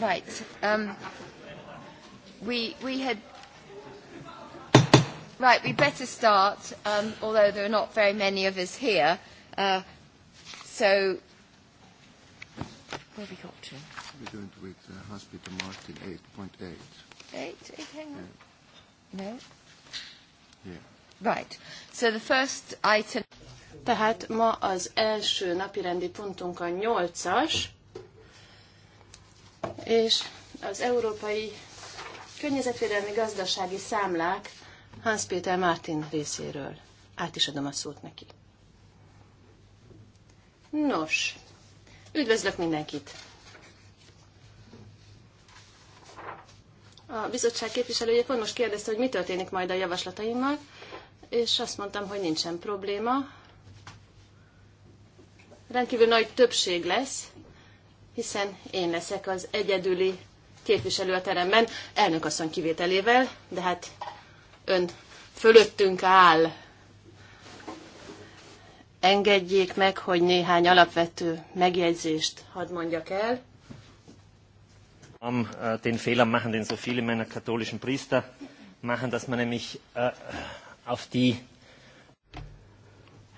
Right. Um, we, we had... Right, we better start, um, although there are not very many of us here. Uh, so, where have we got to? We're going to with uh, Hospital Martin 8.8. 8, 8, hang on. Yeah. No? Yeah. Right. So the first item... Tehát ma az első napirendi pontunk a nyolcas, és az európai környezetvédelmi gazdasági számlák Hans Péter Martin részéről. Át is adom a szót neki. Nos, üdvözlök mindenkit! A bizottság képviselője pont most kérdezte, hogy mi történik majd a javaslataimmal, és azt mondtam, hogy nincsen probléma. Rendkívül nagy többség lesz, hiszen én leszek az egyedüli képviselő a teremben, asszony kivételével, de hát ön fölöttünk áll. Engedjék meg, hogy néhány alapvető megjegyzést hadd mondjak el. Am äh, den Fehler machen, den so viele meiner katholischen Priester machen, dass man nämlich äh, auf die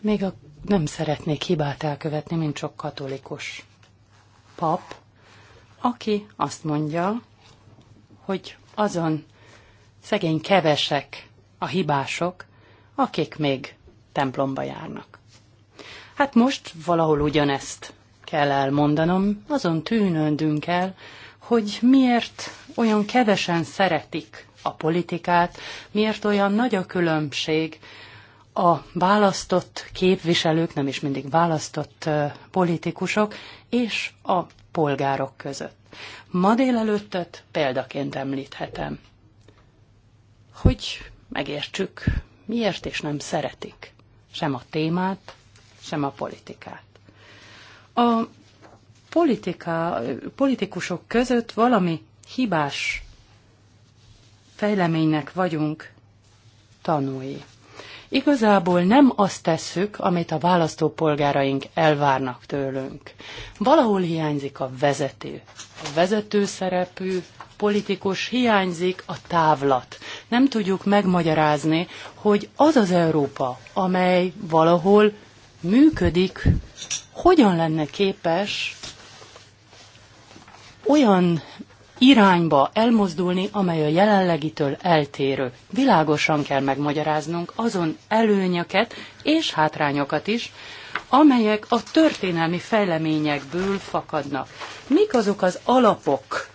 még a, nem szeretnék hibát elkövetni, mint sok katolikus pap, aki azt mondja, hogy azon szegény kevesek a hibások, akik még templomba járnak. Hát most valahol ugyanezt kell elmondanom, azon tűnöndünk el, hogy miért olyan kevesen szeretik a politikát, miért olyan nagy a különbség a választott képviselők, nem is mindig választott politikusok, és a polgárok között. Ma délelőttet példaként említhetem, hogy megértsük, miért és nem szeretik sem a témát, sem a politikát. A politika, politikusok között valami hibás fejleménynek vagyunk tanúi. Igazából nem azt tesszük, amit a választópolgáraink elvárnak tőlünk. Valahol hiányzik a vezető. A vezető szerepű politikus hiányzik a távlat. Nem tudjuk megmagyarázni, hogy az az Európa, amely valahol működik, hogyan lenne képes olyan irányba elmozdulni, amely a jelenlegitől eltérő. Világosan kell megmagyaráznunk azon előnyöket és hátrányokat is, amelyek a történelmi fejleményekből fakadnak. Mik azok az alapok,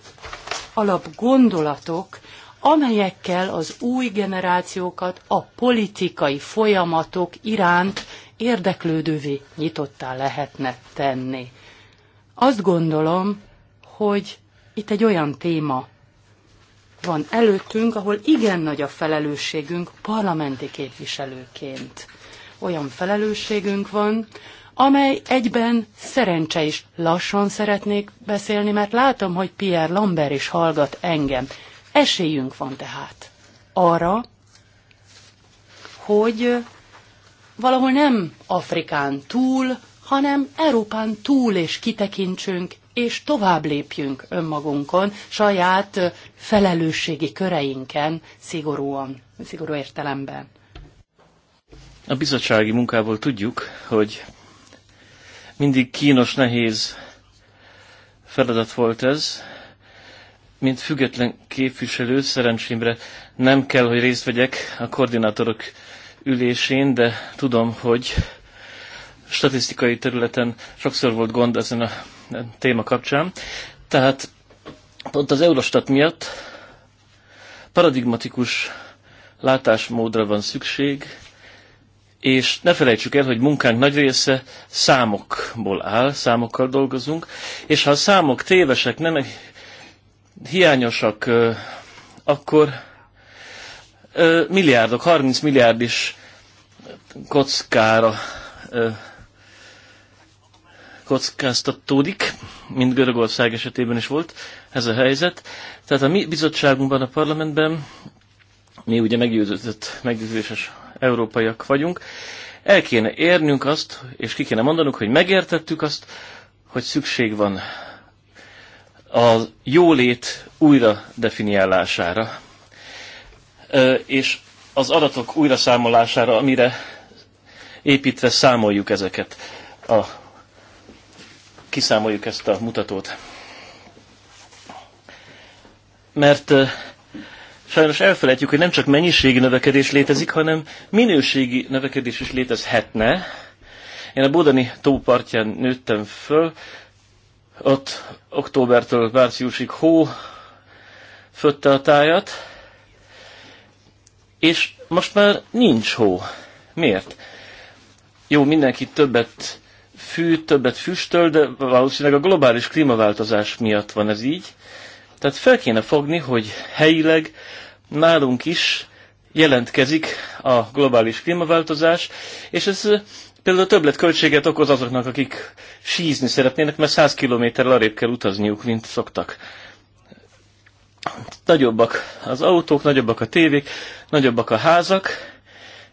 alapgondolatok, amelyekkel az új generációkat a politikai folyamatok iránt érdeklődővé nyitottá lehetne tenni. Azt gondolom, hogy itt egy olyan téma van előttünk, ahol igen nagy a felelősségünk parlamenti képviselőként. Olyan felelősségünk van, amely egyben szerencse is. Lassan szeretnék beszélni, mert látom, hogy Pierre Lambert is hallgat engem. Esélyünk van tehát arra, hogy valahol nem Afrikán túl, hanem Európán túl és kitekintsünk és tovább lépjünk önmagunkon, saját felelősségi köreinken szigorúan, szigorú értelemben. A bizottsági munkából tudjuk, hogy mindig kínos, nehéz feladat volt ez. Mint független képviselő, szerencsémre nem kell, hogy részt vegyek a koordinátorok ülésén, de tudom, hogy statisztikai területen sokszor volt gond ezen a téma kapcsán. Tehát pont az Eurostat miatt paradigmatikus látásmódra van szükség, és ne felejtsük el, hogy munkánk nagy része számokból áll, számokkal dolgozunk, és ha a számok tévesek, nem hiányosak, akkor milliárdok, 30 milliárd is kockára kockáztatódik, mint Görögország esetében is volt ez a helyzet. Tehát a mi bizottságunkban, a parlamentben, mi ugye meggyőződött, meggyőzéses európaiak vagyunk, el kéne érnünk azt, és ki kéne mondanunk, hogy megértettük azt, hogy szükség van a jólét újra definiálására, és az adatok újra számolására, amire építve számoljuk ezeket a kiszámoljuk ezt a mutatót. Mert sajnos elfelejtjük, hogy nem csak mennyiségi növekedés létezik, hanem minőségi növekedés is létezhetne. Én a Bódani tópartján nőttem föl, ott októbertől márciusig hó fötte a tájat, és most már nincs hó. Miért? Jó, mindenki többet fű többet füstöl, de valószínűleg a globális klímaváltozás miatt van ez így. Tehát fel kéne fogni, hogy helyileg nálunk is jelentkezik a globális klímaváltozás, és ez eh, például költséget okoz azoknak, akik sízni szeretnének, mert 100 km arrébb kell utazniuk, mint szoktak. Nagyobbak az autók, nagyobbak a tévék, nagyobbak a házak,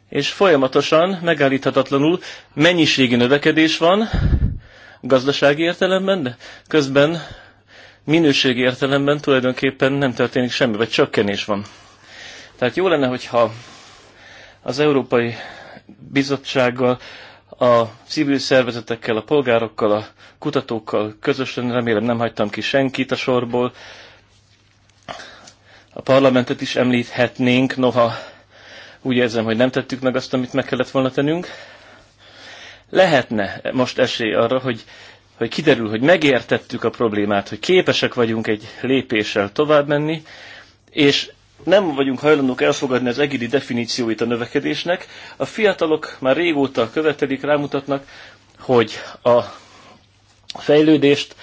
és folyamatosan, megállíthatatlanul mennyiségi növekedés van, gazdasági értelemben, de közben minőségi értelemben tulajdonképpen nem történik semmi, vagy csökkenés van. Tehát jó lenne, hogyha az Európai Bizottsággal, a civil szervezetekkel, a polgárokkal, a kutatókkal közösen, remélem nem hagytam ki senkit a sorból, a parlamentet is említhetnénk, noha úgy érzem, hogy nem tettük meg azt, amit meg kellett volna tennünk. Lehetne most esély arra, hogy, hogy kiderül, hogy megértettük a problémát, hogy képesek vagyunk egy lépéssel tovább menni, és nem vagyunk hajlandók elfogadni az egidi definícióit a növekedésnek. A fiatalok már régóta követelik, rámutatnak, hogy a fejlődést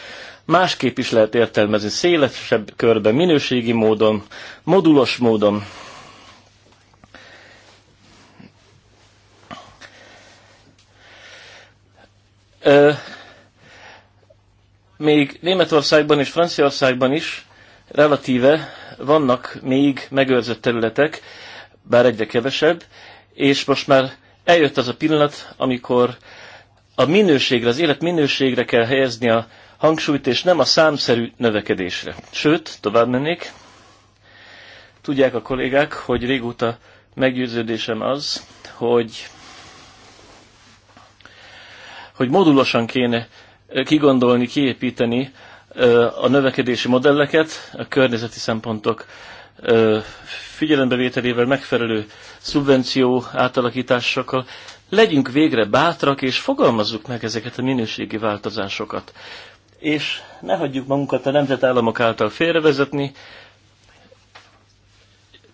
másképp is lehet értelmezni, szélesebb körben, minőségi módon, modulos módon. még Németországban és Franciaországban is relatíve vannak még megőrzött területek, bár egyre kevesebb, és most már eljött az a pillanat, amikor a minőségre, az élet minőségre kell helyezni a hangsúlyt, és nem a számszerű növekedésre. Sőt, tovább mennék, tudják a kollégák, hogy régóta meggyőződésem az, hogy hogy modulosan kéne kigondolni, kiépíteni a növekedési modelleket, a környezeti szempontok figyelembevételével, megfelelő szubvenció átalakításokkal. Legyünk végre bátrak, és fogalmazzuk meg ezeket a minőségi változásokat. És ne hagyjuk magunkat a nemzetállamok által félrevezetni.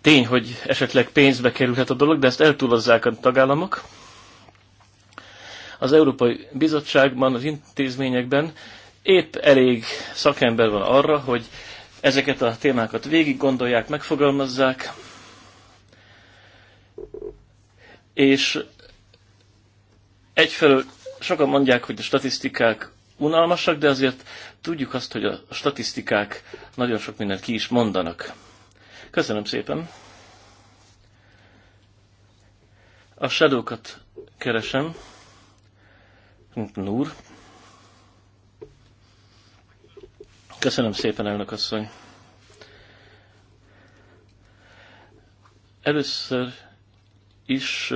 Tény, hogy esetleg pénzbe kerülhet a dolog, de ezt eltúlozzák a tagállamok az Európai Bizottságban, az intézményekben épp elég szakember van arra, hogy ezeket a témákat végig gondolják, megfogalmazzák, és egyfelől sokan mondják, hogy a statisztikák unalmasak, de azért tudjuk azt, hogy a statisztikák nagyon sok mindent ki is mondanak. Köszönöm szépen! A shadow keresem. Núr. Köszönöm szépen, elnök asszony. Először is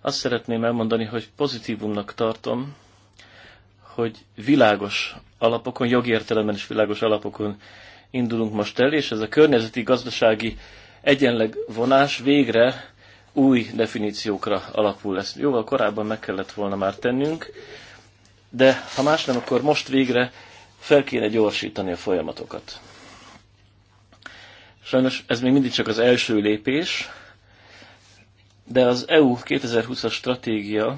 azt szeretném elmondani, hogy pozitívumnak tartom, hogy világos alapokon, jogi értelemben is világos alapokon indulunk most el, és ez a környezeti gazdasági egyenleg vonás végre új definíciókra alapul lesz. Jóval korábban meg kellett volna már tennünk, de ha más nem, akkor most végre fel kéne gyorsítani a folyamatokat. Sajnos ez még mindig csak az első lépés, de az EU 2020-as stratégia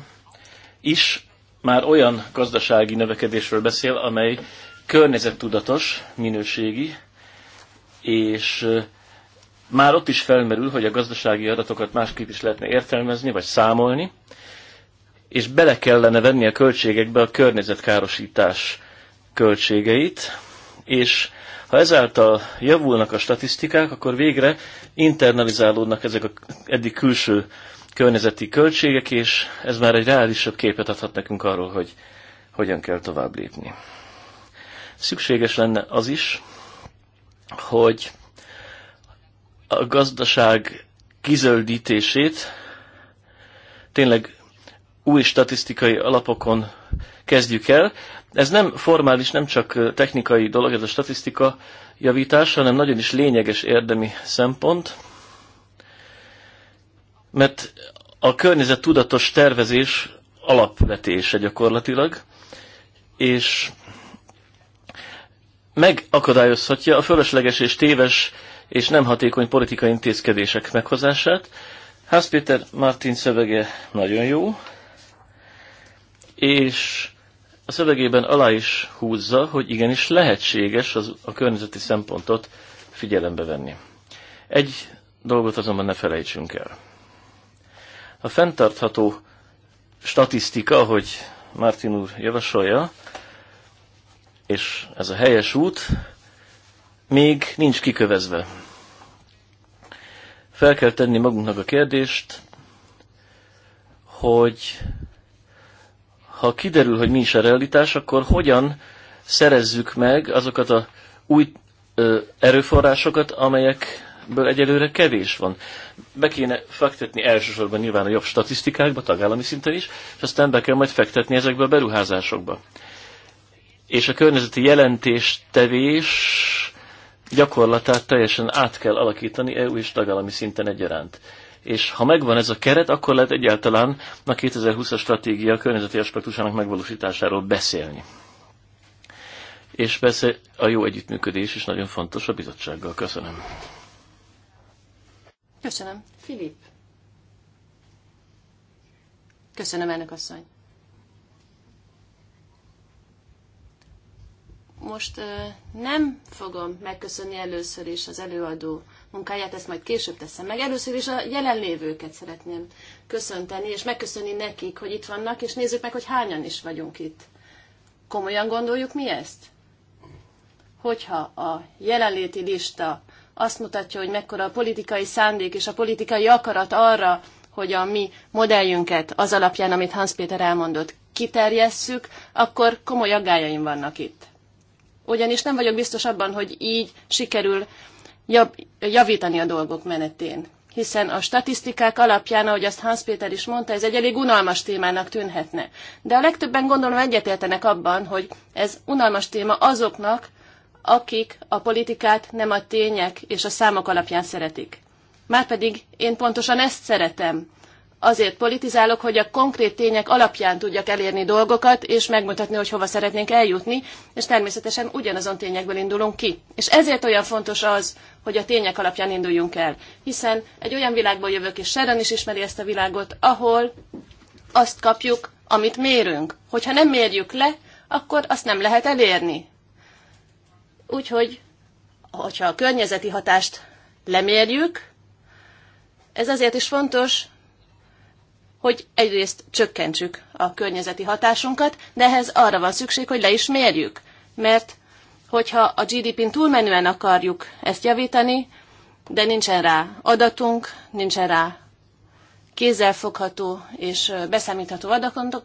is már olyan gazdasági növekedésről beszél, amely környezettudatos, minőségi, és már ott is felmerül, hogy a gazdasági adatokat másképp is lehetne értelmezni, vagy számolni, és bele kellene venni a költségekbe a környezetkárosítás költségeit, és ha ezáltal javulnak a statisztikák, akkor végre internalizálódnak ezek a eddig külső környezeti költségek, és ez már egy reálisabb képet adhat nekünk arról, hogy hogyan kell tovább lépni. Szükséges lenne az is, hogy a gazdaság kizöldítését tényleg új statisztikai alapokon kezdjük el. Ez nem formális, nem csak technikai dolog, ez a statisztika javítás, hanem nagyon is lényeges érdemi szempont, mert a környezet tudatos tervezés alapvetése gyakorlatilag, és megakadályozhatja a fölösleges és téves és nem hatékony politikai intézkedések meghozását. Hans Péter Martin szövege nagyon jó, és a szövegében alá is húzza, hogy igenis lehetséges az, a környezeti szempontot figyelembe venni. Egy dolgot azonban ne felejtsünk el. A fenntartható statisztika, hogy Martin úr javasolja, és ez a helyes út, még nincs kikövezve. Fel kell tenni magunknak a kérdést, hogy ha kiderül, hogy mi is a realitás, akkor hogyan szerezzük meg azokat a új ö, erőforrásokat, amelyekből egyelőre kevés van. Be kéne fektetni elsősorban nyilván a jobb statisztikákba, tagállami szinten is, és aztán be kell majd fektetni ezekbe a beruházásokba. És a környezeti jelentéstevés gyakorlatát teljesen át kell alakítani EU és tagállami szinten egyaránt és ha megvan ez a keret, akkor lehet egyáltalán a 2020-as stratégia környezeti aspektusának megvalósításáról beszélni. És persze a jó együttműködés is nagyon fontos a bizottsággal. Köszönöm. Köszönöm. Filip. Köszönöm, elnök asszony. Most nem fogom megköszönni először is az előadó munkáját, ezt majd később teszem meg. Először is a jelenlévőket szeretném köszönteni, és megköszönni nekik, hogy itt vannak, és nézzük meg, hogy hányan is vagyunk itt. Komolyan gondoljuk mi ezt? Hogyha a jelenléti lista azt mutatja, hogy mekkora a politikai szándék és a politikai akarat arra, hogy a mi modelljünket az alapján, amit Hans Péter elmondott, kiterjesszük, akkor komoly aggájaim vannak itt. Ugyanis nem vagyok biztos abban, hogy így sikerül javítani a dolgok menetén. Hiszen a statisztikák alapján, ahogy azt Hans Péter is mondta, ez egy elég unalmas témának tűnhetne. De a legtöbben gondolom egyetértenek abban, hogy ez unalmas téma azoknak, akik a politikát nem a tények és a számok alapján szeretik. Márpedig én pontosan ezt szeretem, azért politizálok, hogy a konkrét tények alapján tudjak elérni dolgokat, és megmutatni, hogy hova szeretnénk eljutni, és természetesen ugyanazon tényekből indulunk ki. És ezért olyan fontos az, hogy a tények alapján induljunk el. Hiszen egy olyan világból jövök, és Sharon is ismeri ezt a világot, ahol azt kapjuk, amit mérünk. Hogyha nem mérjük le, akkor azt nem lehet elérni. Úgyhogy, hogyha a környezeti hatást lemérjük, ez azért is fontos, hogy egyrészt csökkentsük a környezeti hatásunkat, de ehhez arra van szükség, hogy le is mérjük. Mert hogyha a GDP-n túlmenően akarjuk ezt javítani, de nincsen rá adatunk, nincsen rá kézzelfogható és beszámítható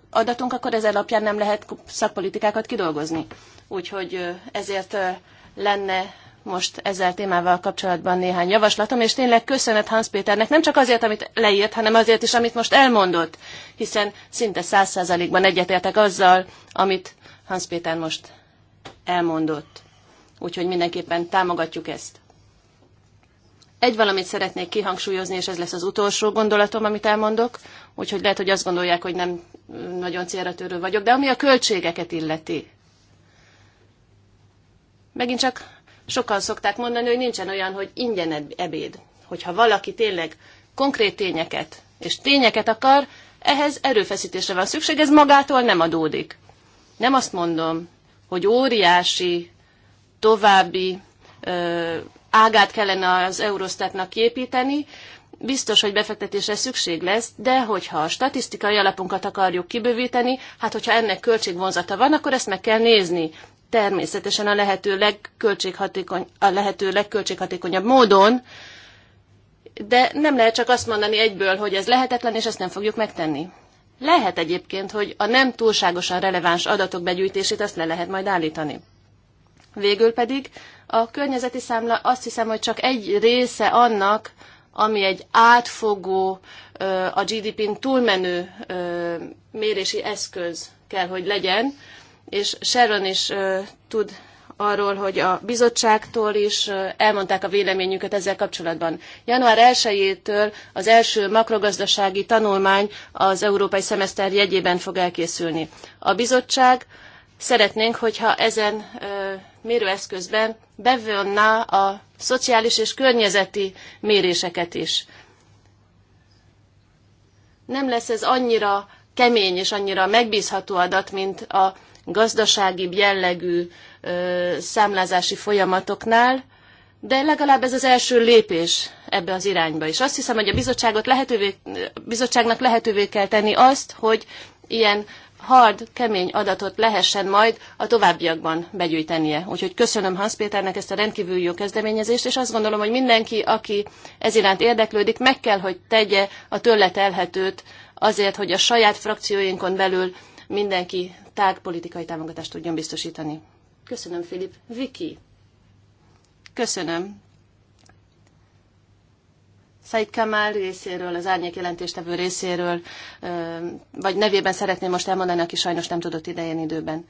adatunk, akkor ez alapján nem lehet szakpolitikákat kidolgozni. Úgyhogy ezért lenne most ezzel témával kapcsolatban néhány javaslatom, és tényleg köszönet Hans Péternek nem csak azért, amit leírt, hanem azért is, amit most elmondott, hiszen szinte száz százalékban egyetértek azzal, amit Hans Péter most elmondott. Úgyhogy mindenképpen támogatjuk ezt. Egy valamit szeretnék kihangsúlyozni, és ez lesz az utolsó gondolatom, amit elmondok, úgyhogy lehet, hogy azt gondolják, hogy nem nagyon célra törő vagyok, de ami a költségeket illeti. Megint csak Sokan szokták mondani, hogy nincsen olyan, hogy ingyen ebéd. Hogyha valaki tényleg konkrét tényeket és tényeket akar, ehhez erőfeszítésre van szükség, ez magától nem adódik. Nem azt mondom, hogy óriási további ö, ágát kellene az Eurostatnak kiépíteni, biztos, hogy befektetésre szükség lesz, de hogyha a statisztikai alapunkat akarjuk kibővíteni, hát hogyha ennek költségvonzata van, akkor ezt meg kell nézni természetesen a lehető, legköltséghatékony, a lehető legköltséghatékonyabb módon, de nem lehet csak azt mondani egyből, hogy ez lehetetlen, és ezt nem fogjuk megtenni. Lehet egyébként, hogy a nem túlságosan releváns adatok begyűjtését azt le lehet majd állítani. Végül pedig a környezeti számla azt hiszem, hogy csak egy része annak, ami egy átfogó, a GDP-n túlmenő mérési eszköz kell, hogy legyen, és Sharon is tud arról, hogy a bizottságtól is elmondták a véleményüket ezzel kapcsolatban. Január 1-től az első makrogazdasági tanulmány az európai szemeszter jegyében fog elkészülni. A bizottság szeretnénk, hogyha ezen mérőeszközben bevonná a szociális és környezeti méréseket is. Nem lesz ez annyira kemény és annyira megbízható adat, mint a gazdasági jellegű számlázási folyamatoknál, de legalább ez az első lépés ebbe az irányba. És azt hiszem, hogy a bizottságot lehetővé, bizottságnak lehetővé kell tenni azt, hogy ilyen hard, kemény adatot lehessen majd a továbbiakban begyűjtenie. Úgyhogy köszönöm Hans Péternek ezt a rendkívül jó kezdeményezést, és azt gondolom, hogy mindenki, aki ez iránt érdeklődik, meg kell, hogy tegye a tőle telhetőt azért, hogy a saját frakcióinkon belül mindenki tág politikai támogatást tudjon biztosítani. Köszönöm, Filip. Viki. Köszönöm. Said Kamal részéről, az árnyék jelentéstevő részéről, vagy nevében szeretném most elmondani, aki sajnos nem tudott idején időben.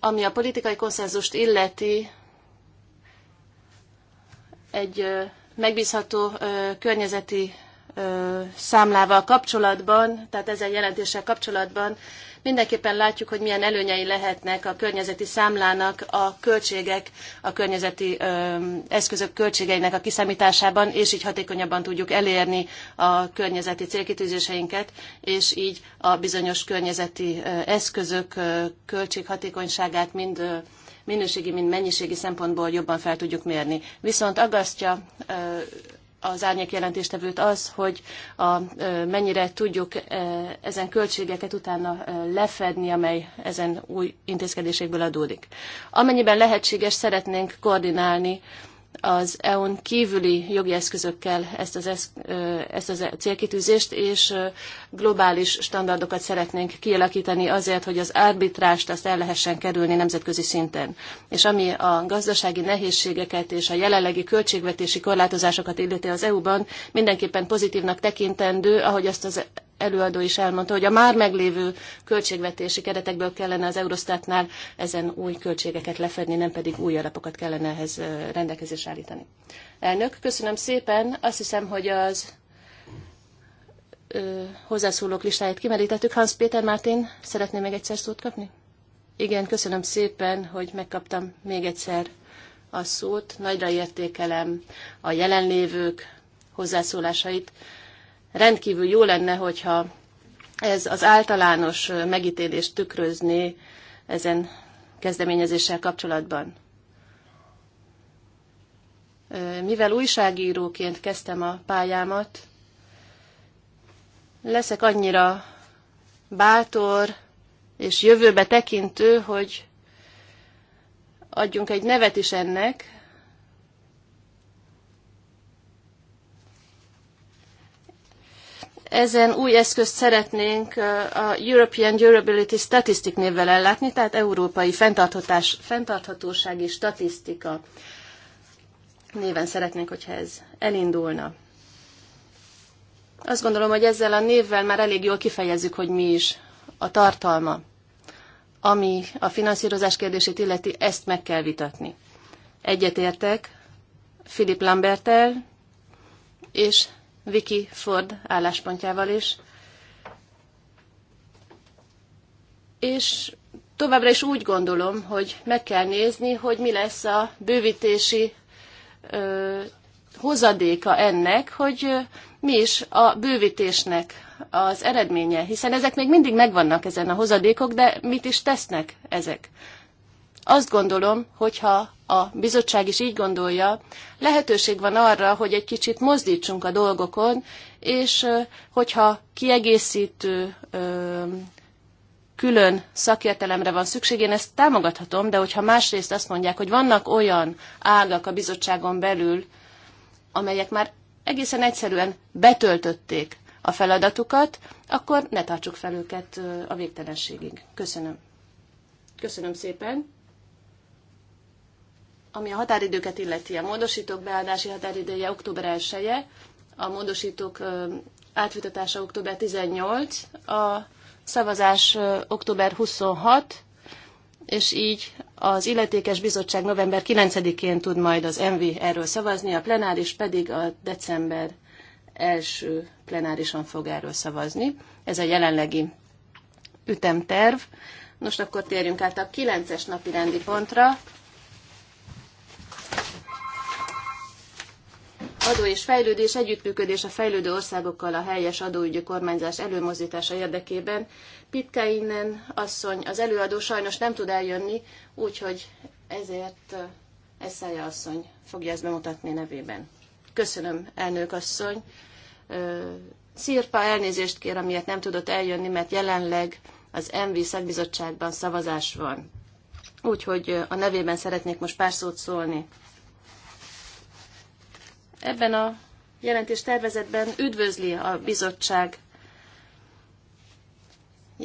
Ami a politikai konszenzust illeti, egy megbízható környezeti számlával kapcsolatban, tehát ezen jelentéssel kapcsolatban mindenképpen látjuk, hogy milyen előnyei lehetnek a környezeti számlának a költségek, a környezeti eszközök költségeinek a kiszámításában, és így hatékonyabban tudjuk elérni a környezeti célkitűzéseinket, és így a bizonyos környezeti eszközök költséghatékonyságát mind minőségi, mind mennyiségi szempontból jobban fel tudjuk mérni. Viszont aggasztja az árnyék jelentéstevőt az, hogy a, mennyire tudjuk ezen költségeket utána lefedni, amely ezen új intézkedésekből adódik. Amennyiben lehetséges, szeretnénk koordinálni az EU-n kívüli jogi eszközökkel ezt az, esz, ezt az célkitűzést, és globális standardokat szeretnénk kialakítani azért, hogy az arbitrást azt el lehessen kerülni nemzetközi szinten. És ami a gazdasági nehézségeket és a jelenlegi költségvetési korlátozásokat illeti az EU-ban, mindenképpen pozitívnak tekintendő, ahogy azt az előadó is elmondta, hogy a már meglévő költségvetési keretekből kellene az Eurostatnál ezen új költségeket lefedni, nem pedig új alapokat kellene ehhez rendelkezésre állítani. Elnök, köszönöm szépen. Azt hiszem, hogy az ö, hozzászólók listáját kimerítettük. Hans Péter Mártin, szeretné még egyszer szót kapni? Igen, köszönöm szépen, hogy megkaptam még egyszer a szót. Nagyra értékelem a jelenlévők hozzászólásait rendkívül jó lenne, hogyha ez az általános megítélést tükrözni ezen kezdeményezéssel kapcsolatban. Mivel újságíróként kezdtem a pályámat, leszek annyira bátor és jövőbe tekintő, hogy adjunk egy nevet is ennek, Ezen új eszközt szeretnénk a European Durability Statistic névvel ellátni, tehát Európai Fenntarthatósági Statisztika néven szeretnénk, hogyha ez elindulna. Azt gondolom, hogy ezzel a névvel már elég jól kifejezzük, hogy mi is a tartalma, ami a finanszírozás kérdését illeti, ezt meg kell vitatni. Egyetértek Philip Lambertel, és Vicky Ford álláspontjával is. És továbbra is úgy gondolom, hogy meg kell nézni, hogy mi lesz a bővítési ö, hozadéka ennek, hogy ö, mi is a bővítésnek az eredménye, hiszen ezek még mindig megvannak ezen a hozadékok, de mit is tesznek ezek? Azt gondolom, hogyha a bizottság is így gondolja, lehetőség van arra, hogy egy kicsit mozdítsunk a dolgokon, és hogyha kiegészítő külön szakértelemre van szükség, én ezt támogathatom, de hogyha másrészt azt mondják, hogy vannak olyan ágak a bizottságon belül, amelyek már egészen egyszerűen betöltötték a feladatukat, akkor ne tartsuk fel őket a végtelenségig. Köszönöm. Köszönöm szépen. Ami a határidőket illeti, a módosítók beadási határideje október 1 -e, a módosítók átvitatása október 18, a szavazás október 26, és így az illetékes bizottság november 9-én tud majd az MV erről szavazni, a plenáris pedig a december első plenárisan fog erről szavazni. Ez a jelenlegi ütemterv. Most akkor térjünk át a 9-es napi rendi pontra, adó és fejlődés együttműködés a fejlődő országokkal a helyes adóügyi kormányzás előmozdítása érdekében. Pitka innen asszony, az előadó sajnos nem tud eljönni, úgyhogy ezért Eszája asszony fogja ezt bemutatni nevében. Köszönöm, elnök asszony. Szirpa elnézést kér, amiért nem tudott eljönni, mert jelenleg az MV szakbizottságban szavazás van. Úgyhogy a nevében szeretnék most pár szót szólni. Ebben a jelentés tervezetben üdvözli a bizottság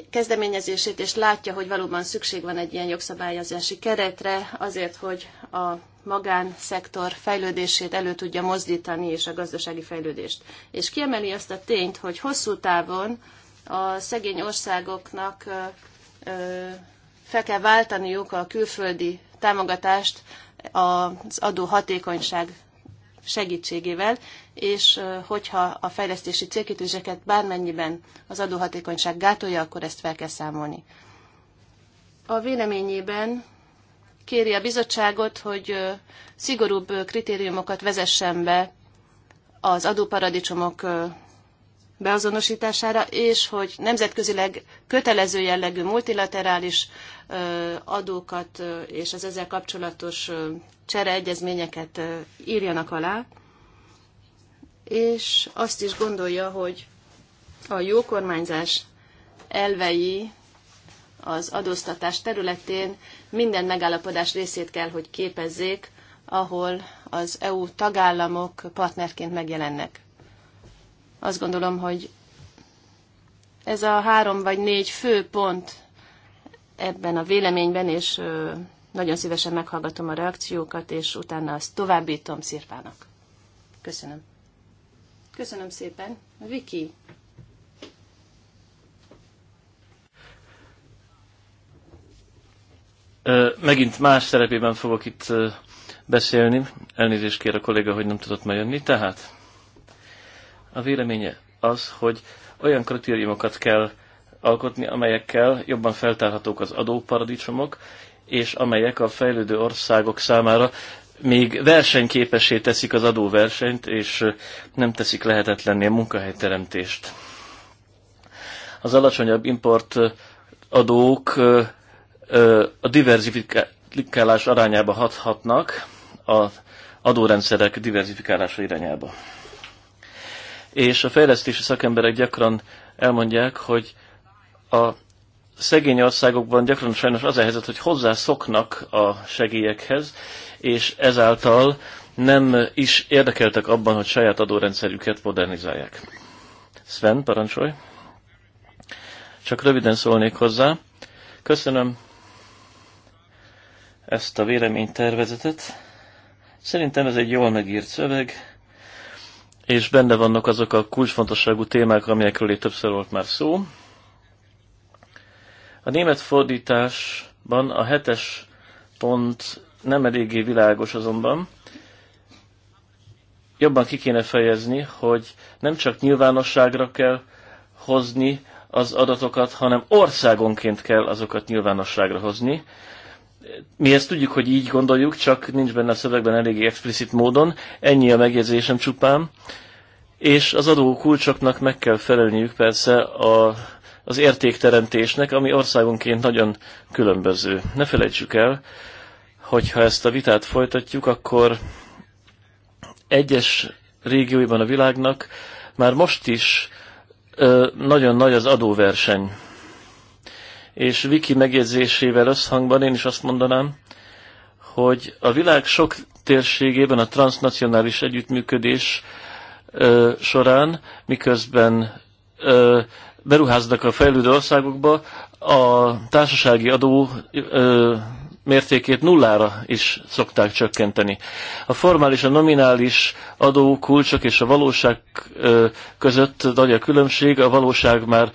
kezdeményezését, és látja, hogy valóban szükség van egy ilyen jogszabályozási keretre azért, hogy a magánszektor fejlődését elő tudja mozdítani, és a gazdasági fejlődést. És kiemeli azt a tényt, hogy hosszú távon a szegény országoknak fel kell váltaniuk a külföldi támogatást az adó hatékonyság segítségével, és hogyha a fejlesztési célkitűzéseket bármennyiben az adóhatékonyság gátolja, akkor ezt fel kell számolni. A véleményében kéri a bizottságot, hogy szigorúbb kritériumokat vezessen be az adóparadicsomok beazonosítására, és hogy nemzetközileg kötelező jellegű multilaterális adókat és az ezzel kapcsolatos csereegyezményeket írjanak alá, és azt is gondolja, hogy a jó kormányzás elvei az adóztatás területén minden megállapodás részét kell, hogy képezzék, ahol az EU tagállamok partnerként megjelennek. Azt gondolom, hogy ez a három vagy négy fő pont ebben a véleményben, és nagyon szívesen meghallgatom a reakciókat, és utána azt továbbítom Szirpának. Köszönöm. Köszönöm szépen. Viki. Megint más szerepében fogok itt beszélni. Elnézést kér a kolléga, hogy nem tudott majd jönni. Tehát a véleménye az, hogy olyan kritériumokat kell alkotni, amelyekkel jobban feltárhatók az adóparadicsomok, és amelyek a fejlődő országok számára még versenyképessé teszik az adóversenyt, és nem teszik lehetetlenné a munkahelyteremtést. Az alacsonyabb import adók a diverzifikálás arányába hathatnak, az adórendszerek diverzifikálása irányába és a fejlesztési szakemberek gyakran elmondják, hogy a szegény országokban gyakran sajnos az a helyzet, hogy hozzászoknak a segélyekhez, és ezáltal nem is érdekeltek abban, hogy saját adórendszerüket modernizálják. Sven, parancsolj! Csak röviden szólnék hozzá. Köszönöm ezt a véleménytervezetet. Szerintem ez egy jól megírt szöveg és benne vannak azok a kulcsfontosságú témák, amelyekről itt többször volt már szó. A német fordításban a hetes pont nem eléggé világos azonban. Jobban ki kéne fejezni, hogy nem csak nyilvánosságra kell hozni az adatokat, hanem országonként kell azokat nyilvánosságra hozni, mi ezt tudjuk, hogy így gondoljuk, csak nincs benne a szövegben eléggé explicit módon. Ennyi a megjegyzésem csupán. És az adó kulcsoknak meg kell felelniük persze a, az értékteremtésnek, ami országonként nagyon különböző. Ne felejtsük el, hogyha ezt a vitát folytatjuk, akkor egyes régióiban a világnak már most is ö, nagyon nagy az adóverseny és Viki megjegyzésével összhangban én is azt mondanám, hogy a világ sok térségében a transnacionális együttműködés ö, során, miközben ö, beruháznak a fejlődő országokba, a társasági adó ö, mértékét nullára is szokták csökkenteni. A formális, a nominális adókulcsok és a valóság ö, között nagy a különbség, a valóság már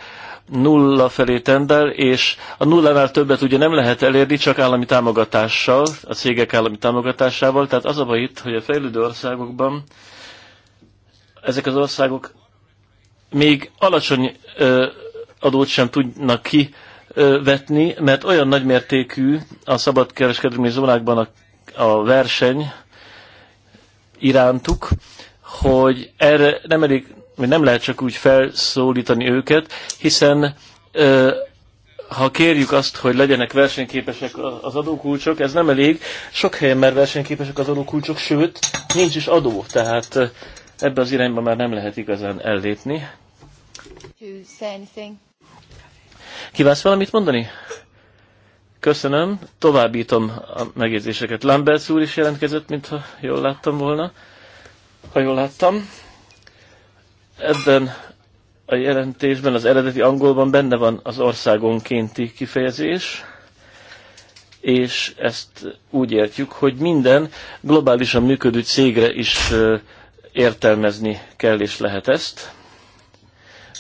nulla felé tendel, és a nullánál többet ugye nem lehet elérni, csak állami támogatással, a cégek állami támogatásával. Tehát az a baj itt, hogy a fejlődő országokban ezek az országok még alacsony ö, adót sem tudnak ki ö, vetni, mert olyan nagymértékű a szabadkereskedelmi zónákban a, a verseny irántuk, hogy erre nem elég nem lehet csak úgy felszólítani őket, hiszen ha kérjük azt, hogy legyenek versenyképesek az adókulcsok, ez nem elég. Sok helyen már versenyképesek az adókulcsok, sőt, nincs is adó, tehát ebbe az irányba már nem lehet igazán ellépni. Kívánsz valamit mondani? Köszönöm, továbbítom a megjegyzéseket. Lambert úr is jelentkezett, mintha jól láttam volna. Ha jól láttam. Ebben a jelentésben, az eredeti angolban benne van az országonkénti kifejezés, és ezt úgy értjük, hogy minden globálisan működő cégre is értelmezni kell és lehet ezt.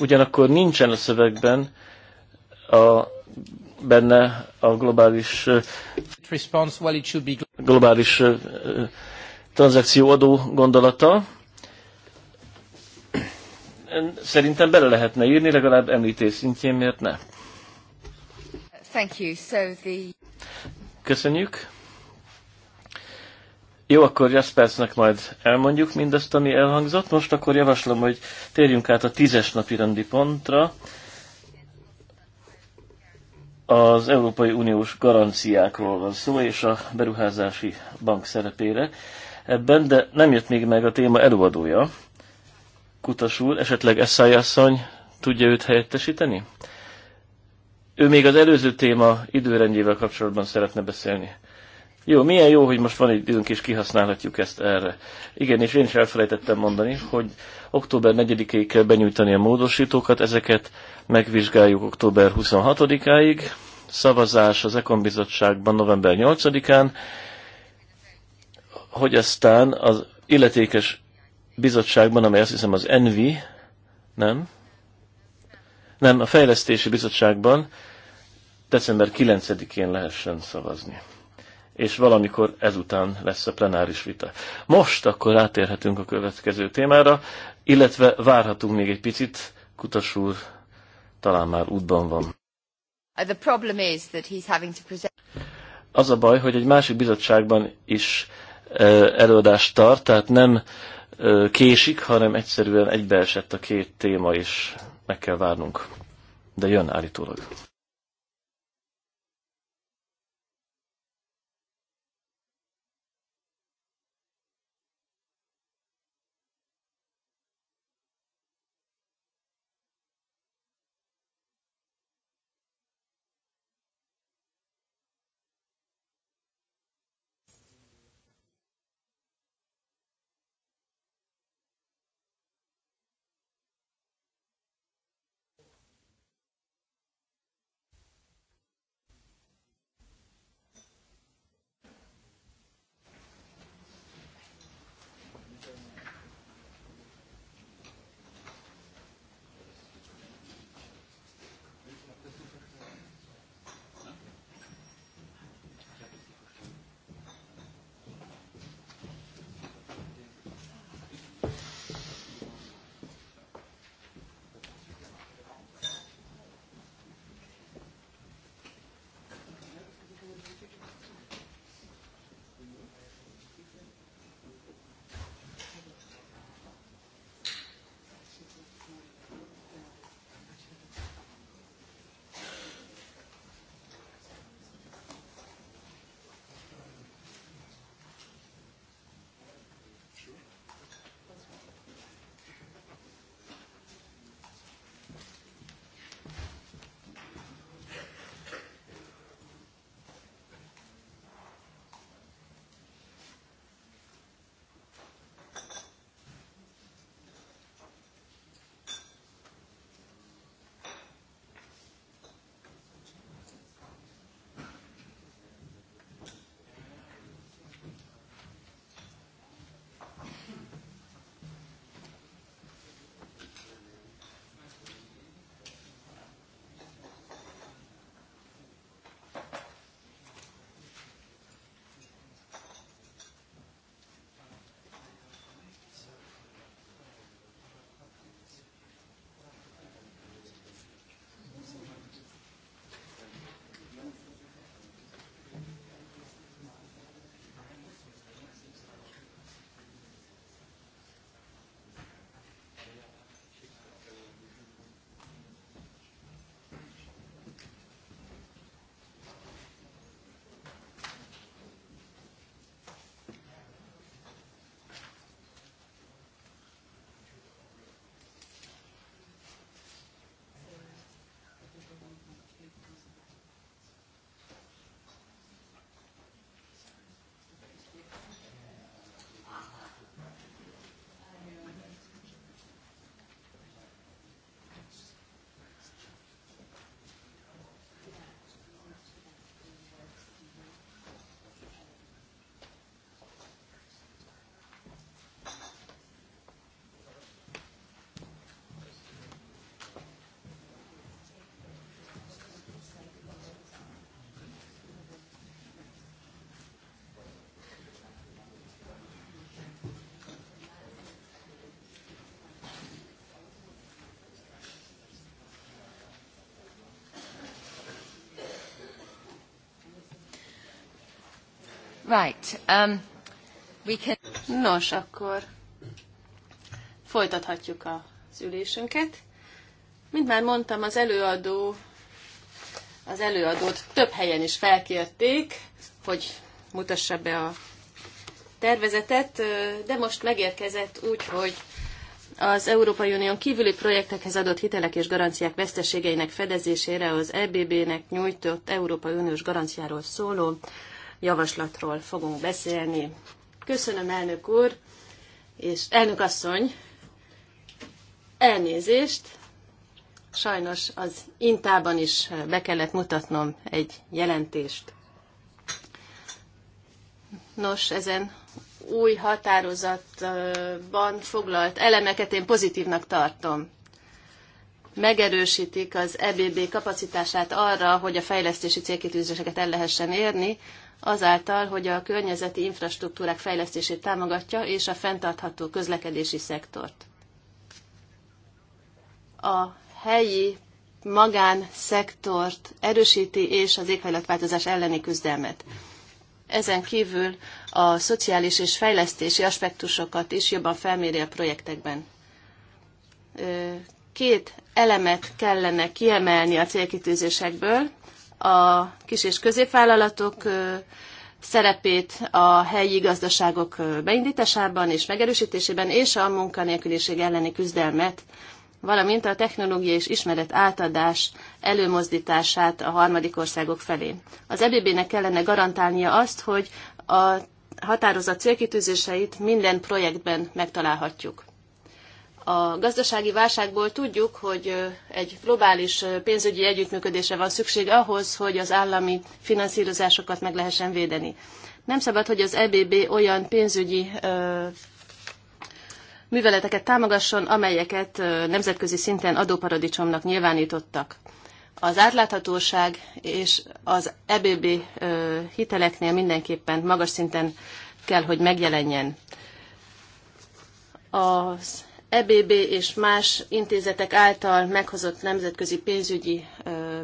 Ugyanakkor nincsen a szövegben a, benne a globális globális tranzakcióadó gondolata, szerintem bele lehetne írni, legalább említés szintjén, miért ne? Thank you. So the... Köszönjük. Jó, akkor Jaspersnek majd elmondjuk mindezt, ami elhangzott. Most akkor javaslom, hogy térjünk át a tízes napi rendi pontra. Az Európai Uniós garanciákról van szó, és a beruházási bank szerepére ebben, de nem jött még meg a téma előadója. Kutas úr, esetleg Eszály asszony tudja őt helyettesíteni? Ő még az előző téma időrendjével kapcsolatban szeretne beszélni. Jó, milyen jó, hogy most van egy időnk, és kihasználhatjuk ezt erre. Igen, és én is elfelejtettem mondani, hogy október 4-ig kell benyújtani a módosítókat, ezeket megvizsgáljuk október 26-áig, szavazás az Ekon Bizottságban november 8-án, hogy aztán az illetékes bizottságban, amely azt hiszem az ENVI, nem? Nem, a fejlesztési bizottságban december 9-én lehessen szavazni. És valamikor ezután lesz a plenáris vita. Most akkor átérhetünk a következő témára, illetve várhatunk még egy picit, Kutas úr talán már útban van. Uh, az a baj, hogy egy másik bizottságban is uh, előadást tart, tehát nem késik, hanem egyszerűen egybeesett a két téma, és meg kell várnunk. De jön állítólag. Right. Um, we can... Nos, akkor folytathatjuk az ülésünket. Mint már mondtam, az előadó az előadót több helyen is felkérték, hogy mutassa be a tervezetet, de most megérkezett úgy, hogy az Európai Unión kívüli projektekhez adott hitelek és garanciák veszteségeinek fedezésére az EBB-nek nyújtott Európai Uniós garanciáról szóló javaslatról fogunk beszélni. Köszönöm, elnök úr, és elnök asszony, elnézést, sajnos az Intában is be kellett mutatnom egy jelentést. Nos, ezen új határozatban foglalt elemeket én pozitívnak tartom. Megerősítik az EBB kapacitását arra, hogy a fejlesztési célkitűzéseket el lehessen érni, azáltal, hogy a környezeti infrastruktúrák fejlesztését támogatja és a fenntartható közlekedési szektort. A helyi magánszektort erősíti és az éghajlatváltozás elleni küzdelmet. Ezen kívül a szociális és fejlesztési aspektusokat is jobban felméri a projektekben. Két elemet kellene kiemelni a célkitűzésekből, a kis- és középvállalatok szerepét a helyi gazdaságok beindításában és megerősítésében, és a munkanélküliség elleni küzdelmet, valamint a technológia és ismeret átadás előmozdítását a harmadik országok felé. Az EBB-nek kellene garantálnia azt, hogy a határozat célkitűzéseit minden projektben megtalálhatjuk. A gazdasági válságból tudjuk, hogy egy globális pénzügyi együttműködésre van szükség ahhoz, hogy az állami finanszírozásokat meg lehessen védeni. Nem szabad, hogy az EBB olyan pénzügyi műveleteket támogasson, amelyeket nemzetközi szinten adóparadicsomnak nyilvánítottak. Az átláthatóság és az EBB hiteleknél mindenképpen magas szinten kell, hogy megjelenjen. Az EBB és más intézetek által meghozott nemzetközi pénzügyi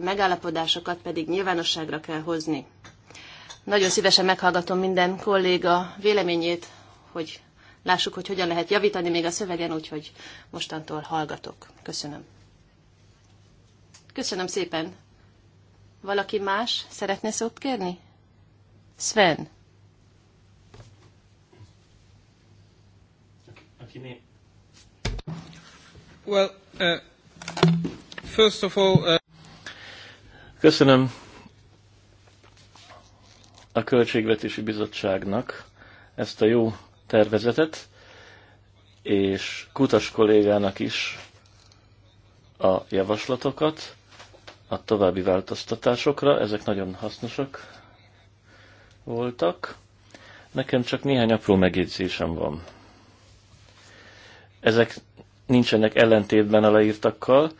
megállapodásokat pedig nyilvánosságra kell hozni. Nagyon szívesen meghallgatom minden kolléga véleményét, hogy lássuk, hogy hogyan lehet javítani még a szövegen, úgyhogy mostantól hallgatok. Köszönöm. Köszönöm szépen. Valaki más szeretne szót kérni? Sven. Well, uh, first of all, uh... Köszönöm a Költségvetési Bizottságnak ezt a jó tervezetet, és Kutas kollégának is a javaslatokat a további változtatásokra. Ezek nagyon hasznosak voltak. Nekem csak néhány apró megjegyzésem van. Ezek nincsenek ellentétben a leírtakkal,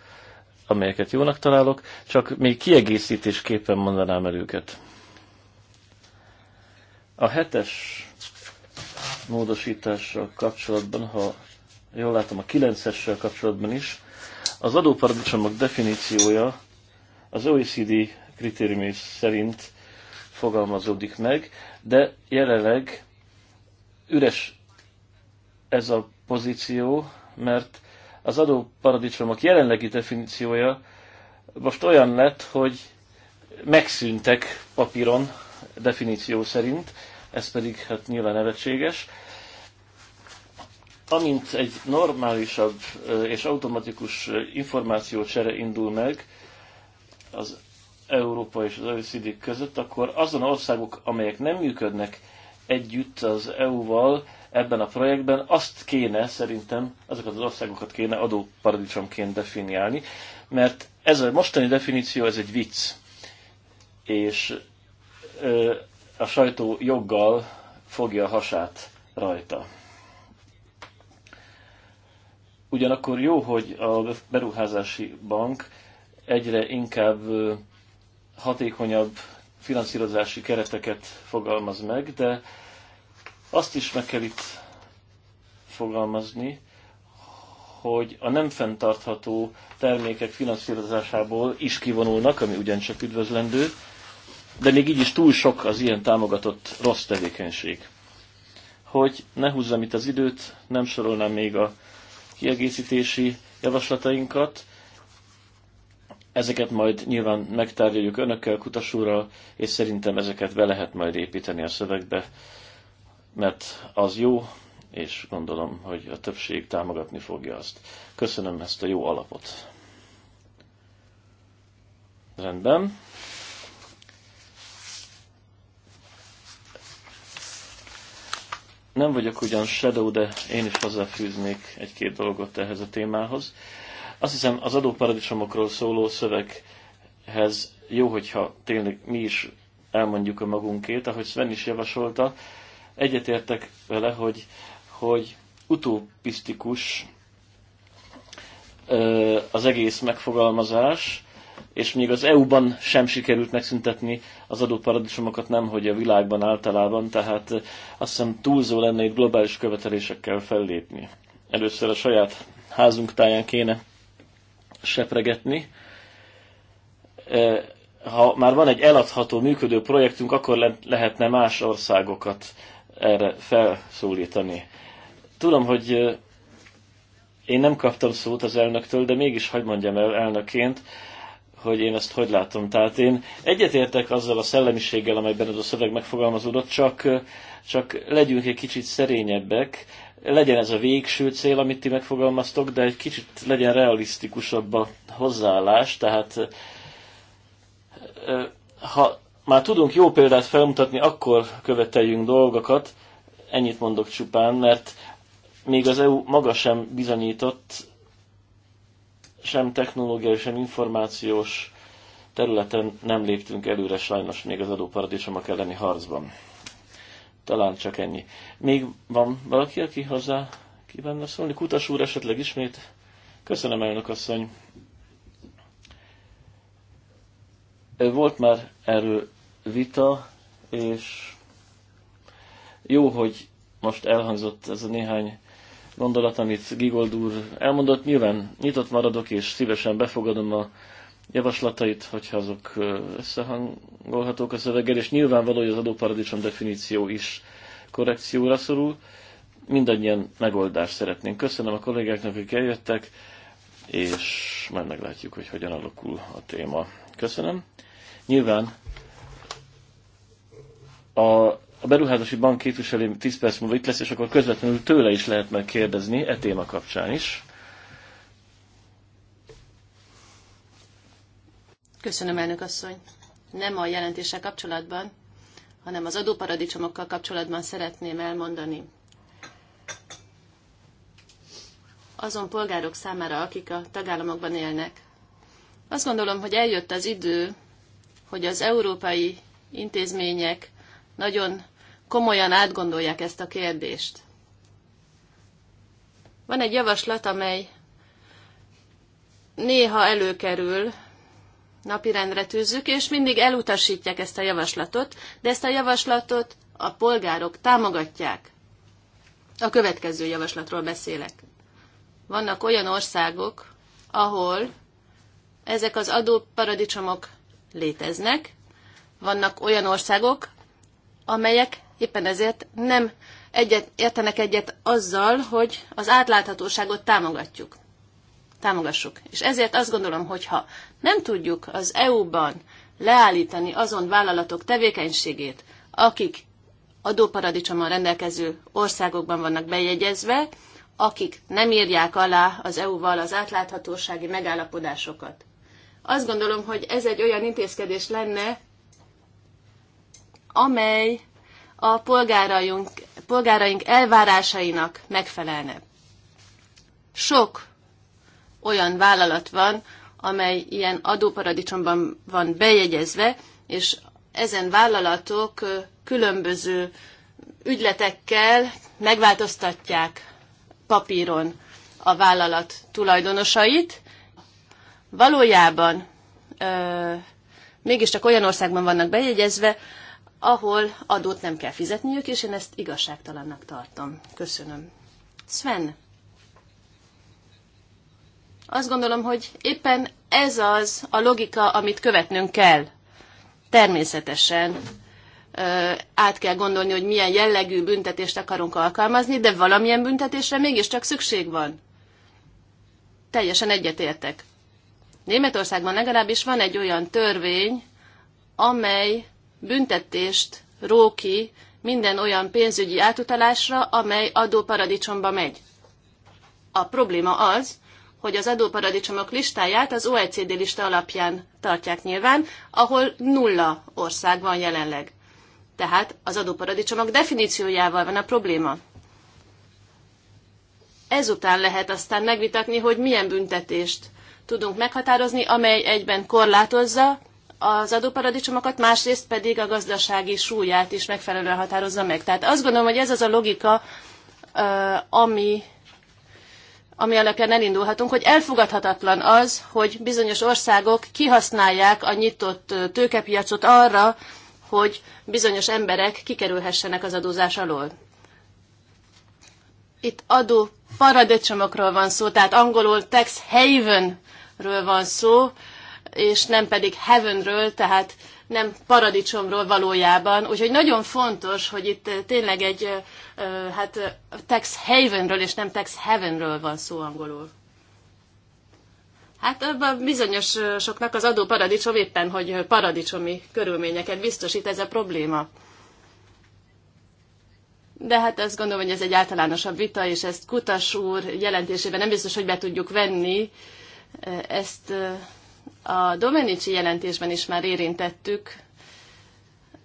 amelyeket jónak találok, csak még kiegészítésképpen mondanám el őket. A hetes módosítással kapcsolatban, ha jól látom, a kilencessel kapcsolatban is, az adóparadicsomok definíciója az OECD kritériumi szerint fogalmazódik meg, de jelenleg üres ez a pozíció, mert az adóparadicsomok jelenlegi definíciója most olyan lett, hogy megszűntek papíron definíció szerint, ez pedig hát nyilván nevetséges. Amint egy normálisabb és automatikus információcsere indul meg az Európa és az OECD között, akkor azon országok, amelyek nem működnek együtt az EU-val, ebben a projektben, azt kéne szerintem, azokat az országokat kéne adóparadicsomként definiálni, mert ez a mostani definíció, ez egy vicc. És ö, a sajtó joggal fogja a hasát rajta. Ugyanakkor jó, hogy a beruházási bank egyre inkább hatékonyabb finanszírozási kereteket fogalmaz meg, de azt is meg kell itt fogalmazni, hogy a nem fenntartható termékek finanszírozásából is kivonulnak, ami ugyancsak üdvözlendő, de még így is túl sok az ilyen támogatott rossz tevékenység. Hogy ne húzzam itt az időt, nem sorolnám még a kiegészítési javaslatainkat, ezeket majd nyilván megtárgyaljuk önökkel, kutasúrral, és szerintem ezeket be lehet majd építeni a szövegbe mert az jó, és gondolom, hogy a többség támogatni fogja azt. Köszönöm ezt a jó alapot. Rendben. Nem vagyok ugyan Shadow, de én is hozzáfűznék egy-két dolgot ehhez a témához. Azt hiszem, az adóparadicsomokról szóló szöveghez jó, hogyha tényleg mi is elmondjuk a magunkét, ahogy Sven is javasolta, Egyetértek vele, hogy, hogy utópisztikus az egész megfogalmazás, és még az EU-ban sem sikerült megszüntetni az adóparadicsomokat, nem hogy a világban általában, tehát azt hiszem túlzó lenne itt globális követelésekkel fellépni. Először a saját házunk táján kéne sepregetni. Ha már van egy eladható, működő projektünk, akkor lehetne más országokat erre felszólítani. Tudom, hogy én nem kaptam szót az elnöktől, de mégis hagy mondjam el elnökként, hogy én ezt hogy látom. Tehát én egyetértek azzal a szellemiséggel, amelyben ez a szöveg megfogalmazódott, csak, csak legyünk egy kicsit szerényebbek, legyen ez a végső cél, amit ti megfogalmaztok, de egy kicsit legyen realisztikusabb a hozzáállás, tehát ha már tudunk jó példát felmutatni, akkor követeljünk dolgokat, ennyit mondok csupán, mert még az EU maga sem bizonyított sem technológiai, sem információs területen nem léptünk előre sajnos még az adóparadicsomok elleni harcban. Talán csak ennyi. Még van valaki, aki hozzá kívánna szólni? Kutas úr esetleg ismét? Köszönöm, elnök asszony. Volt már erről vita, és jó, hogy most elhangzott ez a néhány gondolat, amit Gigold úr elmondott. Nyilván nyitott maradok, és szívesen befogadom a javaslatait, hogyha azok összehangolhatók a szöveggel, és nyilvánvaló, hogy az adóparadicsom definíció is korrekcióra szorul. Mindannyian megoldást szeretnénk. Köszönöm a kollégáknak, akik eljöttek, és majd meglátjuk, hogy hogyan alakul a téma. Köszönöm. Nyilván a a beruházási bank képviselő 10 perc múlva itt lesz, és akkor közvetlenül tőle is lehet megkérdezni e téma kapcsán is. Köszönöm, elnök asszony. Nem a jelentéssel kapcsolatban, hanem az adóparadicsomokkal kapcsolatban szeretném elmondani. Azon polgárok számára, akik a tagállamokban élnek. Azt gondolom, hogy eljött az idő, hogy az európai intézmények nagyon komolyan átgondolják ezt a kérdést. Van egy javaslat, amely néha előkerül, napirendre tűzzük, és mindig elutasítják ezt a javaslatot, de ezt a javaslatot a polgárok támogatják. A következő javaslatról beszélek. Vannak olyan országok, ahol ezek az adóparadicsomok léteznek, vannak olyan országok, amelyek éppen ezért nem egyet, értenek egyet azzal, hogy az átláthatóságot támogatjuk. Támogassuk. És ezért azt gondolom, hogy ha nem tudjuk az EU-ban leállítani azon vállalatok tevékenységét, akik adóparadicsommal rendelkező országokban vannak bejegyezve, akik nem írják alá az EU-val az átláthatósági megállapodásokat. Azt gondolom, hogy ez egy olyan intézkedés lenne, amely a polgáraink, polgáraink elvárásainak megfelelne. Sok olyan vállalat van, amely ilyen adóparadicsomban van bejegyezve, és ezen vállalatok különböző ügyletekkel megváltoztatják papíron a vállalat tulajdonosait. Valójában mégiscsak olyan országban vannak bejegyezve, ahol adót nem kell fizetniük, és én ezt igazságtalannak tartom. Köszönöm. Sven, azt gondolom, hogy éppen ez az a logika, amit követnünk kell. Természetesen át kell gondolni, hogy milyen jellegű büntetést akarunk alkalmazni, de valamilyen büntetésre mégiscsak szükség van. Teljesen egyetértek. Németországban legalábbis van egy olyan törvény, amely büntetést ró ki minden olyan pénzügyi átutalásra, amely adóparadicsomba megy. A probléma az, hogy az adóparadicsomok listáját az OECD lista alapján tartják nyilván, ahol nulla ország van jelenleg. Tehát az adóparadicsomok definíciójával van a probléma. Ezután lehet aztán megvitatni, hogy milyen büntetést tudunk meghatározni, amely egyben korlátozza, az adóparadicsomokat, másrészt pedig a gazdasági súlyát is megfelelően határozza meg. Tehát azt gondolom, hogy ez az a logika, ami ami alapján elindulhatunk, hogy elfogadhatatlan az, hogy bizonyos országok kihasználják a nyitott tőkepiacot arra, hogy bizonyos emberek kikerülhessenek az adózás alól. Itt adó paradicsomokról van szó, tehát angolul tax havenről van szó, és nem pedig heavenről, tehát nem paradicsomról valójában. Úgyhogy nagyon fontos, hogy itt eh, tényleg egy eh, eh, hát, tax havenről és nem tax heavenről van szó angolul. Hát abban bizonyos soknak az adó paradicsom éppen, hogy paradicsomi körülményeket biztosít ez a probléma. De hát azt gondolom, hogy ez egy általánosabb vita, és ezt Kutas úr jelentésében nem biztos, hogy be tudjuk venni. Ezt a Domenici jelentésben is már érintettük,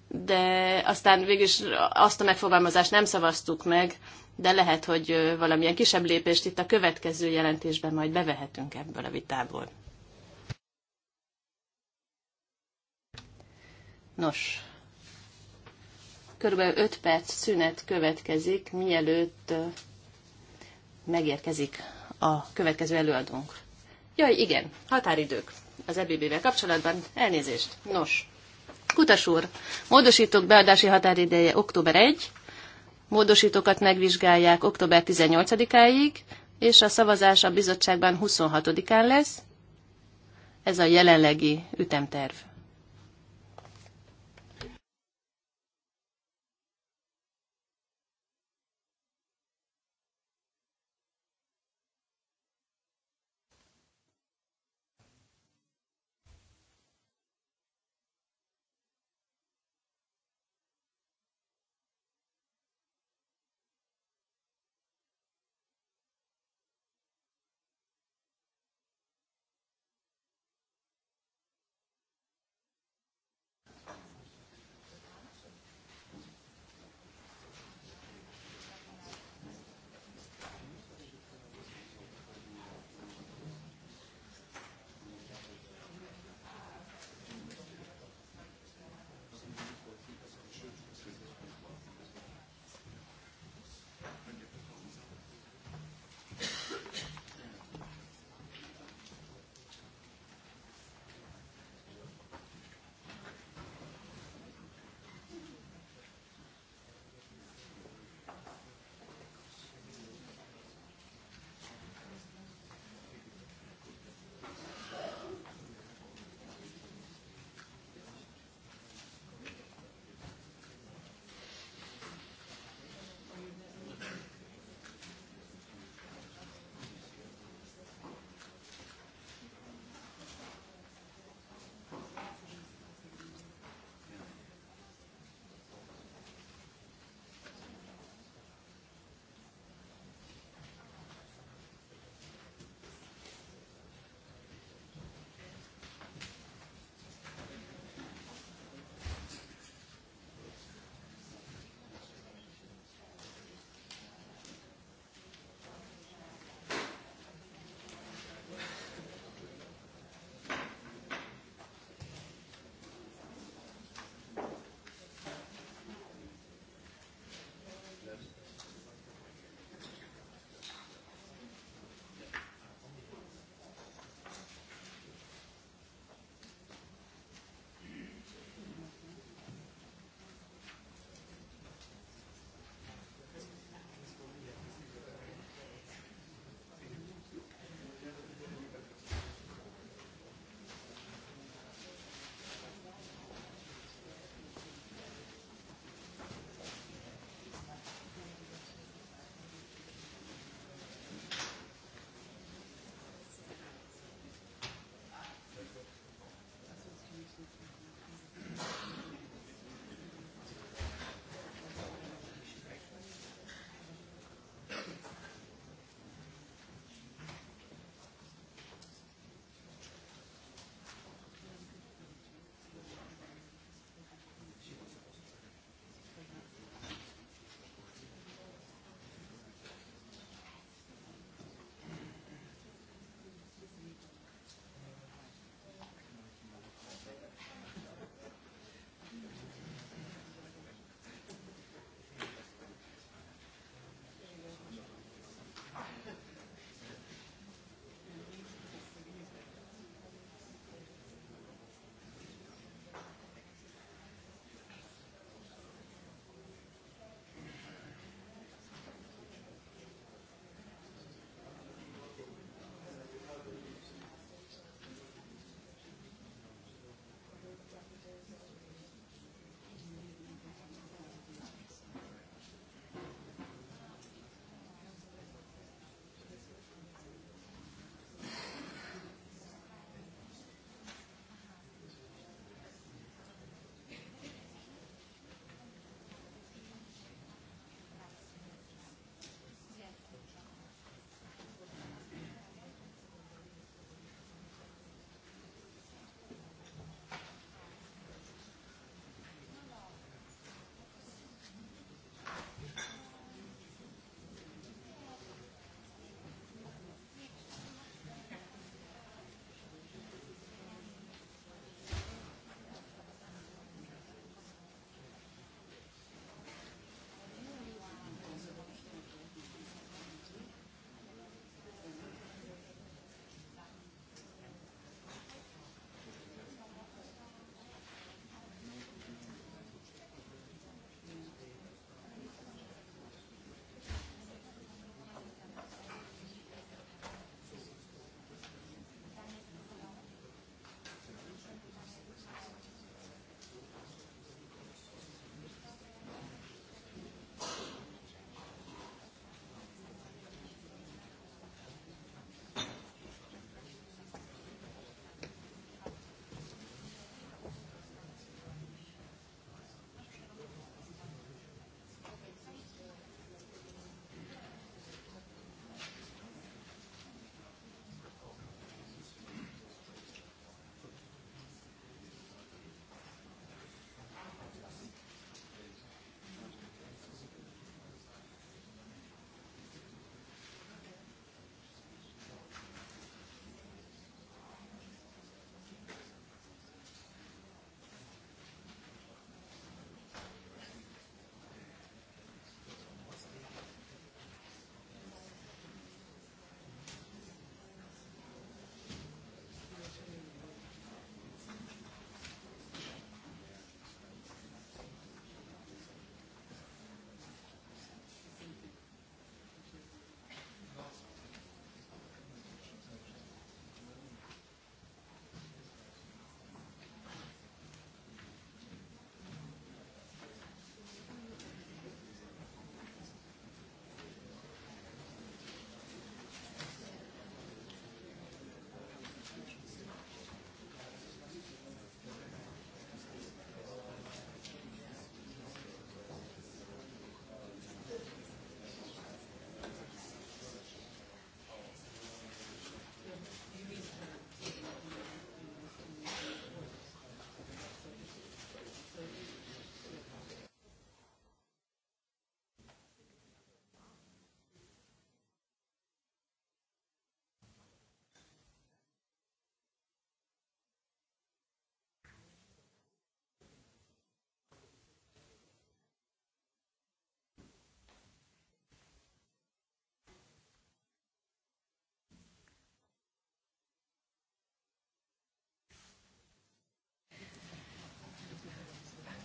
de aztán végülis azt a megfogalmazást nem szavaztuk meg, de lehet, hogy valamilyen kisebb lépést itt a következő jelentésben majd bevehetünk ebből a vitából. Nos, körülbelül 5 perc szünet következik, mielőtt megérkezik a következő előadónk. Jaj, igen, határidők az EBB-vel kapcsolatban. Elnézést. Nos, Kutas úr, módosítók beadási határideje október 1, módosítókat megvizsgálják október 18-áig, és a szavazás a bizottságban 26-án lesz. Ez a jelenlegi ütemterv.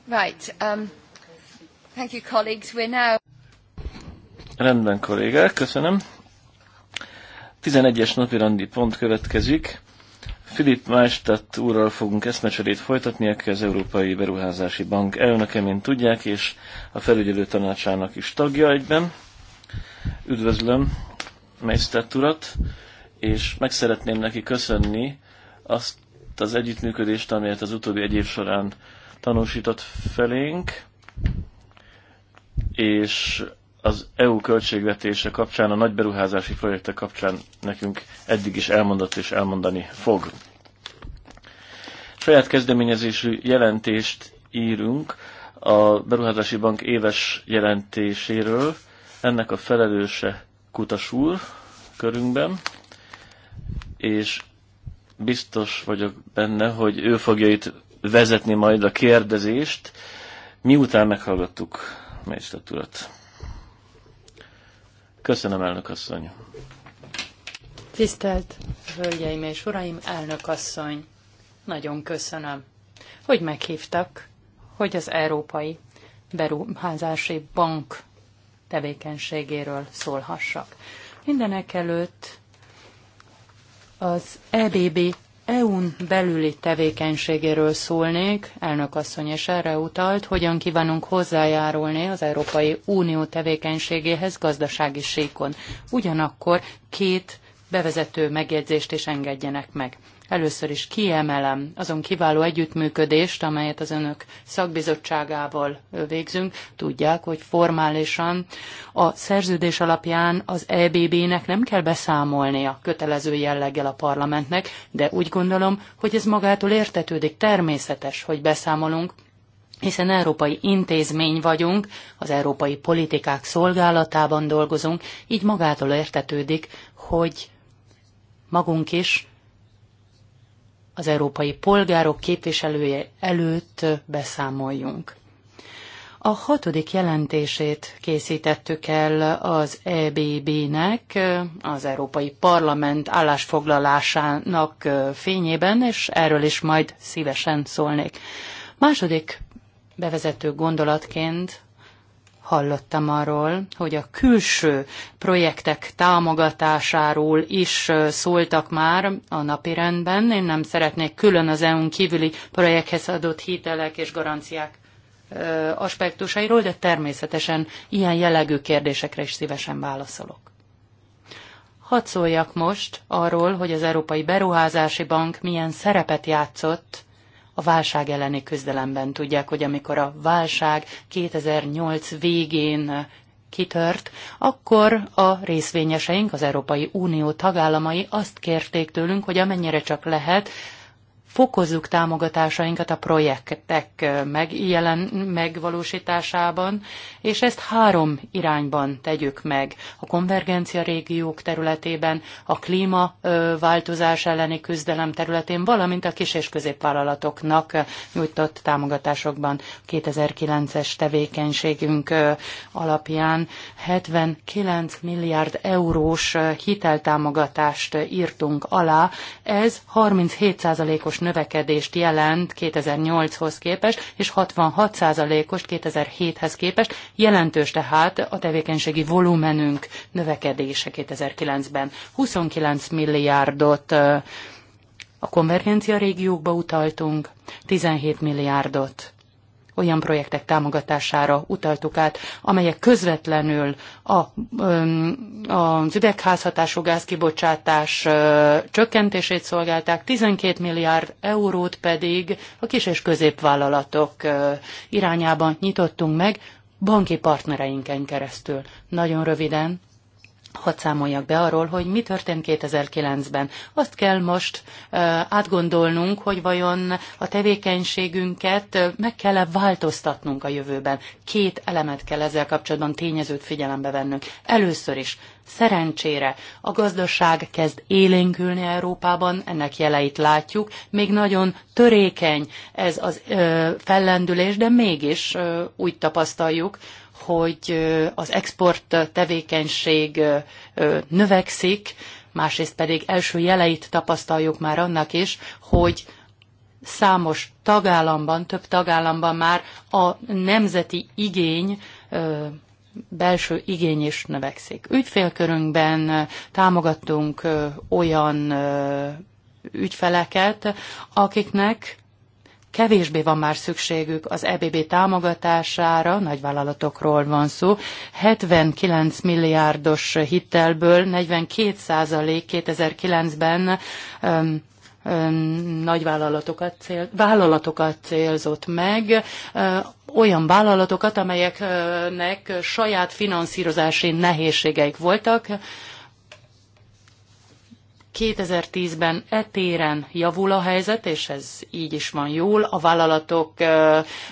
Right. Um, thank you, colleagues. We're now... Rendben, kollégák, köszönöm. 11-es napirendi pont következik. Filip Mástadt úrral fogunk eszmecserét folytatni, aki az Európai Beruházási Bank elnöke, mint tudják, és a felügyelő tanácsának is tagja egyben. Üdvözlöm Mástadt urat, és meg szeretném neki köszönni azt az együttműködést, amelyet az utóbbi egy év során tanúsított felénk, és az EU költségvetése kapcsán, a nagy beruházási projektek kapcsán nekünk eddig is elmondott és elmondani fog. Saját kezdeményezésű jelentést írunk a Beruházási Bank éves jelentéséről. Ennek a felelőse Kutas úr körünkben, és biztos vagyok benne, hogy ő fogja itt vezetni majd a kérdezést, miután meghallgattuk Mércstet Köszönöm, elnök asszony. Tisztelt Hölgyeim és Uraim, elnök asszony, nagyon köszönöm, hogy meghívtak, hogy az Európai Beruházási Bank tevékenységéről szólhassak. Mindenek előtt az EBB EU-n belüli tevékenységéről szólnék, elnök asszony és erre utalt, hogyan kívánunk hozzájárulni az Európai Unió tevékenységéhez gazdasági síkon. Ugyanakkor két bevezető megjegyzést is engedjenek meg. Először is kiemelem azon kiváló együttműködést, amelyet az önök szakbizottságával végzünk. Tudják, hogy formálisan a szerződés alapján az EBB-nek nem kell beszámolnia kötelező jelleggel a parlamentnek, de úgy gondolom, hogy ez magától értetődik, természetes, hogy beszámolunk, hiszen európai intézmény vagyunk, az európai politikák szolgálatában dolgozunk, így magától értetődik, hogy magunk is az európai polgárok képviselője előtt beszámoljunk. A hatodik jelentését készítettük el az EBB-nek, az Európai Parlament állásfoglalásának fényében, és erről is majd szívesen szólnék. Második bevezető gondolatként hallottam arról, hogy a külső projektek támogatásáról is szóltak már a napirendben. Én nem szeretnék külön az EU-n kívüli projekthez adott hitelek és garanciák aspektusairól, de természetesen ilyen jellegű kérdésekre is szívesen válaszolok. Hadd szóljak most arról, hogy az Európai Beruházási Bank milyen szerepet játszott a válság elleni küzdelemben. Tudják, hogy amikor a válság 2008 végén kitört, akkor a részvényeseink, az Európai Unió tagállamai azt kérték tőlünk, hogy amennyire csak lehet, fokozzuk támogatásainkat a projektek megjelen, megvalósításában, és ezt három irányban tegyük meg. A konvergencia régiók területében, a klímaváltozás elleni küzdelem területén, valamint a kis- és középvállalatoknak nyújtott támogatásokban 2009-es tevékenységünk alapján 79 milliárd eurós hiteltámogatást írtunk alá. Ez 37%-os növekedést jelent 2008-hoz képest, és 66%-ost 2007-hez képest, jelentős tehát a tevékenységi volumenünk növekedése 2009-ben. 29 milliárdot a konvergencia régiókba utaltunk, 17 milliárdot olyan projektek támogatására utaltuk át, amelyek közvetlenül a, az üvegházhatású gázkibocsátás csökkentését szolgálták, 12 milliárd eurót pedig a kis és középvállalatok irányában nyitottunk meg banki partnereinken keresztül. Nagyon röviden hadd számoljak be arról, hogy mi történt 2009-ben. Azt kell most átgondolnunk, hogy vajon a tevékenységünket meg kell-e változtatnunk a jövőben. Két elemet kell ezzel kapcsolatban tényezőt figyelembe vennünk. Először is Szerencsére a gazdaság kezd élénkülni Európában, ennek jeleit látjuk, még nagyon törékeny ez az ö, fellendülés, de mégis ö, úgy tapasztaljuk, hogy ö, az export tevékenység ö, ö, növekszik, másrészt pedig első jeleit tapasztaljuk már annak is, hogy számos tagállamban, több tagállamban már a nemzeti igény belső igény is növekszik. Ügyfélkörünkben támogattunk olyan ügyfeleket, akiknek kevésbé van már szükségük az EBB támogatására, nagyvállalatokról van szó, 79 milliárdos hitelből 42 százalék 2009-ben nagyvállalatokat cél, vállalatokat célzott meg, olyan vállalatokat, amelyeknek saját finanszírozási nehézségeik voltak. 2010-ben etéren javul a helyzet, és ez így is van jól. A vállalatok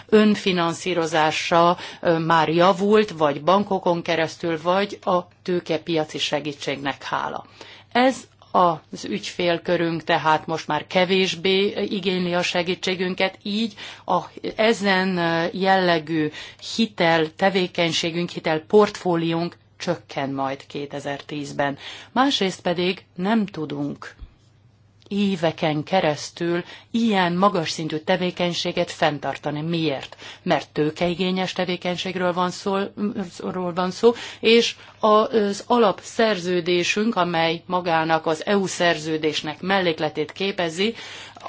önfinanszírozása már javult, vagy bankokon keresztül, vagy a tőkepiaci segítségnek hála. Ez az ügyfélkörünk tehát most már kevésbé igényli a segítségünket, így a, ezen jellegű hitel tevékenységünk, hitel portfóliónk csökken majd 2010-ben. Másrészt pedig nem tudunk éveken keresztül ilyen magas szintű tevékenységet fenntartani. Miért? Mert tőkeigényes tevékenységről van szó, van szó és az alapszerződésünk, amely magának az EU szerződésnek mellékletét képezi,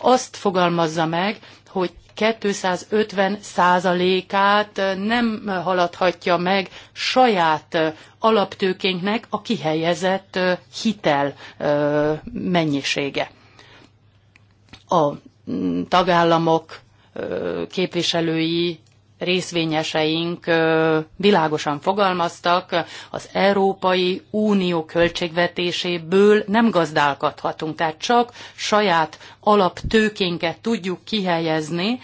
azt fogalmazza meg, hogy 250 százalékát nem haladhatja meg saját alaptőkénknek a kihelyezett hitel mennyisége a mm, tagállamok képviselői, részvényeseink világosan fogalmaztak, az Európai Unió költségvetéséből nem gazdálkodhatunk, tehát csak saját alaptőkénket tudjuk kihelyezni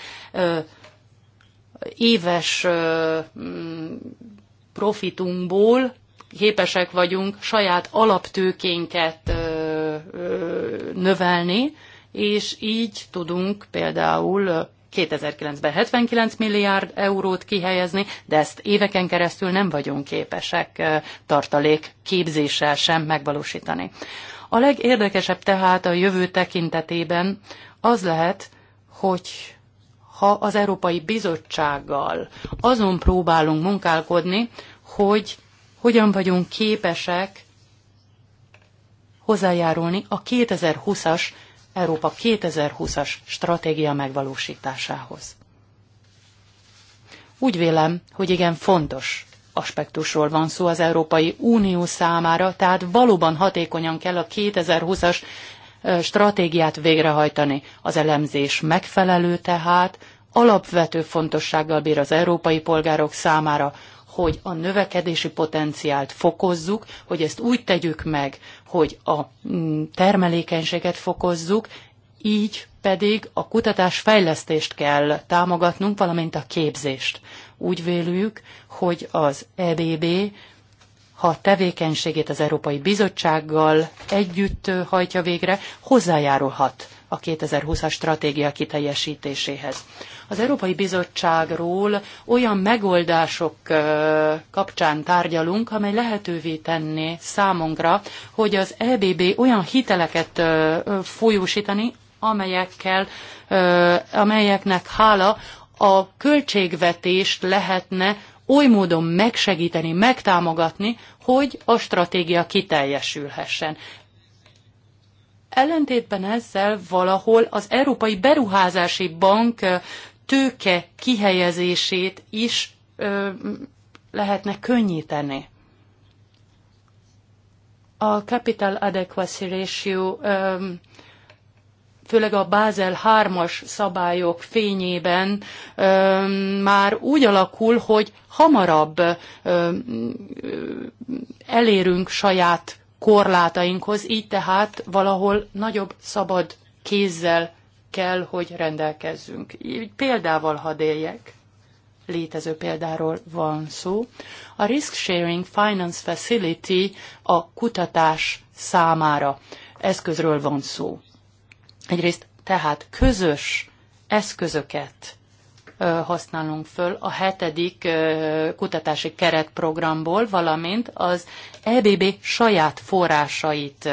éves mm, profitunkból, képesek vagyunk saját alaptőkénket növelni, és így tudunk például 2009-ben 79 milliárd eurót kihelyezni, de ezt éveken keresztül nem vagyunk képesek tartalék képzéssel sem megvalósítani. A legérdekesebb tehát a jövő tekintetében az lehet, hogy ha az Európai Bizottsággal azon próbálunk munkálkodni, hogy hogyan vagyunk képesek hozzájárulni a 2020-as Európa 2020-as stratégia megvalósításához. Úgy vélem, hogy igen fontos aspektusról van szó az Európai Unió számára, tehát valóban hatékonyan kell a 2020-as stratégiát végrehajtani. Az elemzés megfelelő tehát, alapvető fontossággal bír az európai polgárok számára, hogy a növekedési potenciált fokozzuk, hogy ezt úgy tegyük meg, hogy a mm, termelékenységet fokozzuk, így pedig a kutatásfejlesztést kell támogatnunk, valamint a képzést. Úgy véljük, hogy az EBB ha tevékenységét az Európai Bizottsággal együtt hajtja végre, hozzájárulhat a 2020-as stratégia kiteljesítéséhez. Az Európai Bizottságról olyan megoldások kapcsán tárgyalunk, amely lehetővé tenné számunkra, hogy az EBB olyan hiteleket folyósítani, amelyekkel, amelyeknek hála a költségvetést lehetne oly módon megsegíteni, megtámogatni, hogy a stratégia kiteljesülhessen. Ellentétben ezzel valahol az Európai Beruházási Bank tőke kihelyezését is ö, lehetne könnyíteni. A Capital Adequacy Ratio ö, főleg a Bázel 3-as szabályok fényében ö, már úgy alakul, hogy hamarabb ö, elérünk saját korlátainkhoz, így tehát valahol nagyobb szabad kézzel kell, hogy rendelkezzünk. Így példával hadd éljek. Létező példáról van szó. A Risk Sharing Finance Facility a kutatás számára eszközről van szó Egyrészt tehát közös eszközöket használunk föl a hetedik kutatási keretprogramból, valamint az EBB saját forrásait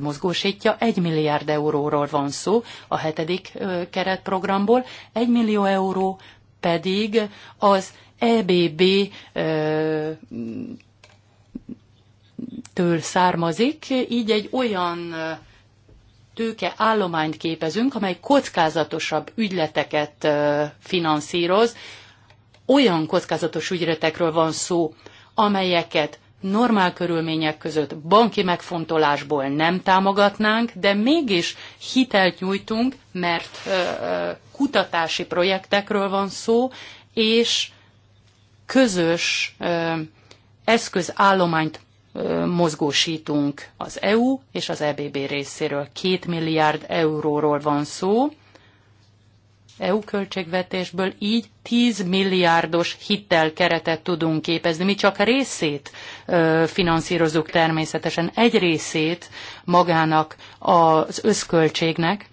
mozgósítja. Egy milliárd euróról van szó a hetedik keretprogramból, egy millió euró pedig az EBB től származik, így egy olyan tőke állományt képezünk, amely kockázatosabb ügyleteket finanszíroz. Olyan kockázatos ügyletekről van szó, amelyeket normál körülmények között banki megfontolásból nem támogatnánk, de mégis hitelt nyújtunk, mert kutatási projektekről van szó, és közös eszközállományt mozgósítunk az EU és az EBB részéről. Két milliárd euróról van szó EU költségvetésből, így 10 milliárdos hitelkeretet tudunk képezni. Mi csak részét ö, finanszírozunk természetesen, egy részét magának az összköltségnek,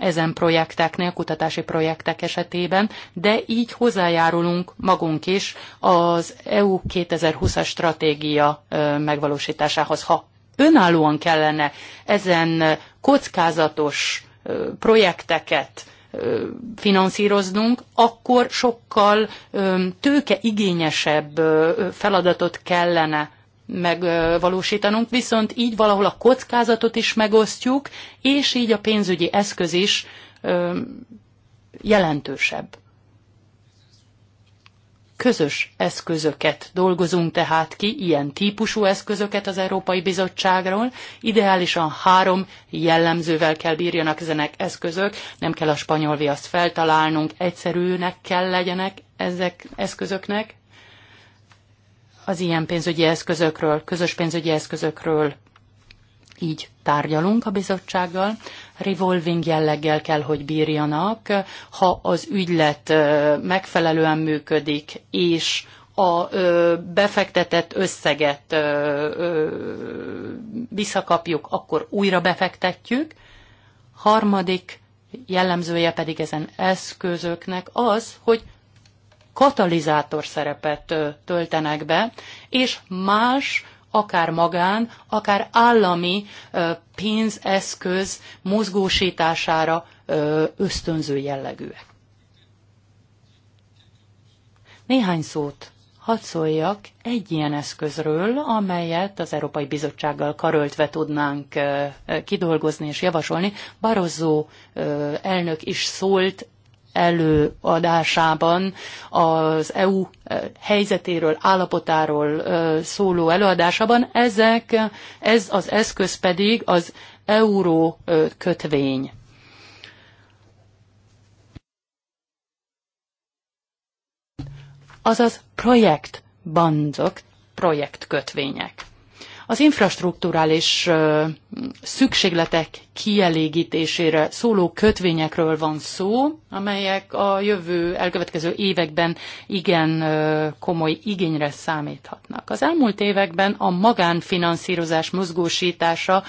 ezen projekteknél, kutatási projektek esetében, de így hozzájárulunk magunk is az EU 2020-as stratégia megvalósításához. Ha önállóan kellene ezen kockázatos projekteket finanszíroznunk, akkor sokkal tőkeigényesebb feladatot kellene megvalósítanunk, viszont így valahol a kockázatot is megosztjuk, és így a pénzügyi eszköz is jelentősebb. Közös eszközöket dolgozunk tehát ki, ilyen típusú eszközöket az Európai Bizottságról. Ideálisan három jellemzővel kell bírjanak ezenek eszközök, nem kell a spanyol viaszt feltalálnunk, egyszerűnek kell legyenek ezek eszközöknek, az ilyen pénzügyi eszközökről, közös pénzügyi eszközökről így tárgyalunk a bizottsággal. Revolving jelleggel kell, hogy bírjanak, ha az ügylet megfelelően működik, és a befektetett összeget visszakapjuk, akkor újra befektetjük. Harmadik jellemzője pedig ezen eszközöknek az, hogy katalizátor szerepet töltenek be, és más, akár magán, akár állami pénzeszköz mozgósítására ösztönző jellegűek. Néhány szót hadd szóljak egy ilyen eszközről, amelyet az Európai Bizottsággal karöltve tudnánk kidolgozni és javasolni. Barozó elnök is szólt előadásában az EU eh, helyzetéről, állapotáról eh, szóló előadásában, ezek, ez az eszköz pedig az euró eh, kötvény. Azaz projektbandzok, projektkötvények. Az infrastruktúrális szükségletek kielégítésére szóló kötvényekről van szó, amelyek a jövő elkövetkező években igen komoly igényre számíthatnak. Az elmúlt években a magánfinanszírozás mozgósítása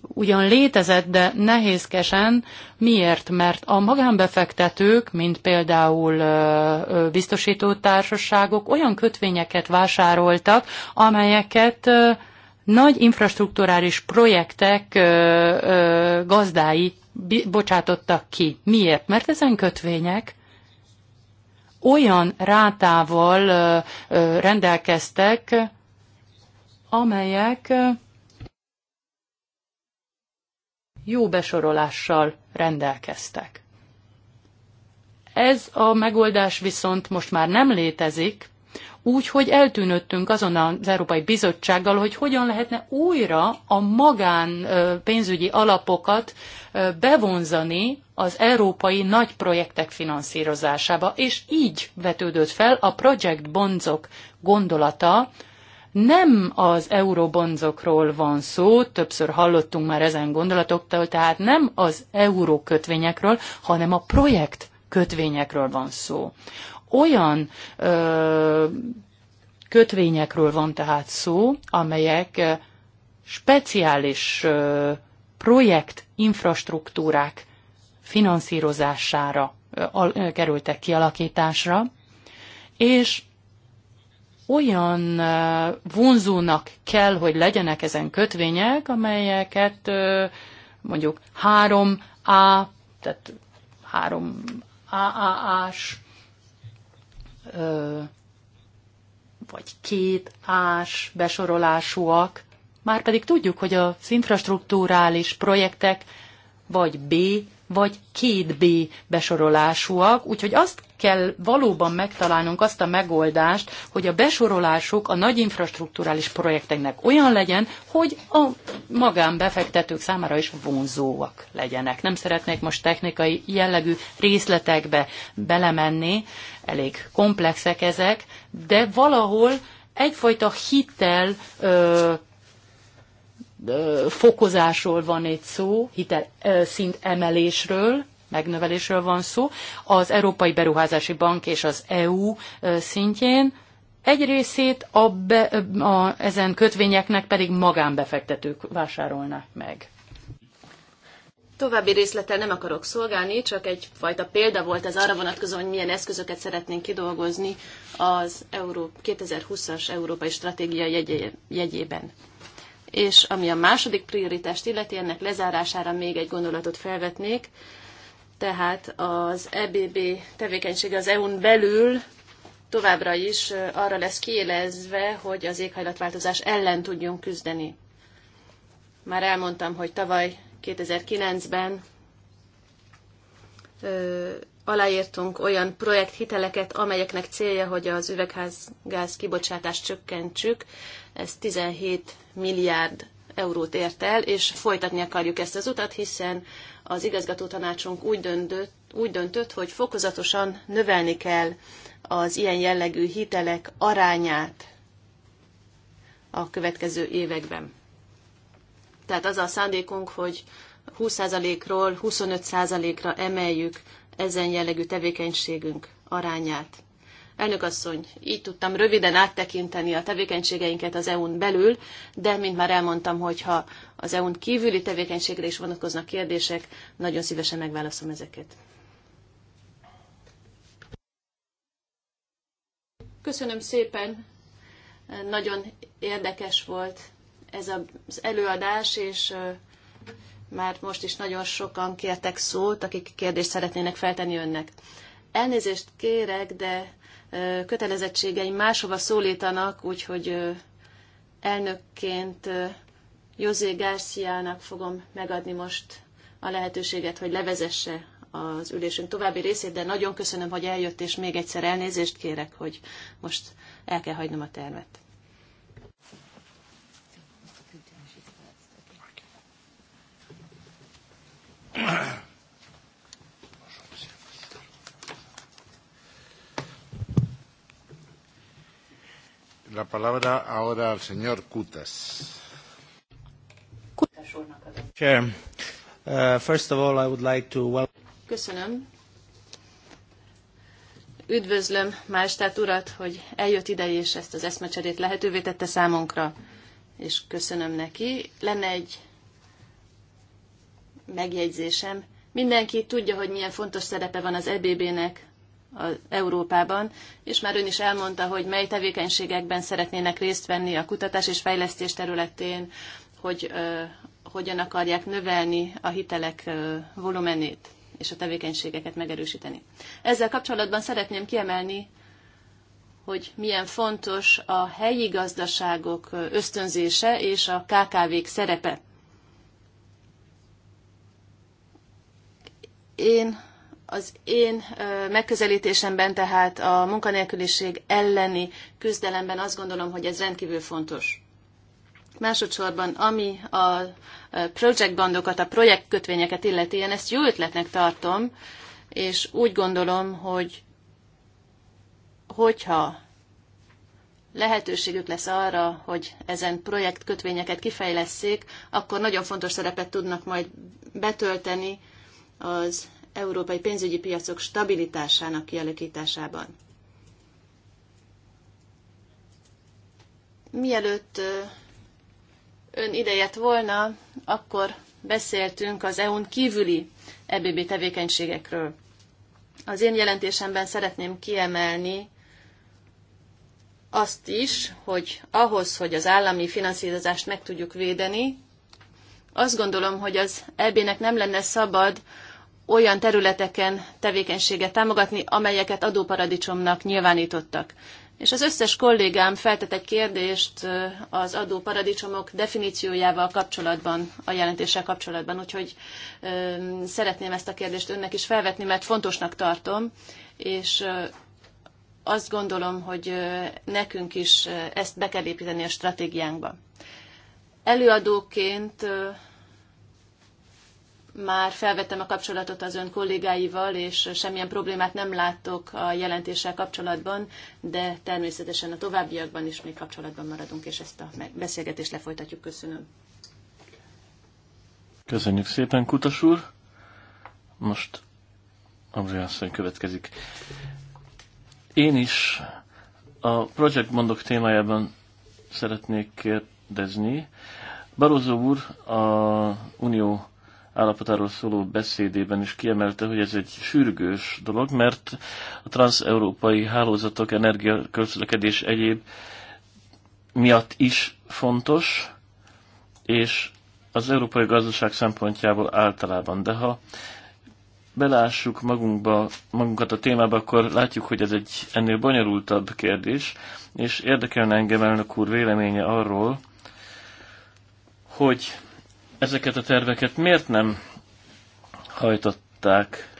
ugyan létezett, de nehézkesen. Miért? Mert a magánbefektetők, mint például biztosítótársaságok olyan kötvényeket vásároltak, amelyeket nagy infrastruktúrális projektek gazdái bocsátottak ki. Miért? Mert ezen kötvények olyan rátával rendelkeztek, amelyek jó besorolással rendelkeztek. Ez a megoldás viszont most már nem létezik, úgyhogy eltűnöttünk azon az Európai Bizottsággal, hogy hogyan lehetne újra a magán pénzügyi alapokat bevonzani az európai nagy projektek finanszírozásába, és így vetődött fel a Project Bonzok gondolata, nem az eurobonzokról van szó, többször hallottunk már ezen gondolatoktól, tehát nem az eurókötvényekről, hanem a projekt kötvényekről van szó. Olyan ö, kötvényekről van tehát szó, amelyek speciális ö, projekt infrastruktúrák finanszírozására kerültek kialakításra, és olyan vonzónak kell, hogy legyenek ezen kötvények, amelyeket mondjuk 3A, tehát 3 aaa s vagy két ás besorolásúak, már pedig tudjuk, hogy az infrastruktúrális projektek vagy B vagy 2B besorolásúak, úgyhogy azt kell valóban megtalálnunk azt a megoldást, hogy a besorolásuk a nagy infrastruktúrális projekteknek olyan legyen, hogy a magánbefektetők számára is vonzóak legyenek. Nem szeretnék most technikai jellegű részletekbe belemenni, elég komplexek ezek, de valahol egyfajta hittel ö, fokozásról van egy szó, hitel szint emelésről, megnövelésről van szó, az Európai Beruházási Bank és az EU szintjén, egy részét a be, a, ezen kötvényeknek pedig magánbefektetők vásárolnák meg. További részlettel nem akarok szolgálni, csak egyfajta példa volt ez arra vonatkozóan, hogy milyen eszközöket szeretnénk kidolgozni az Euró 2020-as Európai Stratégia jegyében. És ami a második prioritást illeti, ennek lezárására még egy gondolatot felvetnék. Tehát az EBB tevékenysége az EU-n belül továbbra is arra lesz kiélezve, hogy az éghajlatváltozás ellen tudjunk küzdeni. Már elmondtam, hogy tavaly 2009-ben ö, aláírtunk olyan projekthiteleket, amelyeknek célja, hogy az üvegházgáz kibocsátást csökkentsük, ez 17 milliárd eurót ért el, és folytatni akarjuk ezt az utat, hiszen az igazgató tanácsunk úgy döntött, úgy döntött, hogy fokozatosan növelni kell az ilyen jellegű hitelek arányát a következő években. Tehát az a szándékunk, hogy 20%-ról 25%-ra emeljük ezen jellegű tevékenységünk arányát. Elnök asszony, így tudtam röviden áttekinteni a tevékenységeinket az EU-n belül, de mint már elmondtam, hogyha az EU-n kívüli tevékenységre is vonatkoznak kérdések, nagyon szívesen megválaszolom ezeket. Köszönöm szépen, nagyon érdekes volt ez az előadás, és már most is nagyon sokan kértek szót, akik kérdést szeretnének feltenni önnek. Elnézést kérek, de kötelezettségeim máshova szólítanak, úgyhogy elnökként José Garciának fogom megadni most a lehetőséget, hogy levezesse az ülésünk további részét, de nagyon köszönöm, hogy eljött, és még egyszer elnézést kérek, hogy most el kell hagynom a termet. Thank La palabra ahora al señor Kutas. Chair, uh, first of all I would like to welcome... Köszönöm. Üdvözlöm Mástát urat, hogy eljött ide és ezt az eszmecserét lehetővé tette számunkra, és köszönöm neki. Lenne egy megjegyzésem. Mindenki tudja, hogy milyen fontos szerepe van az EBB-nek az Európában, és már ön is elmondta, hogy mely tevékenységekben szeretnének részt venni a kutatás és fejlesztés területén, hogy ö, hogyan akarják növelni a hitelek ö, volumenét és a tevékenységeket megerősíteni. Ezzel kapcsolatban szeretném kiemelni, hogy milyen fontos a helyi gazdaságok ösztönzése és a KKV-k szerepe. Én az én megközelítésemben tehát a munkanélküliség elleni küzdelemben azt gondolom, hogy ez rendkívül fontos. Másodszorban, ami a projektbandokat, a projektkötvényeket illeti, én ezt jó ötletnek tartom, és úgy gondolom, hogy hogyha lehetőségük lesz arra, hogy ezen projektkötvényeket kifejlesszék, akkor nagyon fontos szerepet tudnak majd betölteni az európai pénzügyi piacok stabilitásának kialakításában. Mielőtt ön idejött volna, akkor beszéltünk az EU-n kívüli EBB tevékenységekről. Az én jelentésemben szeretném kiemelni azt is, hogy ahhoz, hogy az állami finanszírozást meg tudjuk védeni, azt gondolom, hogy az EB-nek nem lenne szabad olyan területeken tevékenységet támogatni, amelyeket adóparadicsomnak nyilvánítottak. És az összes kollégám feltett egy kérdést az adóparadicsomok definíciójával kapcsolatban, a jelentéssel kapcsolatban, úgyhogy szeretném ezt a kérdést önnek is felvetni, mert fontosnak tartom, és azt gondolom, hogy nekünk is ezt be kell építeni a stratégiánkba. Előadóként már felvettem a kapcsolatot az ön kollégáival, és semmilyen problémát nem látok a jelentéssel kapcsolatban, de természetesen a továbbiakban is még kapcsolatban maradunk, és ezt a beszélgetést lefolytatjuk. Köszönöm. Köszönjük szépen, Kutas úr. Most Andrea asszony következik. Én is a Project Mondok témájában szeretnék kérdezni. Barozó úr a Unió állapotáról szóló beszédében is kiemelte, hogy ez egy sürgős dolog, mert a transeurópai hálózatok, energiaközlekedés egyéb miatt is fontos, és az európai gazdaság szempontjából általában. De ha belássuk magunkba, magunkat a témába, akkor látjuk, hogy ez egy ennél bonyolultabb kérdés, és érdekelne engem elnök úr véleménye arról, hogy ezeket a terveket miért nem hajtották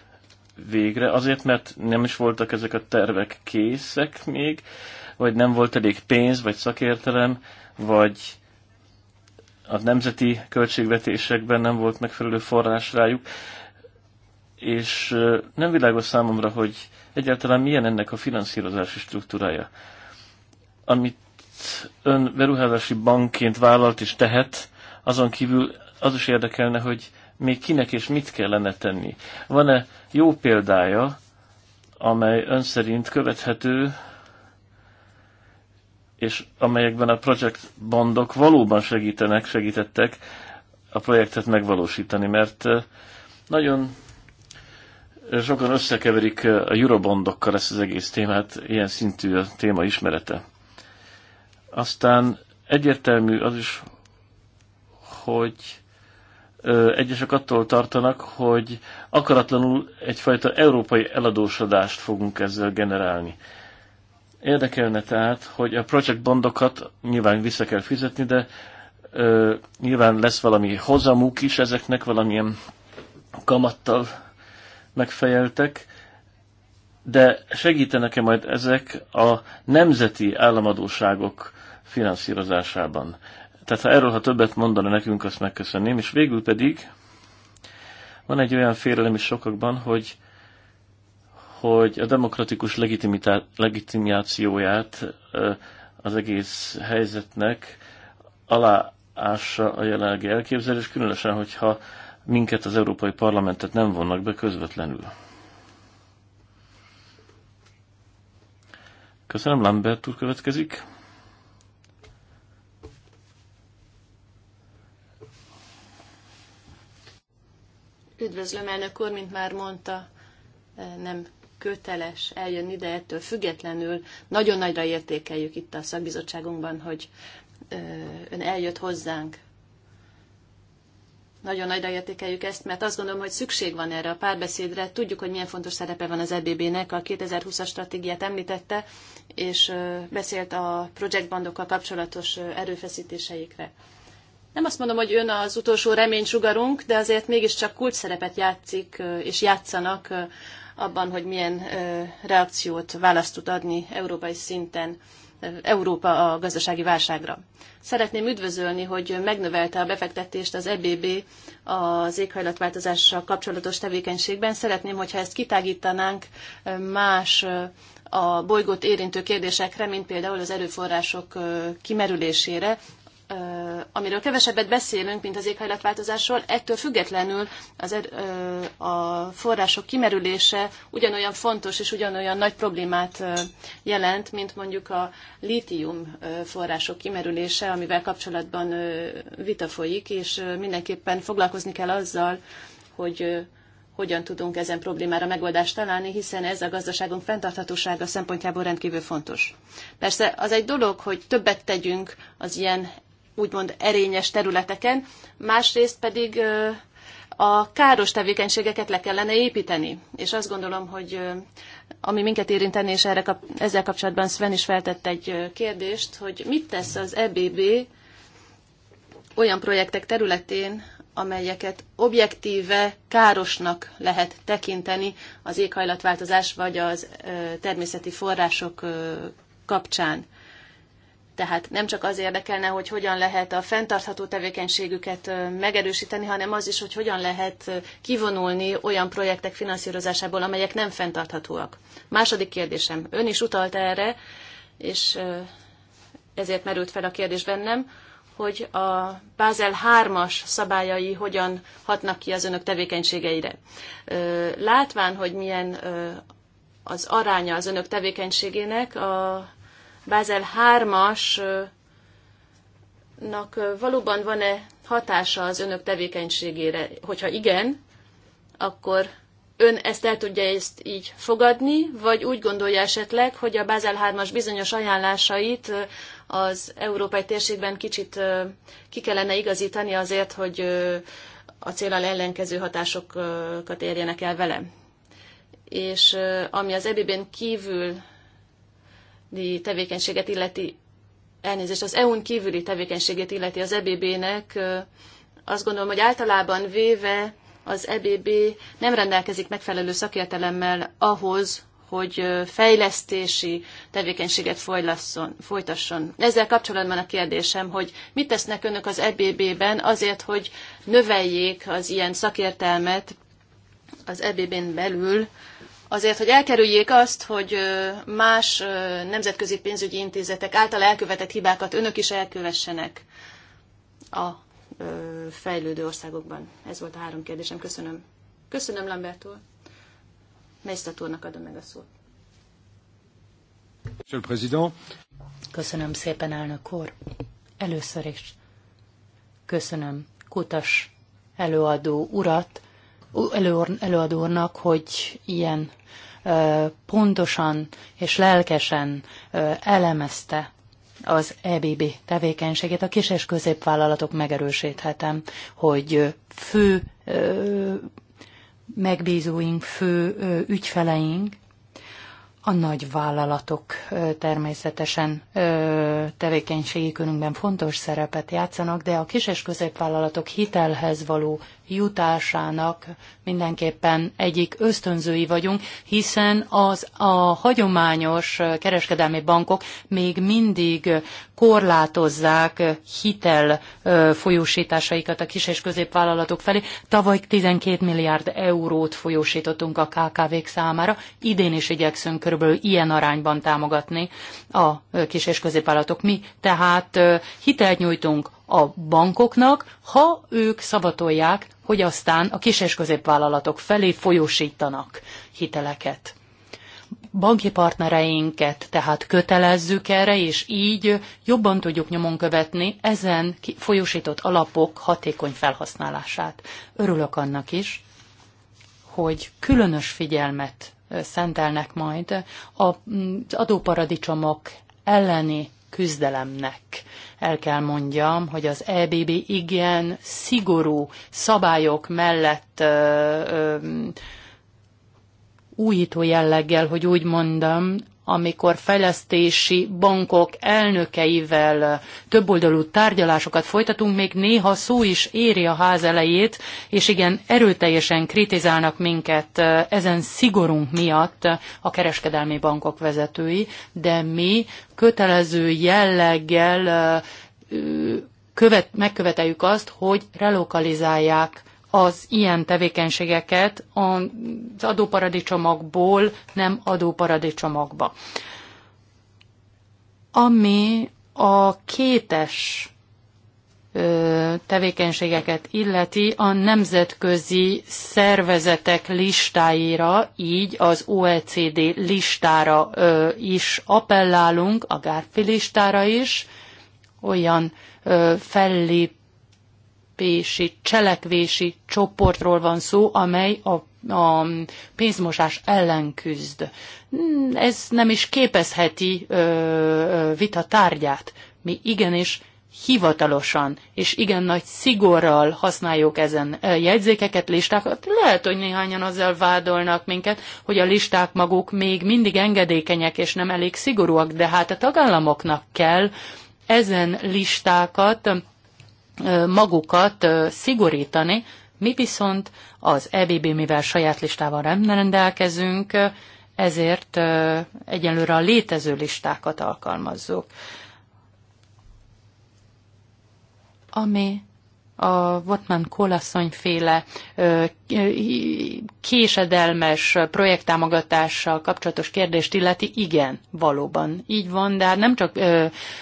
végre? Azért, mert nem is voltak ezek a tervek készek még, vagy nem volt elég pénz, vagy szakértelem, vagy a nemzeti költségvetésekben nem volt megfelelő forrás rájuk, és nem világos számomra, hogy egyáltalán milyen ennek a finanszírozási struktúrája. Amit ön beruházási bankként vállalt és tehet, azon kívül az is érdekelne, hogy még kinek és mit kellene tenni. Van-e jó példája, amely ön szerint követhető, és amelyekben a project bandok valóban segítenek, segítettek a projektet megvalósítani, mert eh, nagyon sokan összekeverik eh, a eurobondokkal ezt az egész témát, ilyen szintű a téma ismerete. Aztán egyértelmű az is, hogy egyesek attól tartanak, hogy akaratlanul egyfajta európai eladósodást fogunk ezzel generálni. Érdekelne tehát, hogy a project bondokat nyilván vissza kell fizetni, de ö, nyilván lesz valami hozamuk is ezeknek, valamilyen kamattal megfejeltek, de segítenek-e majd ezek a nemzeti államadóságok finanszírozásában? Tehát ha erről, ha többet mondana nekünk, azt megköszönném. És végül pedig van egy olyan félelem is sokakban, hogy, hogy a demokratikus legitimációját az egész helyzetnek aláássa a jelenlegi elképzelés, különösen, hogyha minket az Európai Parlamentet nem vonnak be közvetlenül. Köszönöm, Lambert úr következik. Üdvözlöm, elnök úr, mint már mondta, eh, nem köteles eljönni, de ettől függetlenül nagyon nagyra értékeljük itt a szakbizottságunkban, hogy eh, ön eljött hozzánk. Nagyon nagyra értékeljük ezt, mert azt gondolom, hogy szükség van erre a párbeszédre. Tudjuk, hogy milyen fontos szerepe van az EBB-nek. A 2020-as stratégiát említette, és eh, beszélt a projektbandokkal kapcsolatos erőfeszítéseikre nem azt mondom, hogy ön az utolsó reménysugarunk, de azért mégiscsak kulcs szerepet játszik és játszanak abban, hogy milyen reakciót választ tud adni európai szinten Európa a gazdasági válságra. Szeretném üdvözölni, hogy megnövelte a befektetést az EBB az éghajlatváltozással kapcsolatos tevékenységben. Szeretném, hogyha ezt kitágítanánk más a bolygót érintő kérdésekre, mint például az erőforrások kimerülésére, amiről kevesebbet beszélünk, mint az éghajlatváltozásról, ettől függetlenül az, er, a források kimerülése ugyanolyan fontos és ugyanolyan nagy problémát jelent, mint mondjuk a lítium források kimerülése, amivel kapcsolatban vita folyik, és mindenképpen foglalkozni kell azzal, hogy hogyan tudunk ezen problémára megoldást találni, hiszen ez a gazdaságunk fenntarthatósága szempontjából rendkívül fontos. Persze az egy dolog, hogy többet tegyünk az ilyen úgymond erényes területeken, másrészt pedig a káros tevékenységeket le kellene építeni. És azt gondolom, hogy ami minket érinteni, és erre, kap, ezzel kapcsolatban Sven is feltett egy kérdést, hogy mit tesz az EBB olyan projektek területén, amelyeket objektíve károsnak lehet tekinteni az éghajlatváltozás vagy az természeti források kapcsán. Tehát nem csak az érdekelne, hogy hogyan lehet a fenntartható tevékenységüket megerősíteni, hanem az is, hogy hogyan lehet kivonulni olyan projektek finanszírozásából, amelyek nem fenntarthatóak. Második kérdésem. Ön is utalt erre, és ezért merült fel a kérdés bennem, hogy a Bázel 3-as szabályai hogyan hatnak ki az önök tevékenységeire. Látván, hogy milyen az aránya az önök tevékenységének, a Bázel 3-asnak valóban van-e hatása az önök tevékenységére? Hogyha igen, akkor ön ezt el tudja ezt így fogadni, vagy úgy gondolja esetleg, hogy a Bázel 3-as bizonyos ajánlásait az európai térségben kicsit ki kellene igazítani azért, hogy a célal ellenkező hatásokat érjenek el vele. És ami az ebiben kívül tevékenységet illeti, elnézést, az EU-n kívüli tevékenységet illeti az EBB-nek, azt gondolom, hogy általában véve az EBB nem rendelkezik megfelelő szakértelemmel ahhoz, hogy fejlesztési tevékenységet folytasson. Ezzel kapcsolatban a kérdésem, hogy mit tesznek önök az EBB-ben azért, hogy növeljék az ilyen szakértelmet az EBB-n belül, azért, hogy elkerüljék azt, hogy más nemzetközi pénzügyi intézetek által elkövetett hibákat önök is elkövessenek a fejlődő országokban. Ez volt a három kérdésem. Köszönöm. Köszönöm Lambert úr. Meisztatúrnak adom meg a szót. Köszönöm szépen, elnök úr. Először is köszönöm Kutas előadó urat elő, előadó úrnak, hogy ilyen pontosan és lelkesen elemezte az EBB tevékenységét, a kis és középvállalatok megerősíthetem, hogy fő megbízóink, fő ügyfeleink a nagy vállalatok természetesen tevékenységi körünkben fontos szerepet játszanak, de a kis és középvállalatok hitelhez való jutásának mindenképpen egyik ösztönzői vagyunk, hiszen az a hagyományos kereskedelmi bankok még mindig korlátozzák hitel folyósításaikat a kis és középvállalatok felé. Tavaly 12 milliárd eurót folyósítottunk a KKV-k számára, idén is igyekszünk körülbelül körülbelül ilyen arányban támogatni a kis és középállatok. Mi tehát hitelt nyújtunk a bankoknak, ha ők szavatolják, hogy aztán a kis és középvállalatok felé folyósítanak hiteleket banki partnereinket tehát kötelezzük erre, és így jobban tudjuk nyomon követni ezen folyósított alapok hatékony felhasználását. Örülök annak is, hogy különös figyelmet szentelnek majd az adóparadicsomok elleni küzdelemnek. El kell mondjam, hogy az EBB igen szigorú szabályok mellett ö, ö, újító jelleggel, hogy úgy mondom, amikor fejlesztési bankok elnökeivel többoldalú tárgyalásokat folytatunk, még néha szó is éri a ház elejét, és igen, erőteljesen kritizálnak minket ezen szigorunk miatt a kereskedelmi bankok vezetői, de mi kötelező jelleggel követ, megköveteljük azt, hogy relokalizálják az ilyen tevékenységeket az adóparadicsomokból nem adóparadicsomokba. Ami a kétes tevékenységeket illeti a nemzetközi szervezetek listáira, így az OECD listára is appellálunk, a Gárfi listára is, olyan fellép cselekvési, cselekvési csoportról van szó, amely a a pénzmosás ellen küzd. Ez nem is képezheti ö, vita tárgyát. Mi igenis hivatalosan és igen nagy szigorral használjuk ezen jegyzékeket, listákat. Lehet, hogy néhányan azzal vádolnak minket, hogy a listák maguk még mindig engedékenyek és nem elég szigorúak, de hát a tagállamoknak kell ezen listákat magukat szigorítani, mi viszont az EBB, mivel saját listával nem rendelkezünk, ezért egyelőre a létező listákat alkalmazzuk. Ami a Votman Kolasszony féle késedelmes projekttámogatással kapcsolatos kérdést illeti, igen, valóban így van, de hát nem csak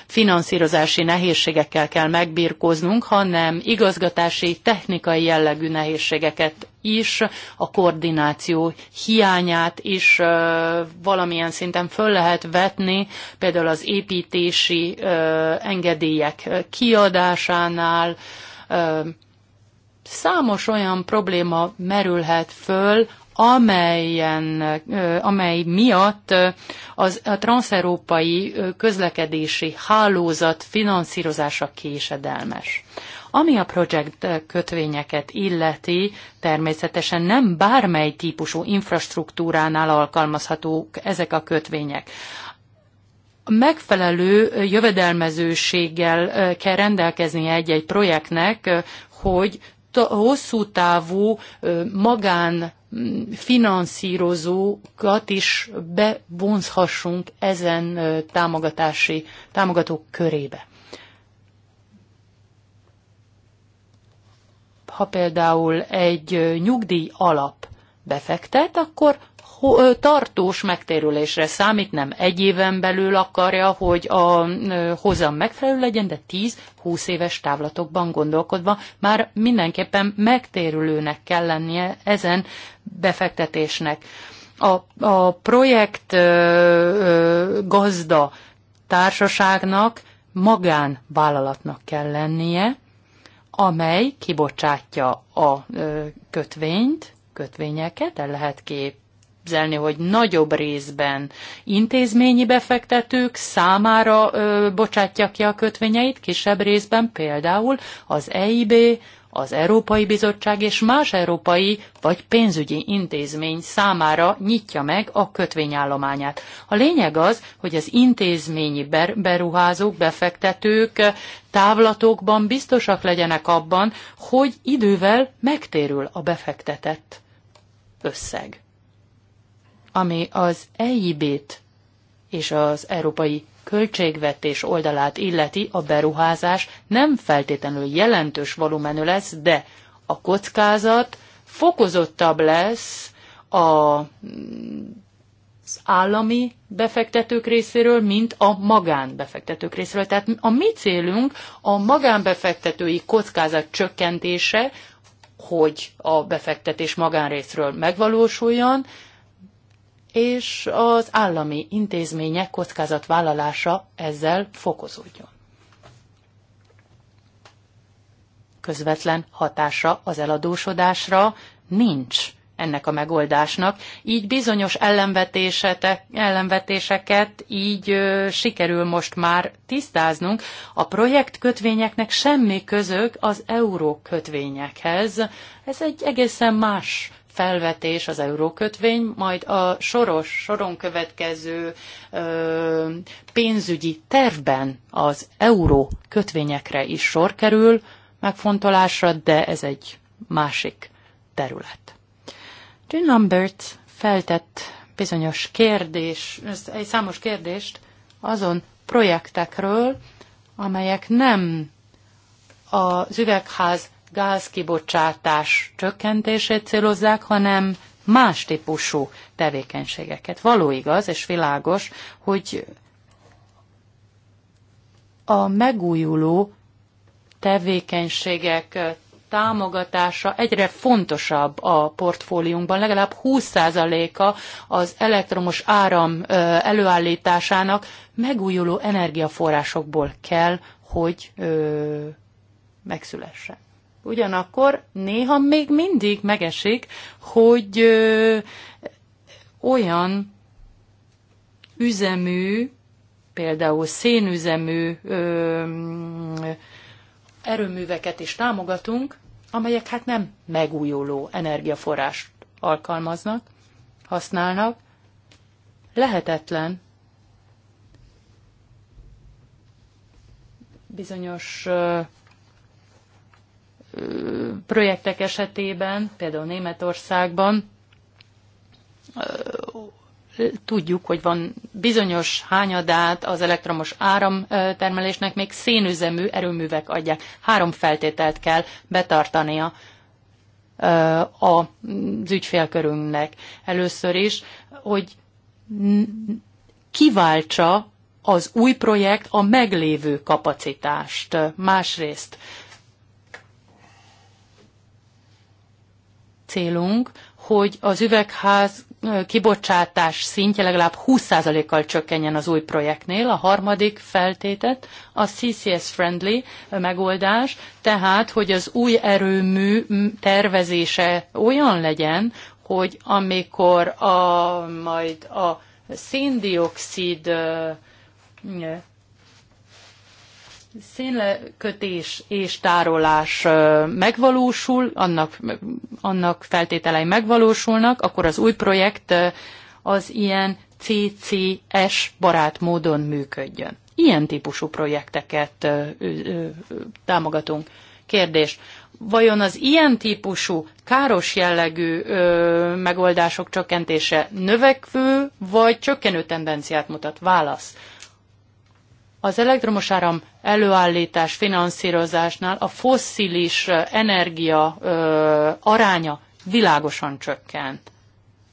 finanszírozási nehézségekkel kell megbírkoznunk, hanem igazgatási, technikai jellegű nehézségeket is, a koordináció hiányát is valamilyen szinten föl lehet vetni, például az építési engedélyek kiadásánál, számos olyan probléma merülhet föl, amelyen, amely miatt az, a transzeurópai közlekedési hálózat finanszírozása késedelmes. Ami a projekt kötvényeket illeti, természetesen nem bármely típusú infrastruktúránál alkalmazhatók ezek a kötvények megfelelő jövedelmezőséggel kell rendelkeznie egy-egy projektnek, hogy hosszú távú magán finanszírozókat is bevonzhassunk ezen támogatási támogatók körébe. Ha például egy nyugdíj alap befektet, akkor tartós megtérülésre számít, nem egy éven belül akarja, hogy a hozam megfelelő legyen, de 10-20 éves távlatokban gondolkodva már mindenképpen megtérülőnek kell lennie ezen befektetésnek. A, a projekt ö, ö, gazda társaságnak magánvállalatnak kell lennie, amely kibocsátja a kötvényt, kötvényeket, el lehet kép elképzelni, hogy nagyobb részben intézményi befektetők számára ö, bocsátja ki a kötvényeit, kisebb részben például az EIB, az Európai Bizottság és más európai vagy pénzügyi intézmény számára nyitja meg a kötvényállományát. A lényeg az, hogy az intézményi beruházók, befektetők távlatokban biztosak legyenek abban, hogy idővel megtérül a befektetett összeg ami az EIB-t és az európai költségvetés oldalát illeti, a beruházás nem feltétlenül jelentős volumenű lesz, de a kockázat fokozottabb lesz a az állami befektetők részéről, mint a magánbefektetők részéről. Tehát a mi célunk a magánbefektetői kockázat csökkentése, hogy a befektetés magánrészről megvalósuljon, és az állami intézmények kockázatvállalása ezzel fokozódjon. Közvetlen hatása az eladósodásra nincs ennek a megoldásnak. Így bizonyos ellenvetéseket így ö, sikerül most már tisztáznunk. A projektkötvényeknek semmi közök az euró kötvényekhez. Ez egy egészen más felvetés az eurókötvény, majd a soros, soron következő ö, pénzügyi tervben az euró kötvényekre is sor kerül megfontolásra, de ez egy másik terület. Jim Lambert feltett bizonyos kérdés, egy számos kérdést azon projektekről, amelyek nem az üvegház gázkibocsátás csökkentését célozzák, hanem más típusú tevékenységeket. Való igaz és világos, hogy a megújuló tevékenységek támogatása egyre fontosabb a portfóliunkban. Legalább 20%-a az elektromos áram előállításának megújuló energiaforrásokból kell, hogy megszülessen. Ugyanakkor néha még mindig megesik, hogy ö, olyan üzemű, például szénüzemű ö, erőműveket is támogatunk, amelyek hát nem megújuló energiaforrást alkalmaznak, használnak. Lehetetlen bizonyos ö, projektek esetében, például Németországban, tudjuk, hogy van bizonyos hányadát az elektromos áramtermelésnek még szénüzemű erőművek adják. Három feltételt kell betartania az ügyfélkörünknek. Először is, hogy kiváltsa az új projekt a meglévő kapacitást. Másrészt célunk, hogy az üvegház kibocsátás szintje legalább 20%-kal csökkenjen az új projektnél. A harmadik feltétet a CCS-friendly megoldás, tehát hogy az új erőmű tervezése olyan legyen, hogy amikor a, majd a széndiokszid szénlekötés és tárolás megvalósul, annak, annak feltételei megvalósulnak, akkor az új projekt az ilyen CCS barát módon működjön. Ilyen típusú projekteket támogatunk. Kérdés. Vajon az ilyen típusú káros jellegű ö, megoldások csökkentése növekvő vagy csökkenő tendenciát mutat? Válasz az elektromos áram előállítás finanszírozásnál a fosszilis energia ö, aránya világosan csökkent.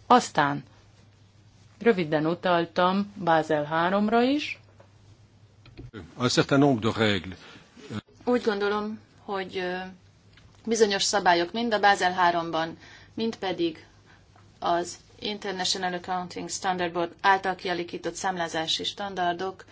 Aztán röviden utaltam Bázel 3-ra is. de Úgy gondolom, hogy bizonyos szabályok mind a Bázel 3-ban, mind pedig az International Accounting Standard Board által kialakított számlázási standardok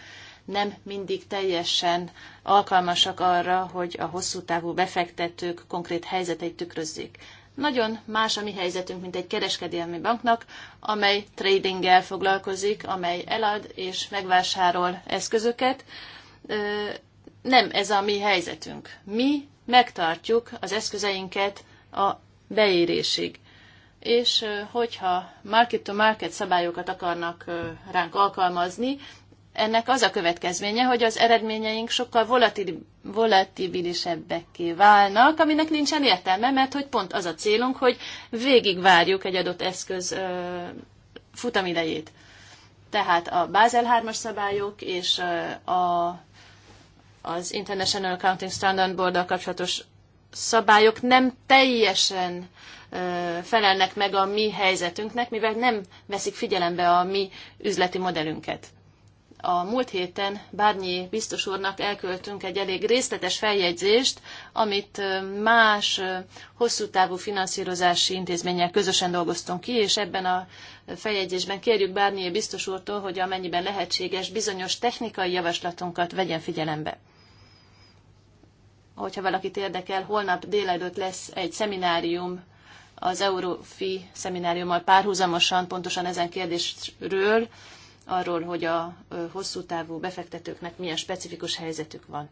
nem mindig teljesen alkalmasak arra, hogy a hosszú távú befektetők konkrét helyzeteit tükrözzék. Nagyon más a mi helyzetünk, mint egy kereskedelmi banknak, amely tradinggel foglalkozik, amely elad és megvásárol eszközöket. Nem ez a mi helyzetünk. Mi megtartjuk az eszközeinket a beérésig. És hogyha market-to-market -market szabályokat akarnak ránk alkalmazni, ennek az a következménye, hogy az eredményeink sokkal volatil, volatilisebbekké válnak, aminek nincsen értelme, mert hogy pont az a célunk, hogy végigvárjuk egy adott eszköz ö, futamidejét. Tehát a Basel 3-as szabályok és ö, a, az International Accounting Standard board kapcsolatos szabályok nem teljesen ö, felelnek meg a mi helyzetünknek, mivel nem veszik figyelembe a mi üzleti modellünket a múlt héten Bárnyi biztos úrnak elköltünk egy elég részletes feljegyzést, amit más hosszú távú finanszírozási intézménnyel közösen dolgoztunk ki, és ebben a feljegyzésben kérjük Bárnyi biztos úrtól, hogy amennyiben lehetséges, bizonyos technikai javaslatunkat vegyen figyelembe. Hogyha valakit érdekel, holnap délelőtt lesz egy szeminárium az Eurofi szemináriummal párhuzamosan, pontosan ezen kérdésről, arról, hogy a hosszú távú befektetőknek milyen specifikus helyzetük van.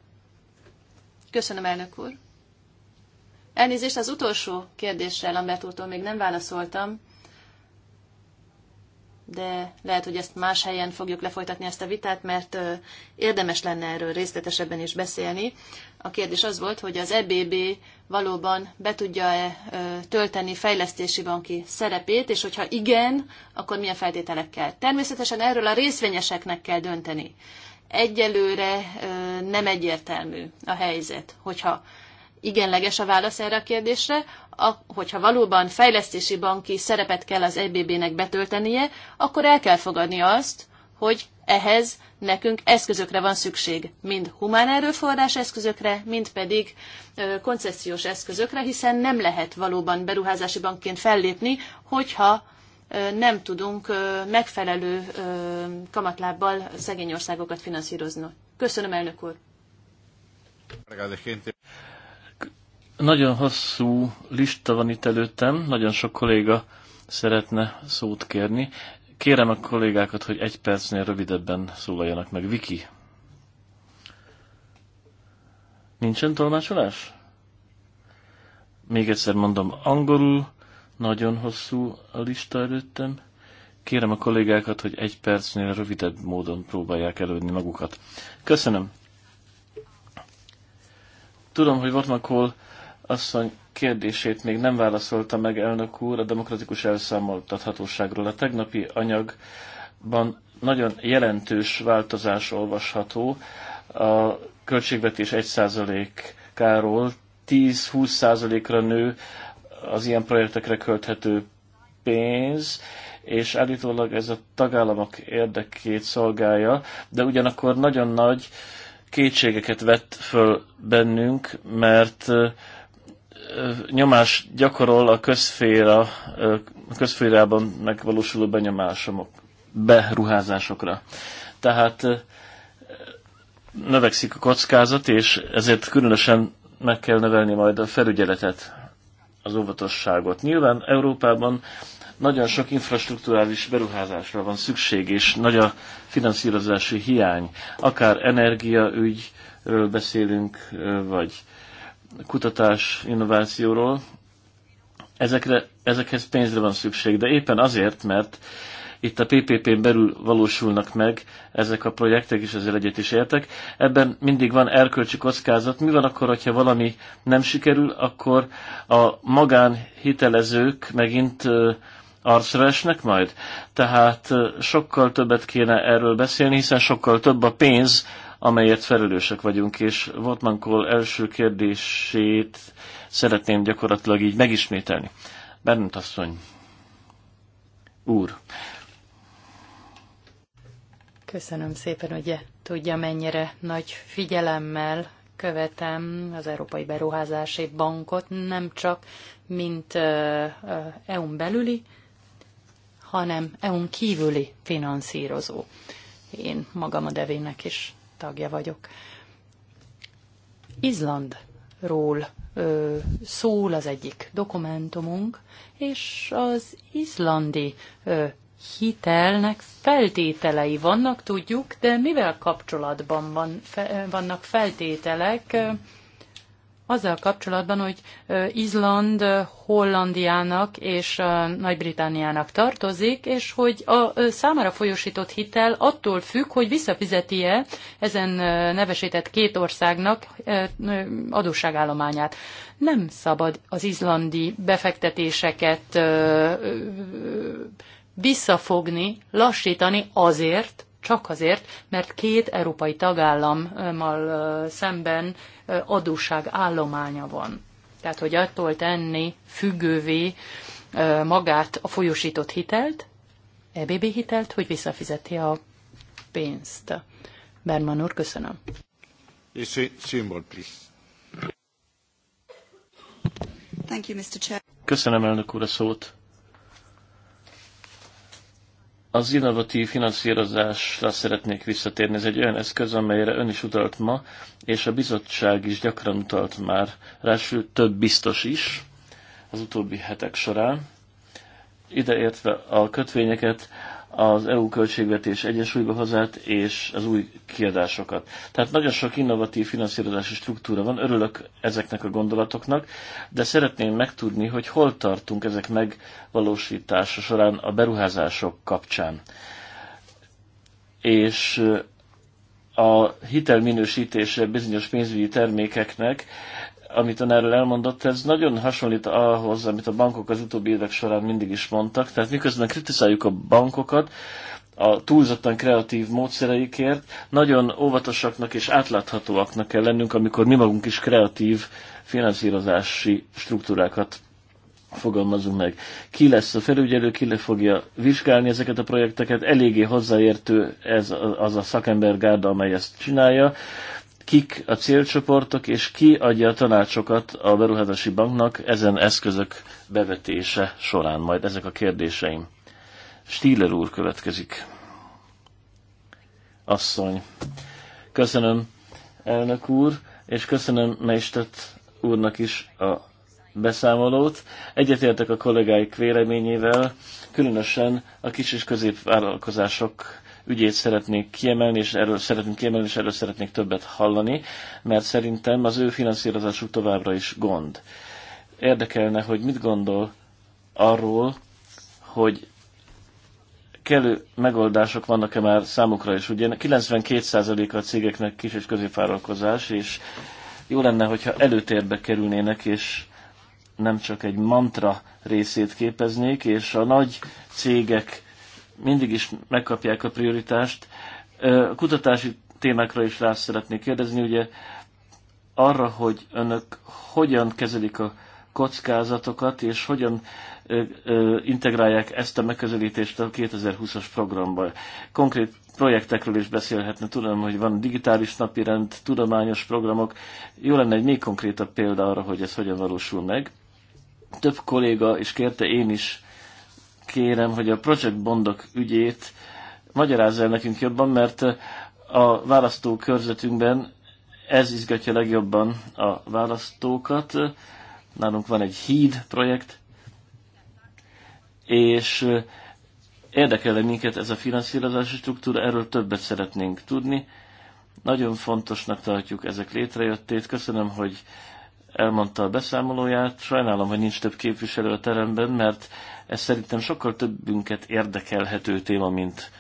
Köszönöm, elnök úr! Elnézést, az utolsó kérdésre Lambert úrtól még nem válaszoltam de lehet, hogy ezt más helyen fogjuk lefolytatni ezt a vitát, mert érdemes lenne erről részletesebben is beszélni. A kérdés az volt, hogy az EBB valóban be tudja-e tölteni fejlesztési banki szerepét, és hogyha igen, akkor milyen feltételekkel. Természetesen erről a részvényeseknek kell dönteni. Egyelőre nem egyértelmű a helyzet, hogyha igenleges a válasz erre a kérdésre, a, hogyha valóban fejlesztési banki szerepet kell az EBB-nek betöltenie, akkor el kell fogadni azt, hogy ehhez nekünk eszközökre van szükség, mind humán erőforrás eszközökre, mind pedig ö, koncesziós eszközökre, hiszen nem lehet valóban beruházási bankként fellépni, hogyha ö, nem tudunk ö, megfelelő ö, kamatlábbal szegény országokat finanszírozni. Köszönöm, elnök úr! Nagyon hosszú lista van itt előttem, nagyon sok kolléga szeretne szót kérni. Kérem a kollégákat, hogy egy percnél rövidebben szólaljanak meg. Viki? Nincsen tolmácsolás? Még egyszer mondom, angolul, nagyon hosszú a lista előttem. Kérem a kollégákat, hogy egy percnél rövidebb módon próbálják elődni magukat. Köszönöm. Tudom, hogy Vatmakol asszony kérdését még nem válaszolta meg elnök úr a demokratikus elszámoltathatóságról. A tegnapi anyagban nagyon jelentős változás olvasható. A költségvetés 1%-áról 10-20%-ra nő az ilyen projektekre költhető pénz, és állítólag ez a tagállamok érdekét szolgálja, de ugyanakkor nagyon nagy kétségeket vett föl bennünk, mert nyomás gyakorol a közféra, a közférában megvalósuló benyomásomok, beruházásokra. Tehát növekszik a kockázat, és ezért különösen meg kell növelni majd a felügyeletet, az óvatosságot. Nyilván Európában nagyon sok infrastruktúrális beruházásra van szükség, és nagy a finanszírozási hiány. Akár energiaügyről beszélünk, vagy kutatás innovációról, ezekre, ezekhez pénzre van szükség, de éppen azért, mert itt a PPP-n belül valósulnak meg ezek a projektek, és ezzel egyet is értek. Ebben mindig van erkölcsi kockázat. Mi van akkor, hogyha valami nem sikerül, akkor a magánhitelezők megint arcra esnek majd? Tehát sokkal többet kéne erről beszélni, hiszen sokkal több a pénz, amelyet felelősek vagyunk, és Votman Kohl első kérdését szeretném gyakorlatilag így megismételni. Bernd asszony, úr. Köszönöm szépen, hogy tudja mennyire nagy figyelemmel követem az Európai Beruházási Bankot, nem csak mint EU-n belüli, hanem EU-n kívüli finanszírozó. Én magam a devének is tagja vagyok. Izlandról ö, szól az egyik dokumentumunk, és az izlandi ö, hitelnek feltételei vannak, tudjuk, de mivel kapcsolatban van, fe, vannak feltételek azzal kapcsolatban, hogy Izland Hollandiának és Nagy-Britániának tartozik, és hogy a számára folyosított hitel attól függ, hogy visszafizeti-e ezen nevesített két országnak adósságállományát. Nem szabad az izlandi befektetéseket visszafogni, lassítani azért, csak azért, mert két európai tagállammal szemben adósság állománya van. Tehát, hogy attól tenni függővé magát a folyosított hitelt, EBB hitelt, hogy visszafizeti a pénzt. Berman úr, köszönöm. Köszönöm, elnök úr, a szót. Az innovatív finanszírozásra szeretnék visszatérni. Ez egy olyan eszköz, amelyre ön is utalt ma, és a bizottság is gyakran utalt már, ráadásul több biztos is az utóbbi hetek során, ideértve a kötvényeket, az EU költségvetés egyensúlyba hozát és az új kiadásokat. Tehát nagyon sok innovatív finanszírozási struktúra van, örülök ezeknek a gondolatoknak, de szeretném megtudni, hogy hol tartunk ezek megvalósítása során a beruházások kapcsán. És a hitelminősítése bizonyos pénzügyi termékeknek amit ön erről elmondott, ez nagyon hasonlít ahhoz, amit a bankok az utóbbi évek során mindig is mondtak. Tehát miközben kritizáljuk a bankokat, a túlzottan kreatív módszereikért, nagyon óvatosaknak és átláthatóaknak kell lennünk, amikor mi magunk is kreatív finanszírozási struktúrákat fogalmazunk meg. Ki lesz a felügyelő, ki le fogja vizsgálni ezeket a projekteket, eléggé hozzáértő ez az a gárda, amely ezt csinálja kik a célcsoportok, és ki adja a tanácsokat a beruházási banknak ezen eszközök bevetése során. Majd ezek a kérdéseim. Stíler úr következik. Asszony. Köszönöm, elnök úr, és köszönöm Meistet úrnak is a beszámolót. Egyetértek a kollégáik véleményével, különösen a kis és középvállalkozások ügyét szeretnék kiemelni, és erről szeretnénk kiemelni, és erről szeretnék többet hallani, mert szerintem az ő finanszírozásuk továbbra is gond. Érdekelne, hogy mit gondol arról, hogy kellő megoldások vannak-e már számukra is. Ugye 92% a cégeknek kis és középvállalkozás, és jó lenne, hogyha előtérbe kerülnének, és nem csak egy mantra részét képeznék, és a nagy cégek mindig is megkapják a prioritást. A kutatási témákra is rá szeretnék kérdezni, ugye arra, hogy önök hogyan kezelik a kockázatokat, és hogyan integrálják ezt a megközelítést a 2020-as programba. Konkrét projektekről is beszélhetne, tudom, hogy van digitális napirend, tudományos programok. Jó lenne egy még konkrétabb példa arra, hogy ez hogyan valósul meg. Több kolléga, is kérte én is kérem, hogy a Project Bondok ügyét magyarázza el nekünk jobban, mert eh, a választó körzetünkben ez izgatja legjobban a választókat. Nálunk van egy híd e e projekt, és eh, érdekelne minket ez a finanszírozási struktúra, erről többet szeretnénk tudni. Nagyon fontosnak tartjuk ezek létrejöttét. Köszönöm, hogy elmondta a beszámolóját. Sajnálom, hogy nincs több képviselő a teremben, mert ez szerintem sokkal többünket érdekelhető téma, mint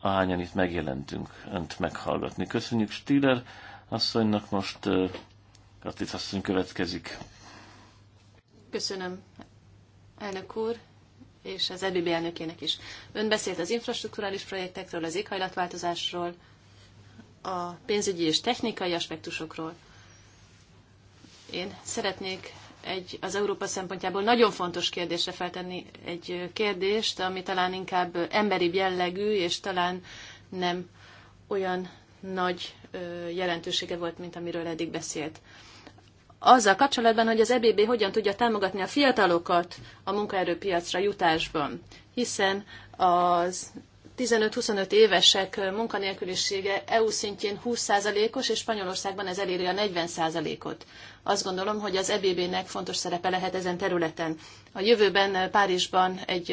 ahányan itt megjelentünk önt meghallgatni. Köszönjük Stiller asszonynak, most Katic asszony következik. Köszönöm, elnök úr, és az előbbi elnökének is. Ön beszélt az infrastruktúrális projektekről, az éghajlatváltozásról, a pénzügyi és technikai aspektusokról. Én szeretnék egy az Európa szempontjából nagyon fontos kérdésre feltenni egy kérdést, ami talán inkább emberi jellegű, és talán nem olyan nagy jelentősége volt, mint amiről eddig beszélt. Azzal kapcsolatban, hogy az EBB hogyan tudja támogatni a fiatalokat a munkaerőpiacra jutásban, hiszen az 15-25 évesek munkanélkülisége EU szintjén 20%-os, és Spanyolországban ez eléri a 40%-ot. Azt gondolom, hogy az EBB-nek fontos szerepe lehet ezen területen. A jövőben Párizsban egy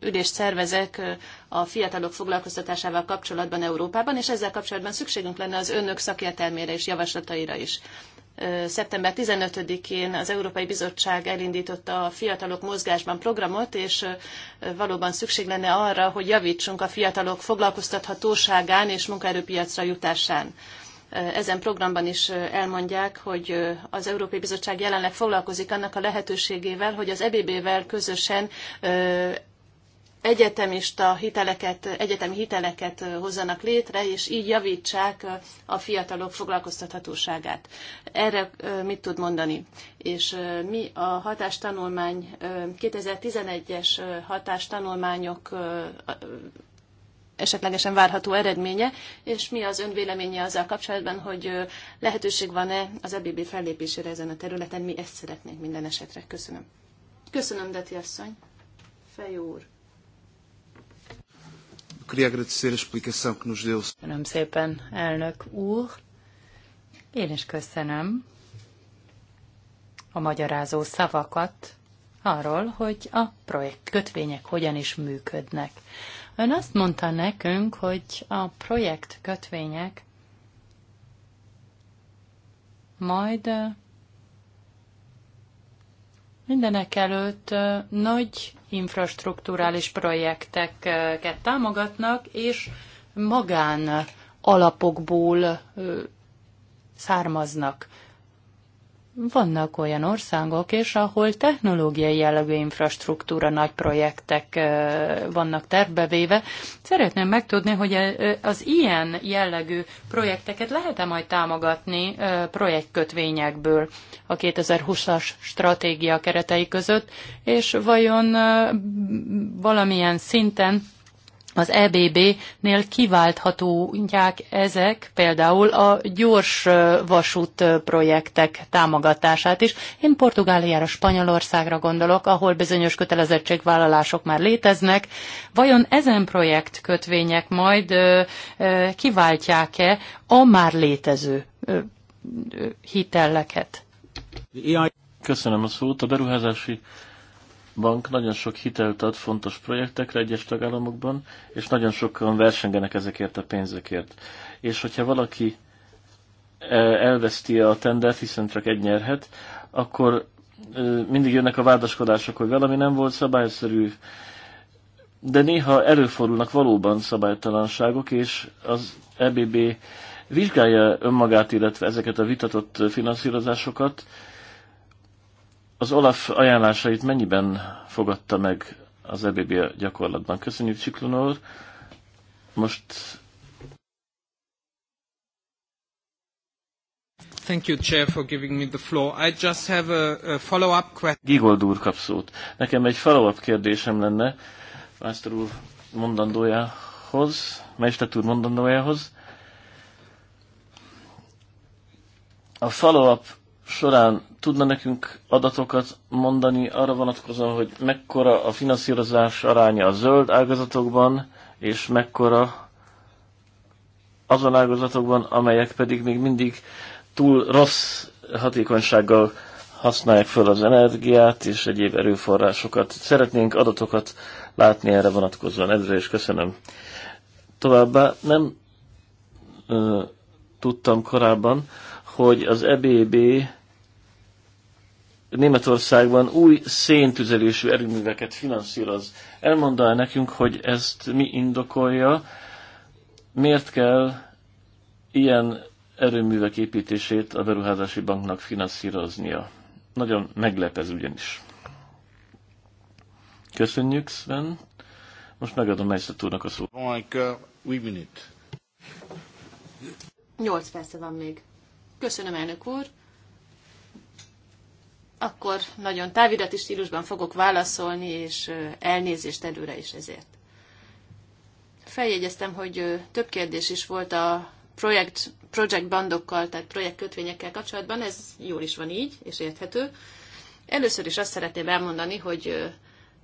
ülést szervezek a fiatalok foglalkoztatásával kapcsolatban Európában, és ezzel kapcsolatban szükségünk lenne az önök szakértelmére és javaslataira is szeptember 15-én az Európai Bizottság elindította a Fiatalok Mozgásban programot, és valóban szükség lenne arra, hogy javítsunk a fiatalok foglalkoztathatóságán és munkaerőpiacra jutásán. Ezen programban is elmondják, hogy az Európai Bizottság jelenleg foglalkozik annak a lehetőségével, hogy az EBB-vel közösen egyetemista hiteleket, egyetemi hiteleket hozzanak létre, és így javítsák a fiatalok foglalkoztathatóságát. Erre mit tud mondani? És mi a hatástanulmány, 2011-es hatástanulmányok esetlegesen várható eredménye, és mi az ön véleménye azzal kapcsolatban, hogy lehetőség van-e az EBB fellépésére ezen a területen, mi ezt szeretnénk minden esetre. Köszönöm. Köszönöm, Deti asszony. Fej úr queria agradecer a explicação que nos deu. Köszönöm szépen, elnök úr. Én is köszönöm a magyarázó szavakat arról, hogy a projekt kötvények hogyan is működnek. Ön azt mondta nekünk, hogy a projekt kötvények majd Mindenek előtt nagy infrastruktúrális projekteket támogatnak, és magán alapokból származnak vannak olyan országok is, ahol technológiai jellegű infrastruktúra nagy projektek vannak tervbevéve. Szeretném megtudni, hogy az ilyen jellegű projekteket lehet-e majd támogatni projektkötvényekből a 2020-as stratégia keretei között, és vajon valamilyen szinten az EBB-nél kiválthatóják ezek például a gyors vasút projektek támogatását is. Én Portugáliára, Spanyolországra gondolok, ahol bizonyos kötelezettségvállalások már léteznek. Vajon ezen projekt kötvények majd kiváltják-e a már létező hitelleket? Köszönöm a szót. A beruházási bank nagyon sok hitelt ad fontos projektekre egyes tagállamokban, és nagyon sokan versengenek ezekért a pénzekért. És hogyha valaki e, elveszti a tendert, hiszen csak egy nyerhet, akkor e, mindig jönnek a vádaskodások, hogy valami nem volt szabályszerű, de néha előfordulnak valóban szabálytalanságok, és az EBB vizsgálja önmagát, illetve ezeket a vitatott finanszírozásokat, az Olaf ajánlásait mennyiben fogadta meg az EBB gyakorlatban? Köszönjük, Csiklon úr. Most... Thank you, Chair, for giving me the floor. I just have a, a follow-up question. Gigold úr kap szót. Nekem egy follow-up kérdésem lenne Pásztor úr mondandójához, Mester úr mondandójához. A follow-up során tudna nekünk adatokat mondani arra vonatkozóan, hogy mekkora a finanszírozás aránya a zöld ágazatokban, és mekkora azon ágazatokban, amelyek pedig még mindig túl rossz hatékonysággal használják föl az energiát és egyéb erőforrásokat. Szeretnénk adatokat látni erre vonatkozóan. Ezzel is köszönöm. Továbbá nem ö, tudtam korábban, hogy az EBB Németországban új széntüzelésű erőműveket finanszíroz. Elmondaná nekünk, hogy ezt mi indokolja, miért kell ilyen erőművek építését a beruházási banknak finanszíroznia. Nagyon meglep ez ugyanis. Köszönjük, Sven. Most megadom Meiszert úrnak a szót. Mike, uh, 8 perce van még. Köszönöm, elnök úr. Akkor nagyon távirati stílusban fogok válaszolni, és elnézést előre is ezért. Feljegyeztem, hogy több kérdés is volt a projekt, project bandokkal, tehát projektkötvényekkel kapcsolatban, ez jól is van így, és érthető. Először is azt szeretném elmondani, hogy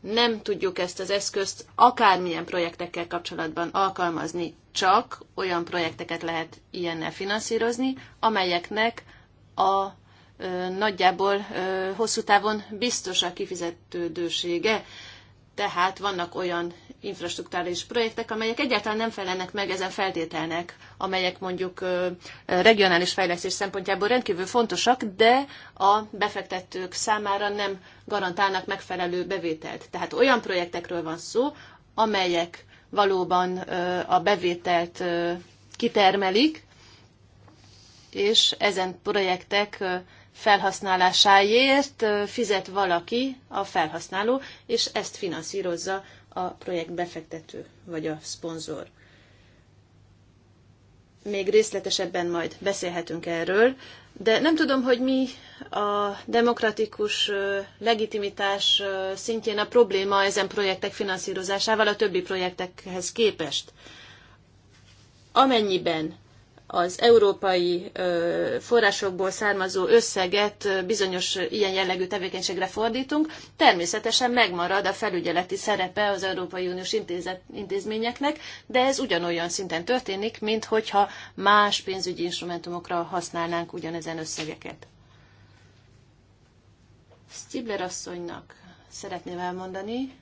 nem tudjuk ezt az eszközt akármilyen projektekkel kapcsolatban alkalmazni, csak olyan projekteket lehet ilyennel finanszírozni, amelyeknek a ö, nagyjából ö, hosszú távon biztos a kifizetődősége. Tehát vannak olyan infrastruktúrális projektek, amelyek egyáltalán nem felelnek meg ezen feltételnek, amelyek mondjuk regionális fejlesztés szempontjából rendkívül fontosak, de a befektetők számára nem garantálnak megfelelő bevételt. Tehát olyan projektekről van szó, amelyek valóban a bevételt kitermelik, és ezen projektek felhasználásáért fizet valaki, a felhasználó, és ezt finanszírozza a projekt befektető vagy a szponzor. Még részletesebben majd beszélhetünk erről, de nem tudom, hogy mi a demokratikus legitimitás szintjén a probléma ezen projektek finanszírozásával a többi projektekhez képest. Amennyiben az európai forrásokból származó összeget bizonyos ilyen jellegű tevékenységre fordítunk, természetesen megmarad a felügyeleti szerepe az Európai Uniós intézményeknek, de ez ugyanolyan szinten történik, mint hogyha más pénzügyi instrumentumokra használnánk ugyanezen összegeket. Stibler asszonynak szeretném elmondani,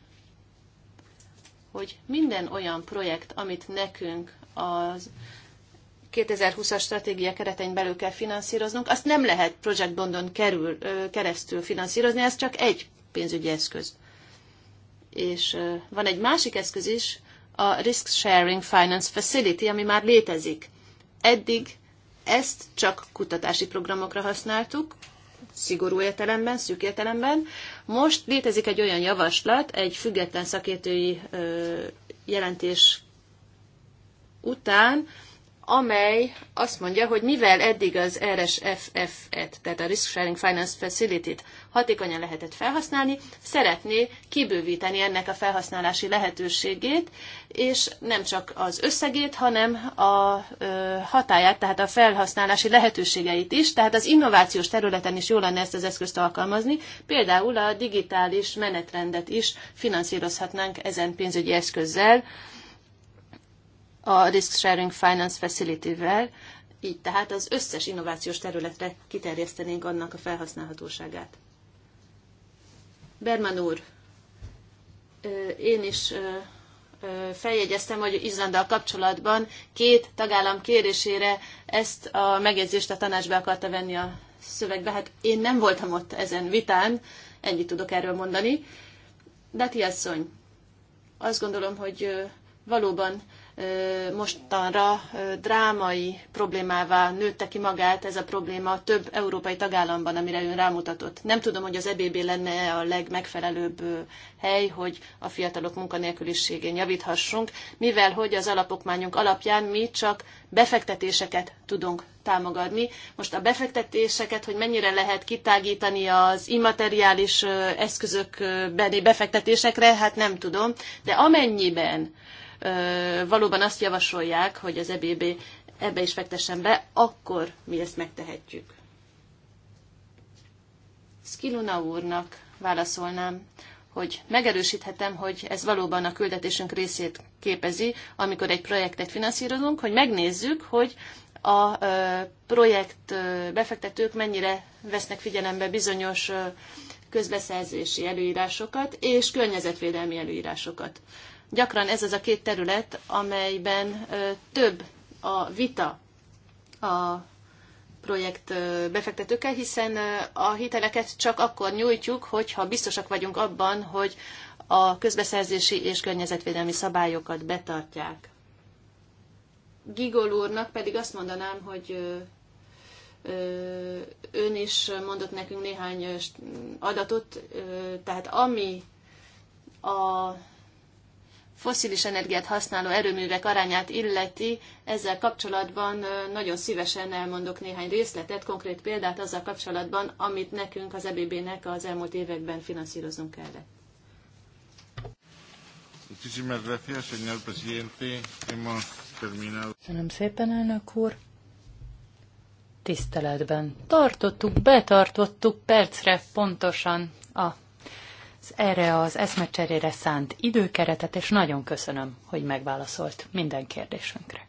hogy minden olyan projekt, amit nekünk az 2020-as stratégia keretein belül kell finanszíroznunk, azt nem lehet Project Bondon kerül, keresztül finanszírozni, ez csak egy pénzügyi eszköz. És van egy másik eszköz is, a Risk Sharing Finance Facility, ami már létezik. Eddig ezt csak kutatási programokra használtuk, szigorú értelemben, szűk értelemben. Most létezik egy olyan javaslat, egy független szakértői jelentés után, amely azt mondja, hogy mivel eddig az RSFF-et, tehát a Risk Sharing Finance Facility-t hatékonyan lehetett felhasználni, szeretné kibővíteni ennek a felhasználási lehetőségét, és nem csak az összegét, hanem a hatáját, tehát a felhasználási lehetőségeit is, tehát az innovációs területen is jó lenne ezt az eszközt alkalmazni, például a digitális menetrendet is finanszírozhatnánk ezen pénzügyi eszközzel, a Risk Sharing Finance Facility-vel, így tehát az összes innovációs területre kiterjesztenénk annak a felhasználhatóságát. Berman úr, én is feljegyeztem, hogy Izlanddal kapcsolatban két tagállam kérésére ezt a megjegyzést a tanácsba akarta venni a szövegbe. Hát én nem voltam ott ezen vitán, ennyit tudok erről mondani. ti asszony, azt gondolom, hogy valóban mostanra drámai problémává nőtte ki magát ez a probléma több európai tagállamban, amire ön rámutatott. Nem tudom, hogy az EBB lenne a legmegfelelőbb hely, hogy a fiatalok munkanélküliségén javíthassunk, mivel hogy az alapokmányunk alapján mi csak befektetéseket tudunk támogatni. Most a befektetéseket, hogy mennyire lehet kitágítani az immateriális eszközök befektetésekre, hát nem tudom, de amennyiben valóban azt javasolják, hogy az EBB ebbe is fektessen be, akkor mi ezt megtehetjük. Skiluna úrnak válaszolnám, hogy megerősíthetem, hogy ez valóban a küldetésünk részét képezi, amikor egy projektet finanszírozunk, hogy megnézzük, hogy a projekt befektetők mennyire vesznek figyelembe bizonyos közbeszerzési előírásokat és környezetvédelmi előírásokat. Gyakran ez az a két terület, amelyben több a vita a projekt befektetőkkel, hiszen a hiteleket csak akkor nyújtjuk, hogyha biztosak vagyunk abban, hogy a közbeszerzési és környezetvédelmi szabályokat betartják. Gigol úrnak pedig azt mondanám, hogy ön is mondott nekünk néhány adatot, tehát ami a foszilis energiát használó erőművek arányát illeti, ezzel kapcsolatban nagyon szívesen elmondok néhány részletet, konkrét példát azzal kapcsolatban, amit nekünk az EBB-nek az elmúlt években finanszíroznunk kellett. Köszönöm szépen, elnök úr. Tiszteletben. Tartottuk, betartottuk percre pontosan a erre az eszmecserére szánt időkeretet, és nagyon köszönöm, hogy megválaszolt minden kérdésünkre.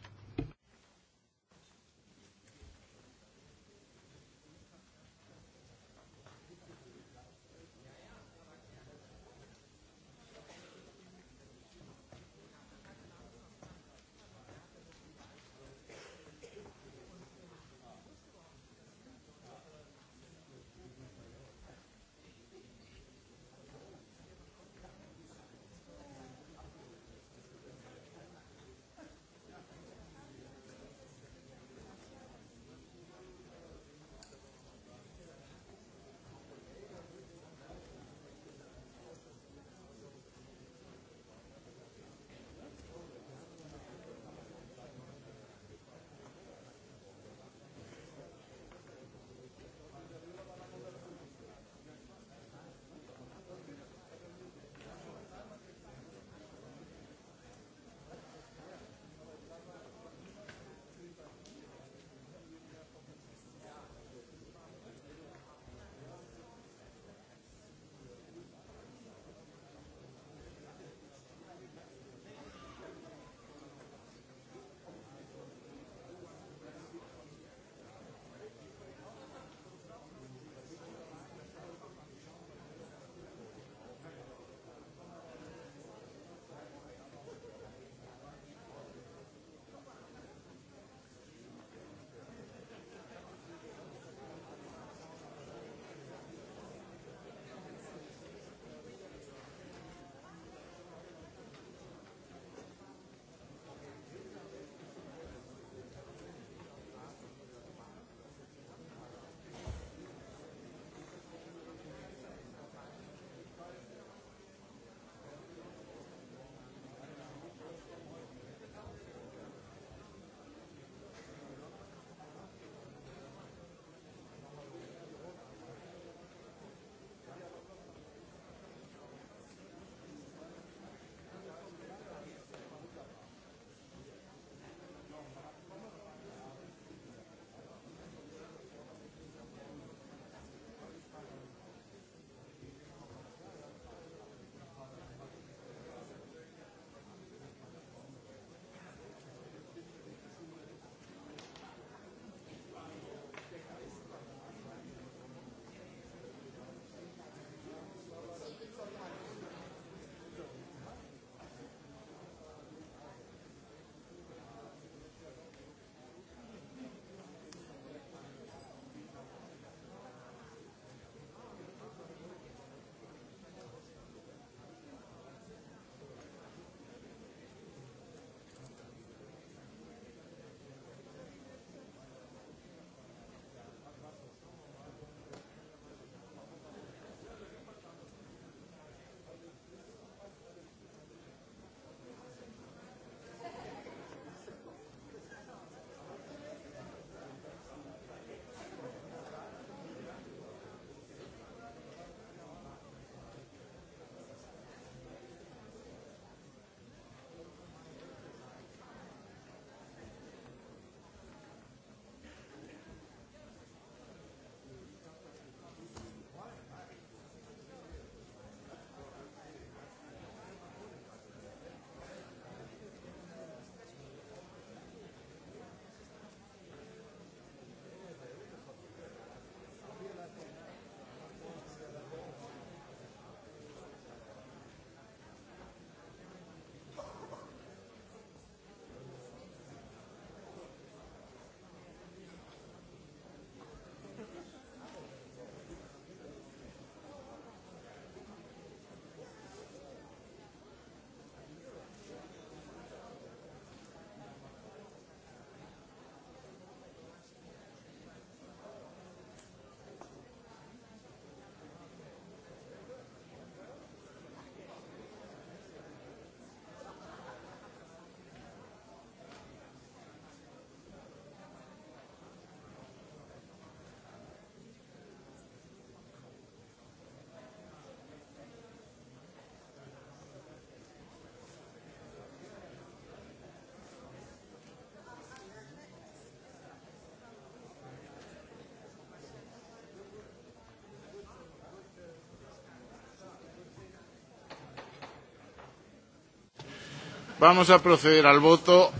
Vamos a proceder al voto.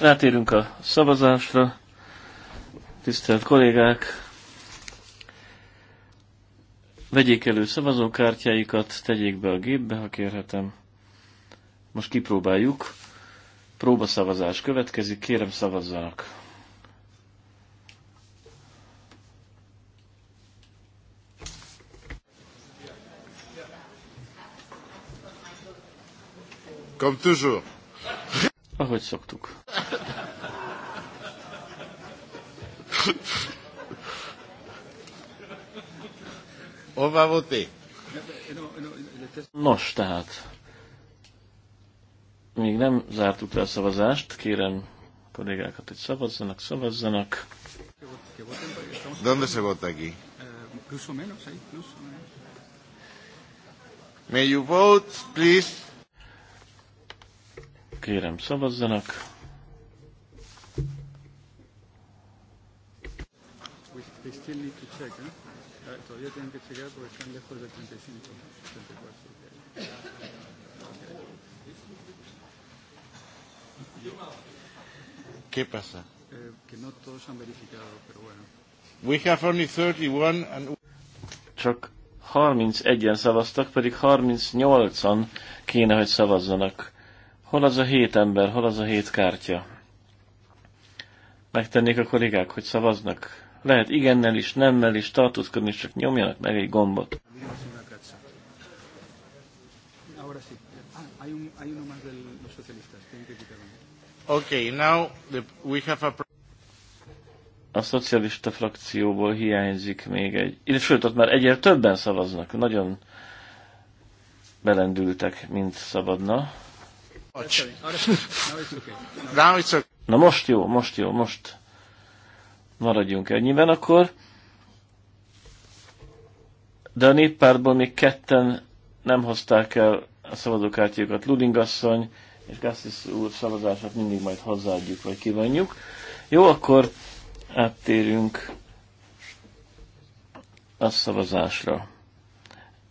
Rátérünk a szavazásra. Tisztelt kollégák, vegyék elő szavazókártyáikat, tegyék be a gépbe, ha kérhetem. Most kipróbáljuk. Próbaszavazás következik, kérem szavazzanak. comme toujours. Ahogy szoktuk. On va voter. Nos, tehát még nem zártuk le a szavazást, kérem kollégákat, hogy szavazzanak, szavazzanak. Donde se vota aquí? Eh, May you vote, please? kérem szavazzanak. Uh, ¿Qué pasa? Eh, que no todos han verificado, pero bueno. We have only 31 and... Csak 31-en szavaztak, pedig 38-an kéne, hogy szavazzanak. Hol az a hét ember, hol az a hét kártya? Megtennék a kollégák, hogy szavaznak. Lehet igennel is, nemmel is, tartózkodni, csak nyomjanak meg egy gombot. Oké, now the, we have a... A szocialista frakcióból hiányzik még egy... sőt, ott már egyre többen szavaznak. Nagyon belendültek, mint szabadna. Na most jó, most jó, most maradjunk ennyiben akkor. De a néppártból még ketten nem hozták el a szavazókártyákat. Luding asszony és Gassis úr szavazását mindig majd hozzáadjuk, vagy kívánjuk. Jó, akkor áttérünk a szavazásra.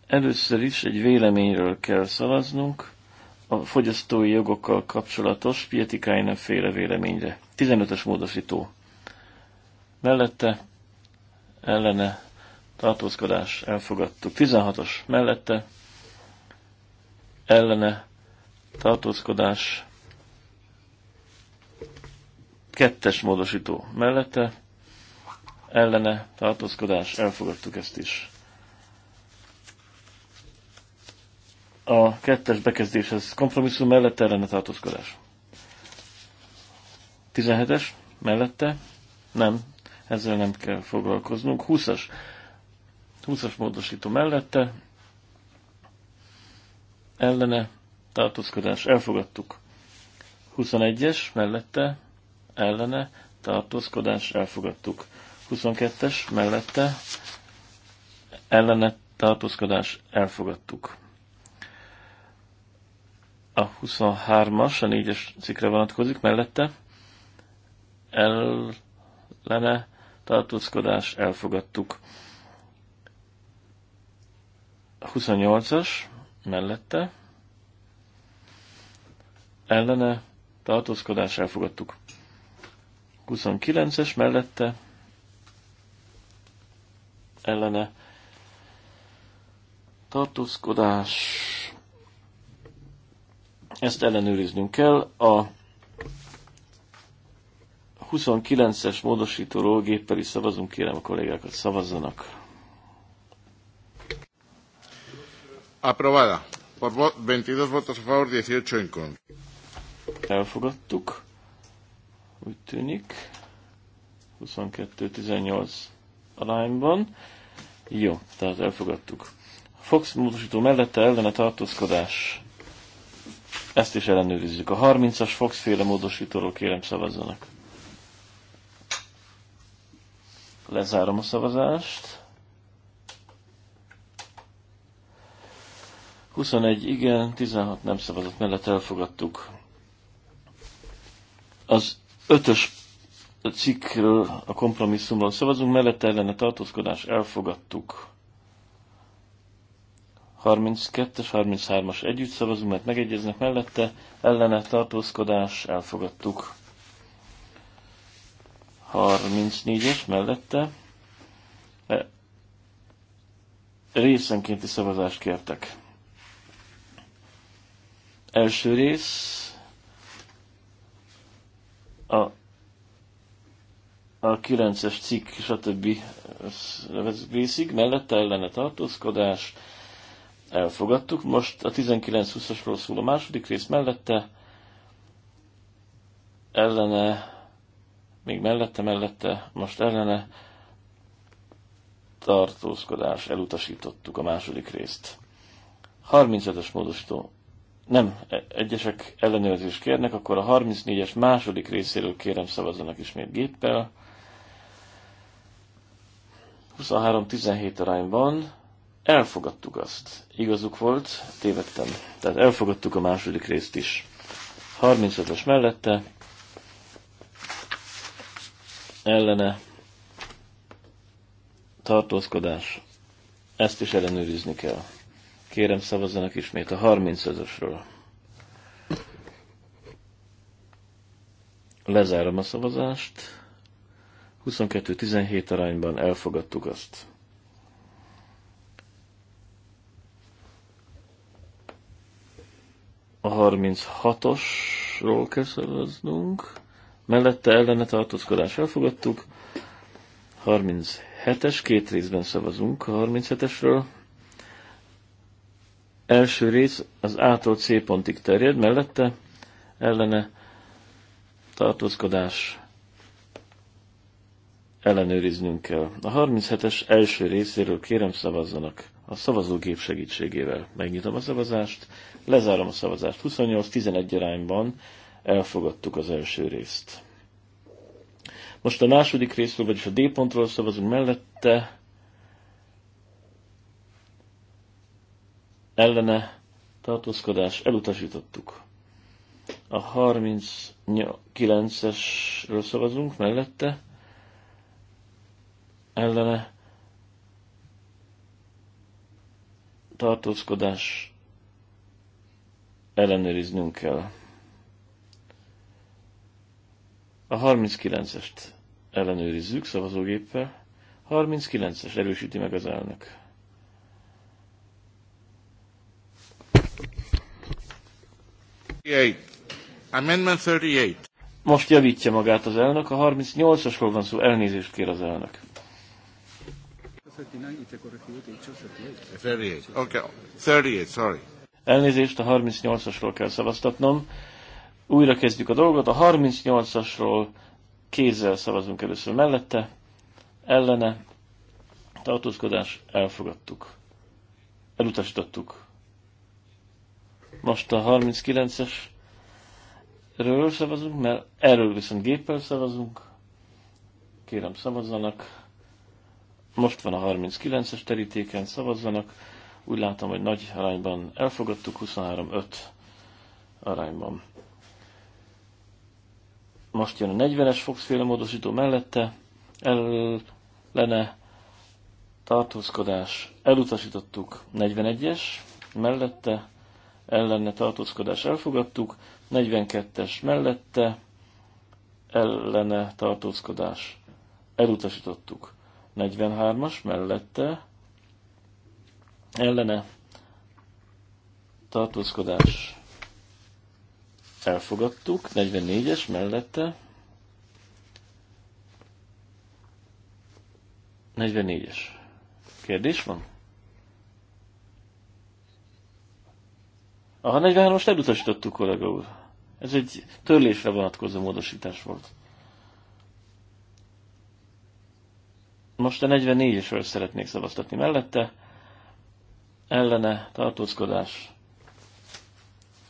Először is egy véleményről kell szavaznunk a fogyasztói jogokkal kapcsolatos Pietikáinen féle véleményre. 15-ös módosító. Mellette ellene tartózkodás elfogadtuk. 16-os mellette ellene tartózkodás kettes módosító mellette ellene tartózkodás elfogadtuk ezt is. a kettes bekezdéshez kompromisszum mellett ellene tartózkodás. 17-es mellette nem, ezzel nem kell foglalkoznunk. 20-as 20 módosító mellette ellene tartózkodás elfogadtuk. 21-es mellette ellene tartózkodás elfogadtuk. 22-es mellette ellene tartózkodás elfogadtuk a 23-as, a 4-es cikkre vonatkozik mellette. Ellene tartózkodás elfogadtuk. A 28-as mellette. Ellene tartózkodás elfogadtuk. 29-es mellette. Ellene tartózkodás ezt ellenőriznünk kell. A 29-es módosítóról géppel is szavazunk, kérem a kollégákat szavazzanak. Aprovada. Por 22 votos a favor, 18 en contra. Elfogadtuk. Úgy tűnik. 22-18 lányban. Jó, tehát elfogadtuk. Fox módosító mellette ellene tartózkodás ezt is ellenőrizzük. A 30-as Fox féle módosítóról kérem szavazzanak. Lezárom a szavazást. 21 igen, 16 nem szavazott mellett elfogadtuk. Az ötös cikkről, a kompromisszumról szavazunk, mellette ellene tartózkodás elfogadtuk. 32-es, 33-as együtt szavazunk, mert megegyeznek mellette, ellene tartózkodás, elfogadtuk. 34-es mellette e, részenkénti szavazást kértek. Első rész a, a 9-es cikk, stb. részig, mellette ellene tartózkodás, elfogadtuk. Most a 19-20-asról szól a második rész mellette, ellene, még mellette, mellette, most ellene tartózkodás, elutasítottuk a második részt. 35-es módosító. Nem, e- egyesek ellenőrzést kérnek, akkor a 34-es második részéről kérem szavazzanak ismét géppel. 23-17 arányban Elfogadtuk azt. Igazuk volt, tévedtem. Tehát elfogadtuk a második részt is. 35-ös mellette, ellene, tartózkodás, ezt is ellenőrizni kell. Kérem szavazzanak ismét a 35-ösről. Lezárom a szavazást. 22-17 arányban elfogadtuk azt. a 36-osról kell szavaznunk. Mellette ellene tartózkodás elfogadtuk. 37-es, két részben szavazunk a 37-esről. Első rész az A-tól C pontig terjed, mellette ellene tartózkodás ellenőriznünk kell. A 37-es első részéről kérem szavazzanak a szavazógép segítségével. Megnyitom a szavazást, lezárom a szavazást. 28-11 arányban elfogadtuk az első részt. Most a második részről, vagyis a D pontról szavazunk mellette, ellene tartózkodás elutasítottuk. A 39-esről szavazunk mellette, ellene tartózkodás ellenőriznünk kell. A 39-est ellenőrizzük szavazógéppel. 39-es erősíti meg az elnök. Amendment 38. Most javítja magát az elnök, a 38-asról van szó, elnézést kér az elnök. 39, it's a corrective, it's just 38. 38, okay. 38, sorry. Elnézést, a 38-asról kell szavaztatnom. Újra kezdjük a dolgot. A 38-asról kézzel szavazunk először mellette, ellene, tartózkodás, elfogadtuk. Elutasítottuk. Most a 39-esről szavazunk, mert erről viszont géppel szavazunk. Kérem szavazzanak. Most van a 39-es terítéken, szavazzanak. Úgy látom, hogy nagy arányban elfogadtuk, 23-5 arányban. Most jön a 40-es Fox-féle módosító mellette, ellene tartózkodás elutasítottuk 41-es, mellette ellene tartózkodás elfogadtuk, 42-es mellette ellene tartózkodás elutasítottuk. 43-as mellette ellene tartózkodás elfogadtuk, 44-es mellette 44-es. Kérdés van? A 43-ast elutasítottuk, kollega úr. Ez egy törlésre vonatkozó módosítás volt. Most a 44-esről szeretnék szavaztatni mellette. Ellene tartózkodás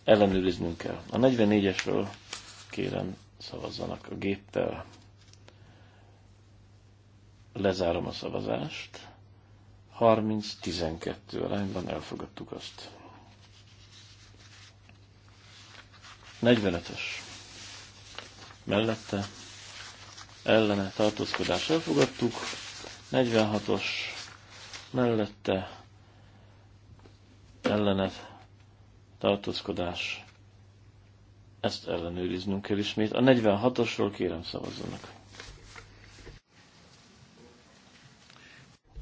ellenőriznünk kell. A 44-esről kérem szavazzanak a géppel. Lezárom a szavazást. 30-12 arányban elfogadtuk azt. 45-ös. Mellette ellene tartózkodás elfogadtuk. 46-os mellette ellenet tartózkodás. Ezt ellenőriznünk kell ismét. A 46-osról kérem szavazzanak.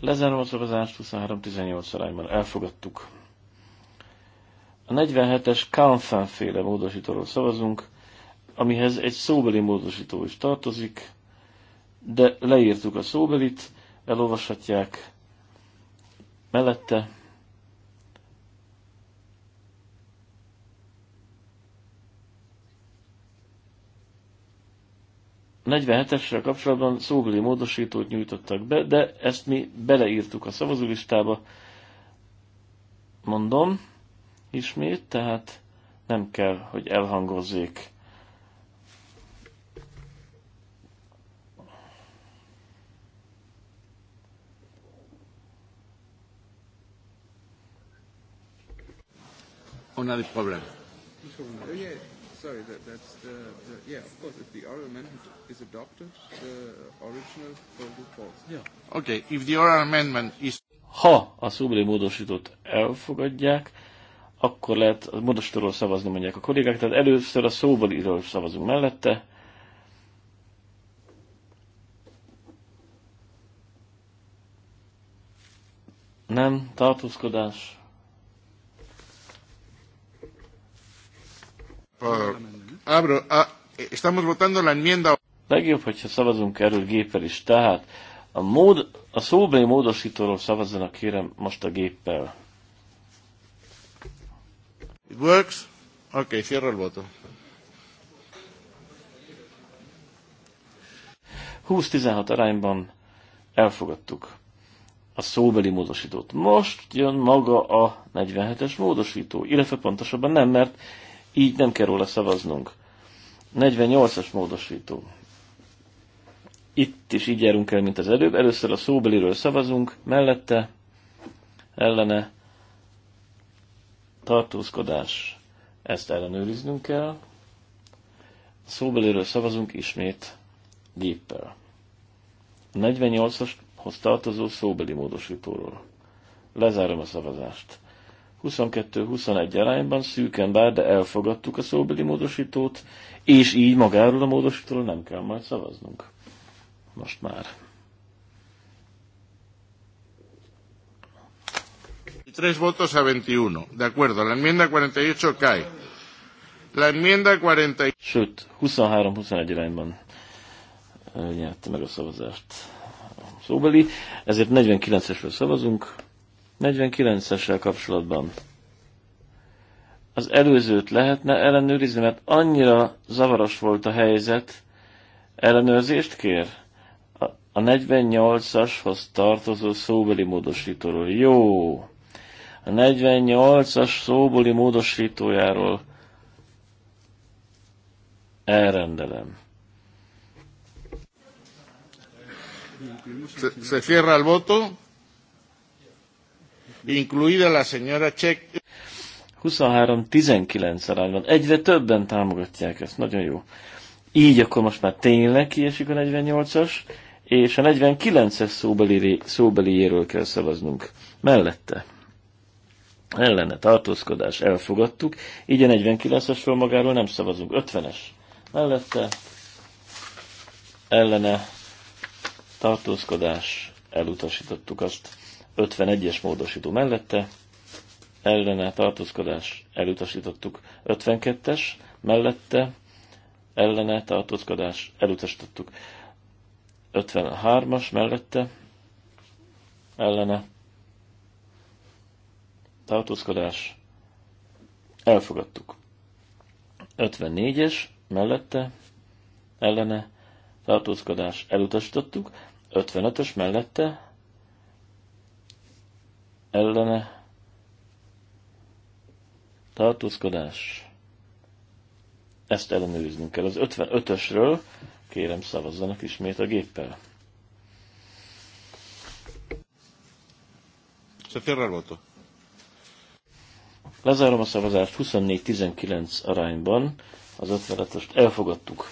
Lezárom a szavazást 23-18 arányban. Elfogadtuk. A 47-es Kampfen féle módosítóról szavazunk, amihez egy szóbeli módosító is tartozik, de leírtuk a szóbelit, elolvashatják mellette. esre kapcsolatban szóbeli módosítót nyújtottak be, de ezt mi beleírtuk a szavazólistába. Mondom ismét, tehát nem kell, hogy elhangozzék Ha a szublim módosítót elfogadják, akkor lehet a módosítóról szavazni, mondják a kollégák. Tehát először a szóbeliről szavazunk mellette. Nem, tartózkodás. Ah, ah, Legjobb, hogyha szavazunk erről géppel is. Tehát a, mód, a szóbeli módosítóról szavazzanak kérem most a géppel. It works? Ok, cierra el voto. 20-16 arányban elfogadtuk a szóbeli módosítót. Most jön maga a 47-es módosító, illetve pontosabban nem, mert így nem kell róla szavaznunk. 48-as módosító. Itt is így járunk el, mint az előbb. Először a szóbeliről szavazunk, mellette, ellene, tartózkodás. Ezt ellenőriznünk kell. A szóbeliről szavazunk ismét géppel. 48-ashoz tartozó szóbeli módosítóról. Lezárom a szavazást. 22-21 arányban szűken bár, de elfogadtuk a szóbeli módosítót, és így magáról a módosítóról nem kell majd szavaznunk. Most már. Tres votos a 21. De acuerdo, la enmienda 48 cae. La enmienda 40... Sőt, 23-21 irányban eh, nyerte meg a szavazást szóbeli, ezért 49-esről szavazunk. 49-essel kapcsolatban. Az előzőt lehetne ellenőrizni, mert annyira zavaros volt a helyzet. Ellenőrzést kér? A 48-ashoz tartozó szóbeli módosítóról. Jó! A 48-as szóbeli módosítójáról elrendelem. Se, cierra el voto incluida la señora Chek. 23-19 arányban. Egyre többen támogatják ezt, nagyon jó. Így akkor most már tényleg kiesik a 48-as, és a 49-es szóbeli, szóbeliéről kell szavaznunk. Mellette. Ellene tartózkodás, elfogadtuk. Így a 49-esről magáról nem szavazunk. 50-es. Mellette. Ellene tartózkodás, elutasítottuk azt. 51-es módosító mellette, ellene tartózkodás elutasítottuk 52-es, mellette ellene tartózkodás elutasítottuk 53-as, mellette ellene tartózkodás elfogadtuk 54-es, mellette ellene tartózkodás elutasítottuk 55-ös mellette ellene tartózkodás. Ezt ellenőriznünk kell. Az 55-ösről kérem szavazzanak ismét a géppel. Lezárom a szavazást 24-19 arányban. Az 55-öst elfogadtuk.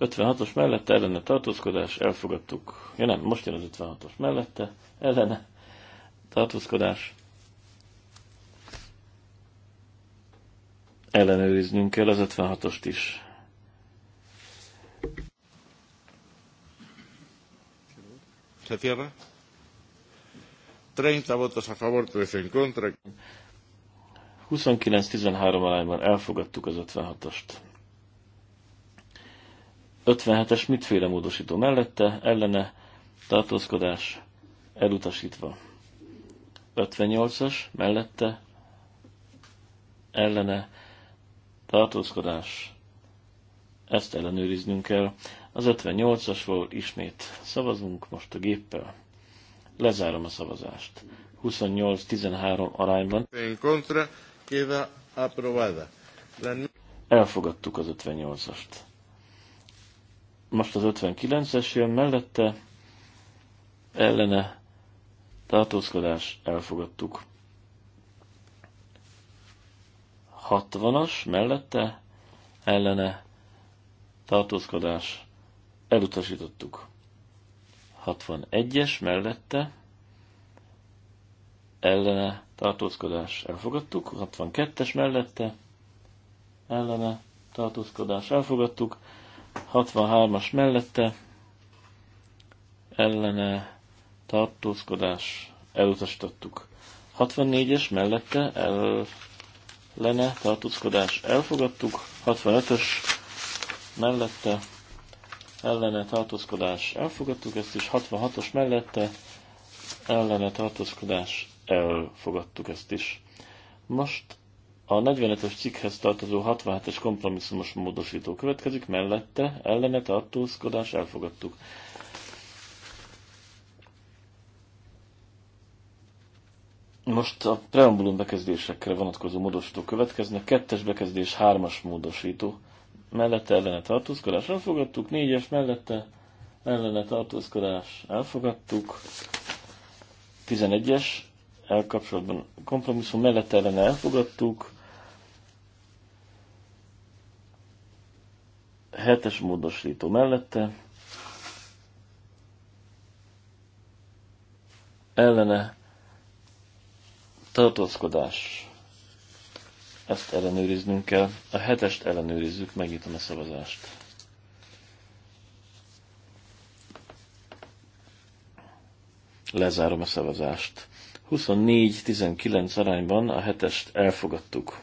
56-os mellette ellene tartózkodás, elfogadtuk. Ja nem, most jön az 56-os mellette, ellene tartózkodás. Ellenőriznünk kell az 56-ost is. Se cierra. 30 votos a favor, en contra. 29-13 arányban elfogadtuk az 56-ost. 57-es mitféle módosító mellette, ellene tartózkodás elutasítva. 58-as mellette, ellene tartózkodás ezt ellenőriznünk kell. Az 58-asról ismét szavazunk most a géppel. Lezárom a szavazást. 28-13 arányban. Elfogadtuk az 58-ast. Most az 59-es jön mellette, ellene tartózkodás elfogadtuk. 60-as mellette, ellene tartózkodás elutasítottuk. 61-es mellette, ellene tartózkodás elfogadtuk, 62-es mellette ellene tartózkodás elfogadtuk, 63-as mellette ellene tartózkodás elutasítottuk. 64-es mellette ellene tartózkodás elfogadtuk. 65-ös mellette ellene tartózkodás elfogadtuk, ezt is 66-os mellette ellene tartózkodás elfogadtuk ezt is. Most a 45-ös cikkhez tartozó 67-es kompromisszumos módosító következik, mellette ellene tartózkodás elfogadtuk. Most a preambulum bekezdésekre vonatkozó módosító következnek. Kettes bekezdés, hármas módosító. Mellette ellene tartózkodás elfogadtuk, négyes mellette ellene tartózkodás elfogadtuk, tizenegyes elkapcsolatban kompromisszum mellette ellene elfogadtuk, hetes módosító mellette, ellene tartózkodás. Ezt ellenőriznünk kell. A hetest ellenőrizzük, megnyitom a szavazást. Lezárom a szavazást. 24-19 arányban a hetest elfogadtuk.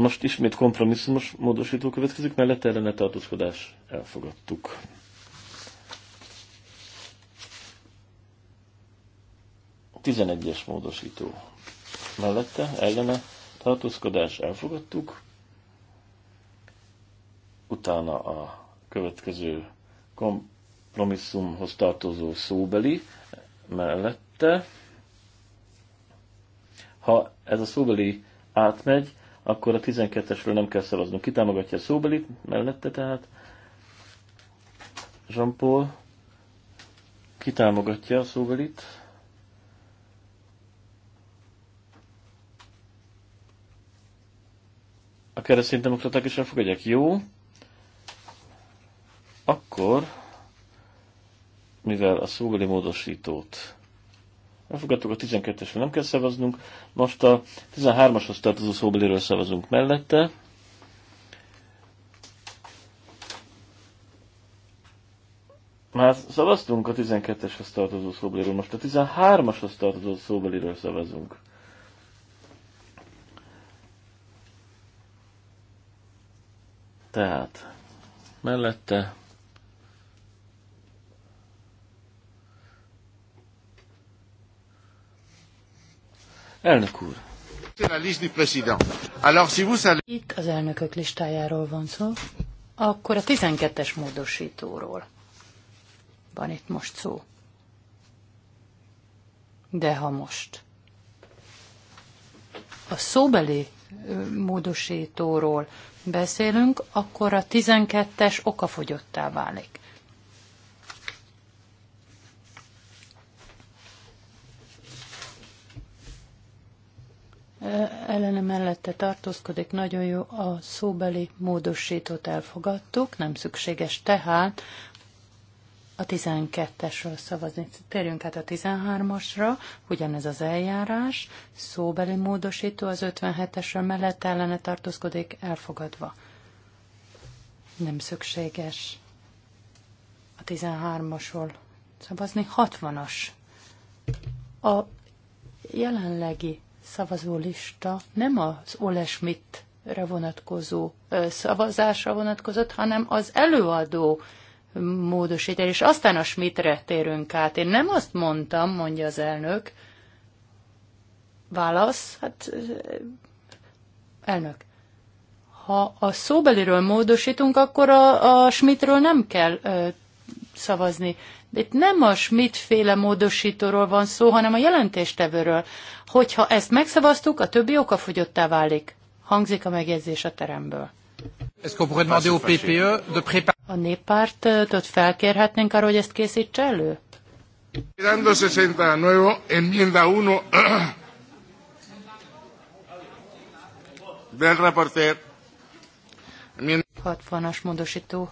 Most ismét kompromisszumos módosító következik, mellette ne tartózkodás elfogadtuk. Tizenegyes módosító mellette ellene tartózkodás elfogadtuk. Utána a következő kompromisszumhoz tartozó szóbeli mellette. Ha ez a szóbeli átmegy, akkor a 12-esről nem kell szavaznunk. Ki támogatja a szóbelit mellette tehát? Jean-Paul ki támogatja a szóbelit? A kereszténydemokraták is elfogadják. Jó. Akkor, mivel a szóbeli módosítót elfogadtuk, a 12-esre nem kell szavaznunk. Most a 13-ashoz tartozó szóbeliről szavazunk mellette. Már szavaztunk a 12-eshez tartozó szóbeliről, most a 13-ashoz tartozó szóbeliről szavazunk. Tehát mellette Elnök úr! Itt az elnökök listájáról van szó, akkor a 12-es módosítóról van itt most szó. De ha most a szóbeli módosítóról beszélünk, akkor a 12-es okafogyottá válik. ellene mellette tartózkodik, nagyon jó a szóbeli módosítót elfogadtuk, nem szükséges tehát a 12-esről szavazni. Térjünk át a 13-asra, ugyanez az eljárás, szóbeli módosító az 57-esről mellette ellene tartózkodik, elfogadva. Nem szükséges a 13-asról szavazni. 60-as. A jelenlegi szavazólista nem az Ole Schmidt-re vonatkozó szavazásra vonatkozott, hanem az előadó módosítás, és aztán a Schmidtre térünk át. Én nem azt mondtam, mondja az elnök. Válasz? Hát, elnök. Ha a szóbeliről módosítunk, akkor a, a Schmidtről nem kell ö, szavazni. De itt nem a Schmidt-féle módosítóról van szó, hanem a jelentéstevőről. Hogyha ezt megszavaztuk, a többi okafogyottá válik. Hangzik a megjegyzés a teremből. E a néppártot felkérhetnénk arra, hogy ezt készítse elő? 169, enmienda del reporter. 60-as módosító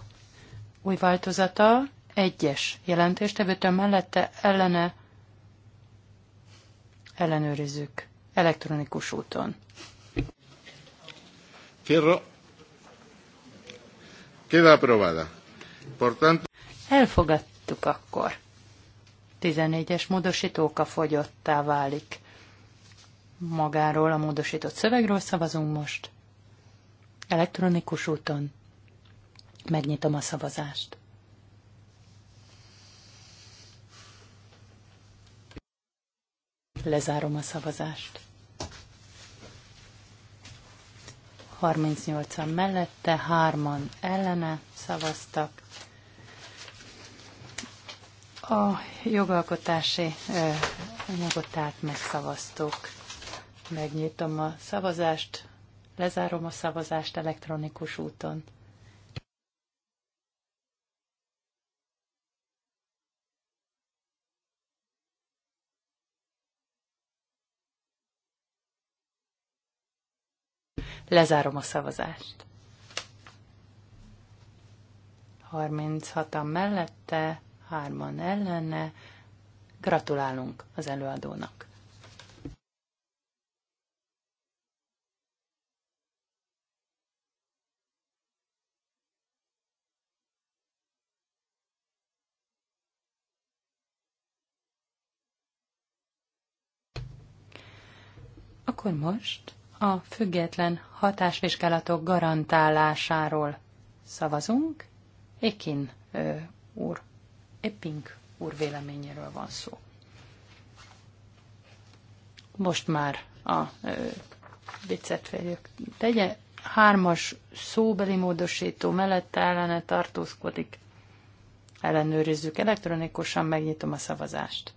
új változata egyes jelentéstevőtől mellette ellene ellenőrizzük elektronikus úton. Fierro. Queda aprobada. Por tanto... Elfogadtuk akkor. 14-es módosítóka fogyottá válik. Magáról a módosított szövegről szavazunk most. Elektronikus úton. Megnyitom a szavazást. Lezárom a szavazást. 38-an mellette, 3-an ellene szavaztak. A jogalkotási anyagotát megszavaztuk. Megnyitom a szavazást, lezárom a szavazást elektronikus úton. Lezárom a szavazást. 36-an mellette, 3-an ellene. Gratulálunk az előadónak. Akkor most a független hatásvizsgálatok garantálásáról szavazunk. Ekin ö, úr, Epping úr véleményéről van szó. Most már a viccet férjük. Tegye hármas szóbeli módosító mellett ellene tartózkodik. Ellenőrizzük elektronikusan, megnyitom a szavazást.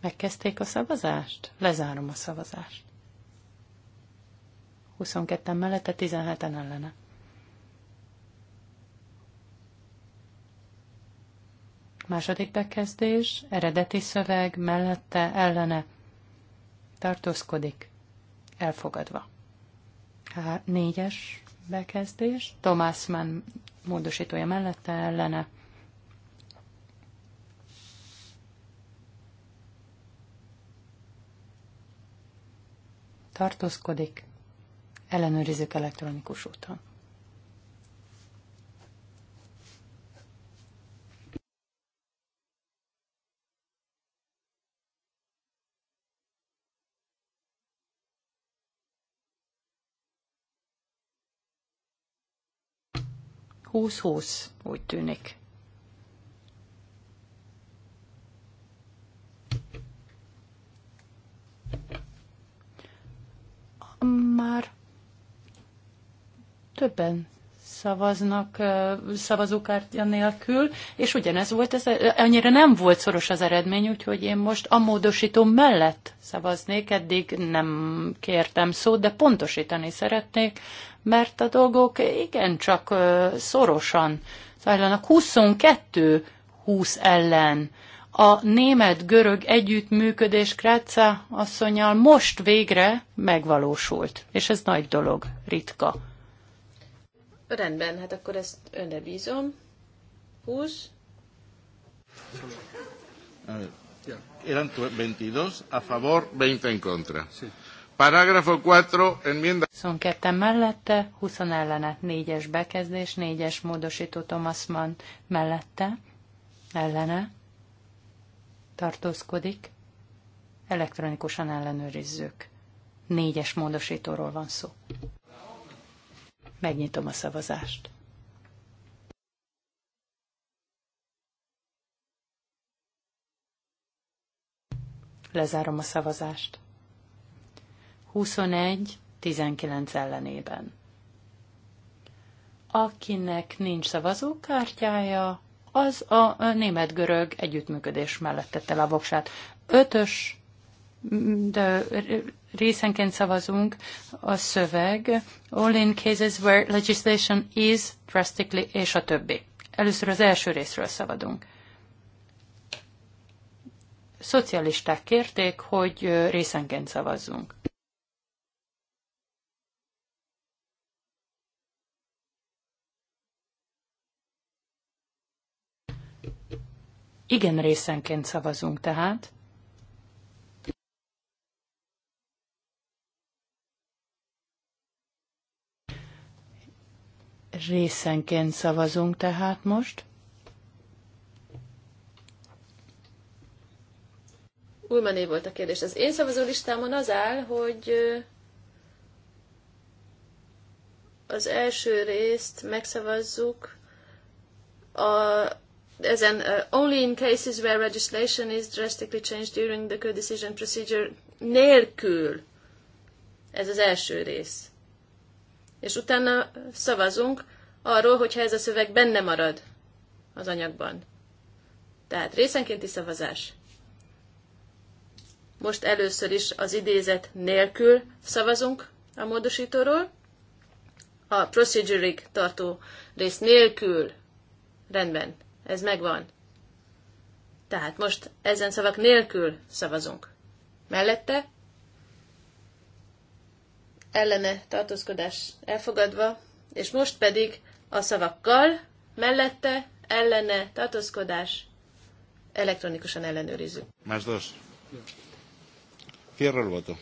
Megkezdték a szavazást? Lezárom a szavazást. 22 mellette, 17-en ellene. Második bekezdés, eredeti szöveg, mellette, ellene. Tartózkodik. Elfogadva. Há, négyes bekezdés, Thomas módosítója mellette, ellene. tartózkodik, ellenőrizzük elektronikus úton. Húsz-húsz, úgy tűnik. már többen szavaznak szavazókártya nélkül, és ugyanez volt, ez e, annyira nem volt szoros az eredmény, úgyhogy én most a módosító mellett szavaznék, eddig nem kértem szót, de pontosítani szeretnék, mert a dolgok igencsak szorosan zajlanak. 22 20 ellen a német-görög együttműködés Kráca asszonyal most végre megvalósult, és ez nagy dolog, ritka. Rendben, hát akkor ezt önre bízom. Húz. Eh, eran 22 a favor, 20 en contra. Parágrafo 4, enmienda... 22 mellette, 20 ellene, 4-es bekezdés, 4-es módosító Thomas Mann mellette, ellene, tartózkodik, elektronikusan ellenőrizzük. Négyes módosítóról van szó. Megnyitom a szavazást. Lezárom a szavazást. 21-19 ellenében. Akinek nincs szavazókártyája, az a német-görög együttműködés mellett tette le a voksát. Ötös de részenként szavazunk a szöveg, all in cases where legislation is drastically, és a többi. Először az első részről szavadunk. Szocialisták kérték, hogy részenként szavazzunk. Igen részenként szavazunk tehát. Részenként szavazunk tehát most. Ulmané volt a kérdés. Az én szavazó listámon az áll, hogy az első részt megszavazzuk a as an uh, only in cases where legislation is drastically changed during the co-decision procedure nélkül. Ez az első rész. És utána szavazunk arról, hogyha ez a szöveg benne marad az anyagban. Tehát részenkénti szavazás. Most először is az idézet nélkül szavazunk a módosítóról. A procedurig tartó rész nélkül. Rendben. Ez megvan. Tehát most ezen szavak nélkül szavazunk. Mellette ellene tartózkodás elfogadva, és most pedig a szavakkal mellette ellene tartózkodás elektronikusan ellenőrizzük. Más dos. Fierro el voto.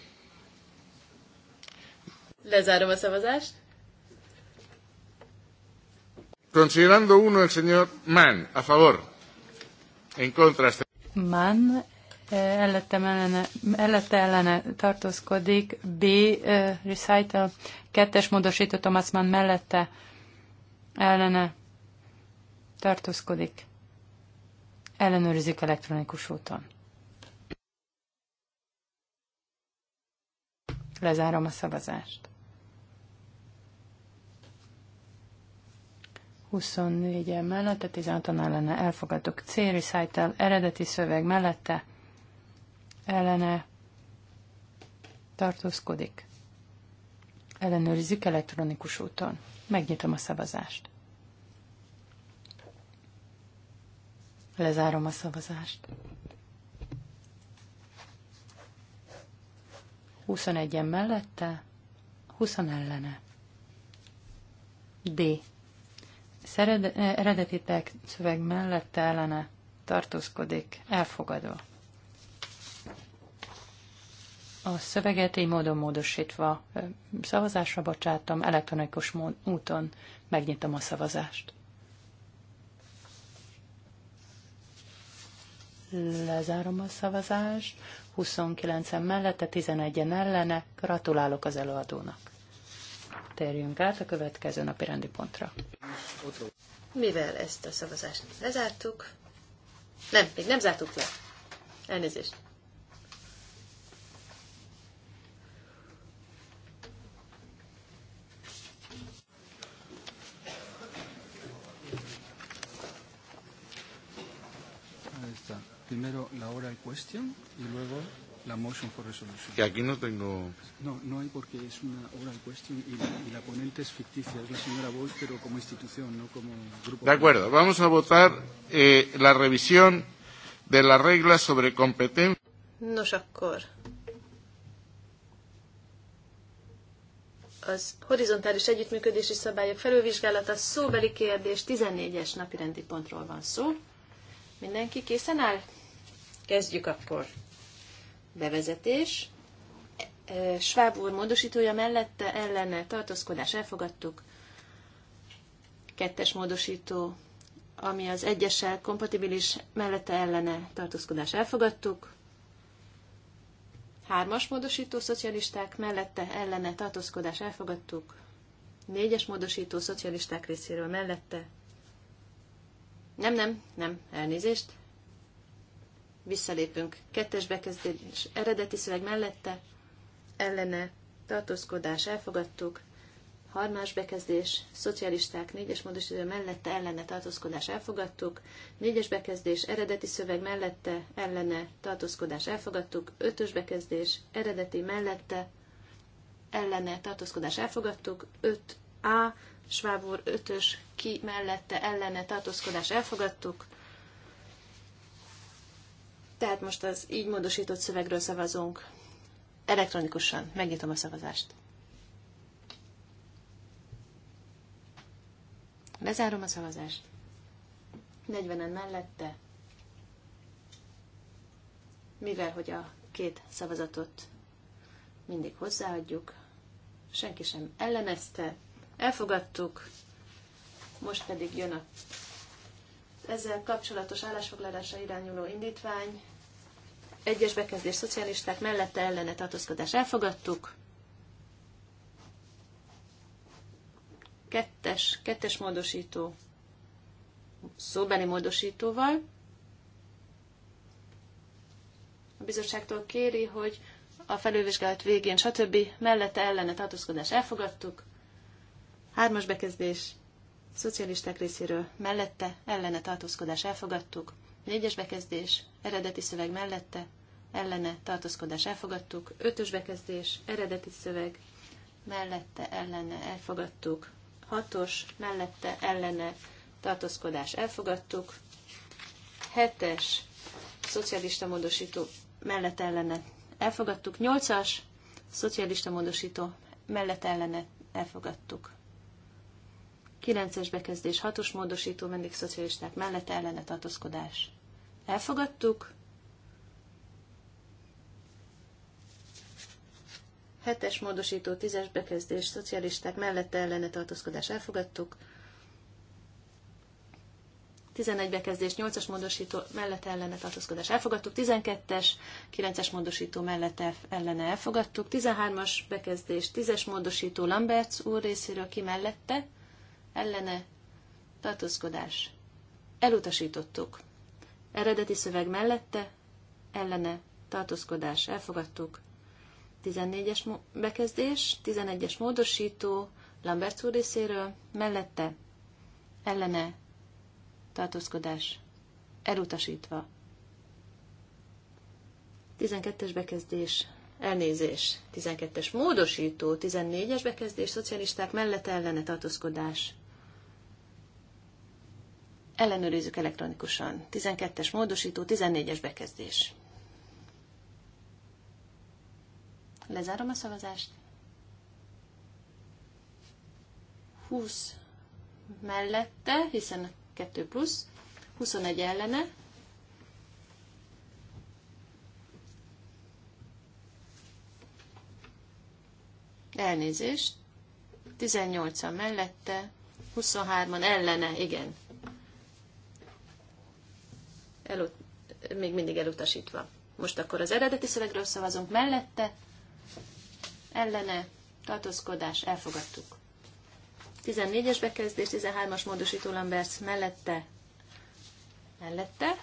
Lezárom a szavazást. Considerando uno, el señor Mann, a favor. En contra. Mann, eh, ellette ellene, tartózkodik, B, eh, recital, kettes módosító Thomas Mann mellette ellene tartózkodik. Ellenőrizik elektronikus úton. Lezárom a szavazást. 24-en mellette, 16-an lenne elfogadok C recital eredeti szöveg mellette ellene tartózkodik. Ellenőrizzük elektronikus úton. Megnyitom a szavazást. Lezárom a szavazást. 21-en mellette, 20 ellene. D eredeti szöveg mellette ellene tartózkodik, elfogadó. A szöveget így módon módosítva szavazásra bocsátom, elektronikus úton megnyitom a szavazást. Lezárom a szavazást. 29-en mellette, 11-en ellene. Gratulálok az előadónak térjünk át a következő napi rendi pontra. Mivel ezt a szavazást lezártuk, nem, még nem zártuk le. Elnézést. Primero la hora en cuestión y luego La motion for resolution. Que aquí no tengo... No, no hay porque es una oral question y la, y la ponente es ficticia, es la señora Boy, pero como institución, no como grupo. De acuerdo, vamos a votar eh, la revisión de la regla sobre competencia. Nos akkor. Az horizontális együttműködési szabályok felülvizsgálata szóbeli kérdés 14-es napirendi pontról van szó. Mindenki készen áll? Kezdjük akkor bevezetés. E, Schwab úr módosítója mellette ellene tartózkodás elfogadtuk. Kettes módosító, ami az egyessel kompatibilis, mellette ellene tartózkodás elfogadtuk. Hármas módosító szocialisták, mellette ellene tartózkodás elfogadtuk. Négyes módosító szocialisták részéről mellette. Nem, nem, nem, elnézést, visszalépünk. Kettes bekezdés eredeti szöveg mellette, ellene tartózkodás elfogadtuk. Harmás bekezdés, szocialisták négyes módosítő mellette, ellene tartózkodás elfogadtuk. Négyes bekezdés, eredeti szöveg mellette, ellene tartózkodás elfogadtuk. Ötös bekezdés, eredeti mellette, ellene tartózkodás elfogadtuk. 5A, Schwab úr 5-ös, ki mellette, ellene tartózkodás elfogadtuk. Tehát most az így módosított szövegről szavazunk. Elektronikusan megnyitom a szavazást. Lezárom a szavazást. 40-en mellette, mivel hogy a két szavazatot mindig hozzáadjuk, senki sem ellenezte, elfogadtuk, most pedig jön a ezzel kapcsolatos állásfoglalásra irányuló indítvány, egyes bekezdés szocialisták mellette ellene tartózkodás elfogadtuk. Kettes, kettes módosító szóbeli módosítóval. A bizottságtól kéri, hogy a felülvizsgálat végén, stb. mellette ellene tartózkodás elfogadtuk. Hármas bekezdés szocialisták részéről mellette, ellene tartózkodás elfogadtuk, négyes bekezdés, eredeti szöveg mellette, ellene tartózkodás elfogadtuk, ötös bekezdés, eredeti szöveg mellette, ellene elfogadtuk, hatos mellette, ellene tartózkodás elfogadtuk, hetes szocialista módosító mellett ellene elfogadtuk, nyolcas szocialista módosító mellett ellene elfogadtuk. 9-es bekezdés, 6-os módosító, mindig szocialisták mellett ellene tartózkodás. Elfogadtuk. 7-es módosító, 10-es bekezdés, szocialisták mellette ellene tartózkodás. Elfogadtuk. 11 bekezdés, 8-as módosító mellett ellene tartózkodás elfogadtuk, 12-es, 9-es módosító mellett ellene elfogadtuk, 13-as bekezdés, 10-es módosító Lamberts úr részéről ki mellette, ellene, tartózkodás, elutasítottuk. Eredeti szöveg mellette, ellene, tartózkodás, elfogadtuk. 14-es bekezdés, 11-es módosító, Lambert úr részéről, mellette, ellene, tartózkodás, elutasítva. 12-es bekezdés, elnézés, 12-es módosító, 14-es bekezdés, szocialisták mellett ellene tartózkodás, Ellenőrizzük elektronikusan. 12-es módosító, 14-es bekezdés. Lezárom a szavazást. 20 mellette, hiszen 2 plusz, 21 ellene. Elnézést. 18-an mellette, 23-an ellene, igen elut- még mindig elutasítva. Most akkor az eredeti szövegről szavazunk mellette, ellene, tartózkodás, elfogadtuk. 14-es bekezdés, 13-as módosító Lambert mellette, mellette,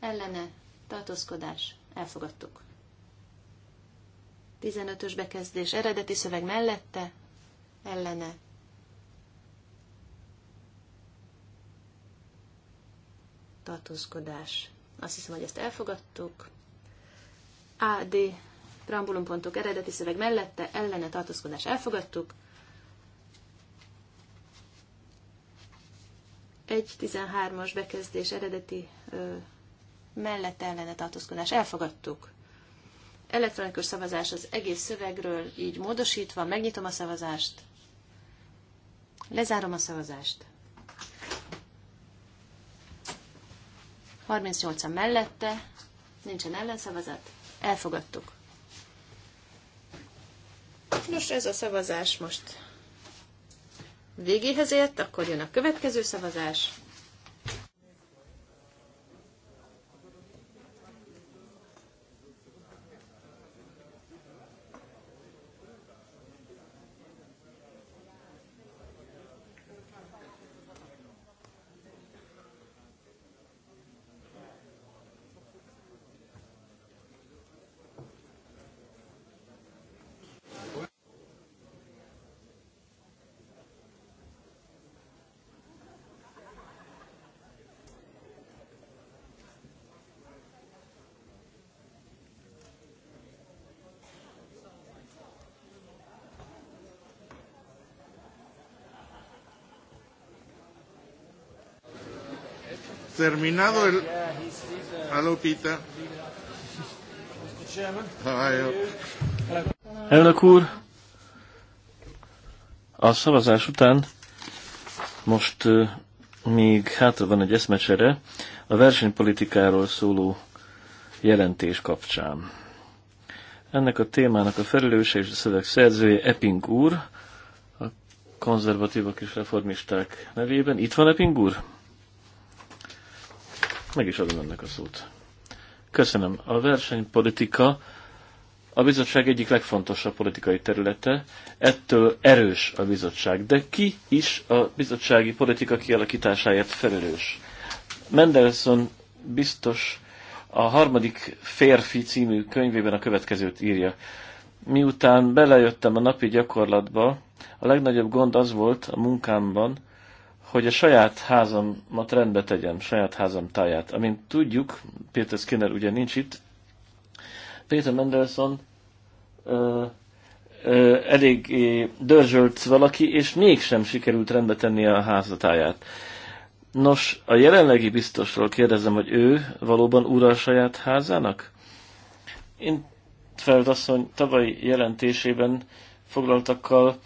ellene, tartózkodás, elfogadtuk. 15-ös bekezdés, eredeti szöveg mellette, ellene, tartózkodás. Azt hiszem, hogy ezt elfogadtuk. A, D, pontok eredeti szöveg mellette, ellene tartózkodás elfogadtuk. 1.13-as bekezdés eredeti ö, mellette ellene tartózkodás elfogadtuk. Elektronikus szavazás az egész szövegről így módosítva, megnyitom a szavazást, lezárom a szavazást. 38 a mellette, nincsen ellenszavazat, elfogadtuk. Nos, ez a szavazás most végéhez ért, akkor jön a következő szavazás. terminado el. Hello, uh, Peter. Uh, Elnök úr, a szavazás után most még hátra van egy eszmecsere a versenypolitikáról szóló jelentés kapcsán. Ennek a témának a felelőse és a szöveg szerzője Epping úr, a konzervatívok és reformisták nevében. Itt van Epping úr? Meg is adom ennek a szót. Köszönöm. A versenypolitika a bizottság egyik legfontosabb politikai területe, ettől erős a bizottság. De ki is a bizottsági politika kialakításáért felelős? Mendelssohn biztos a harmadik férfi című könyvében a következőt írja. Miután belejöttem a napi gyakorlatba, a legnagyobb gond az volt a munkámban, hogy a saját házamat rendbe tegyem, saját házam táját. Amint tudjuk, Péter Skinner ugye nincs itt, Péter Mendelssohn ö, ö, elég dörzsölt valaki, és mégsem sikerült rendbe tenni a házatáját. Nos, a jelenlegi biztosról kérdezem, hogy ő valóban úr a saját házának? Én Feld asszony tavalyi jelentésében foglaltakkal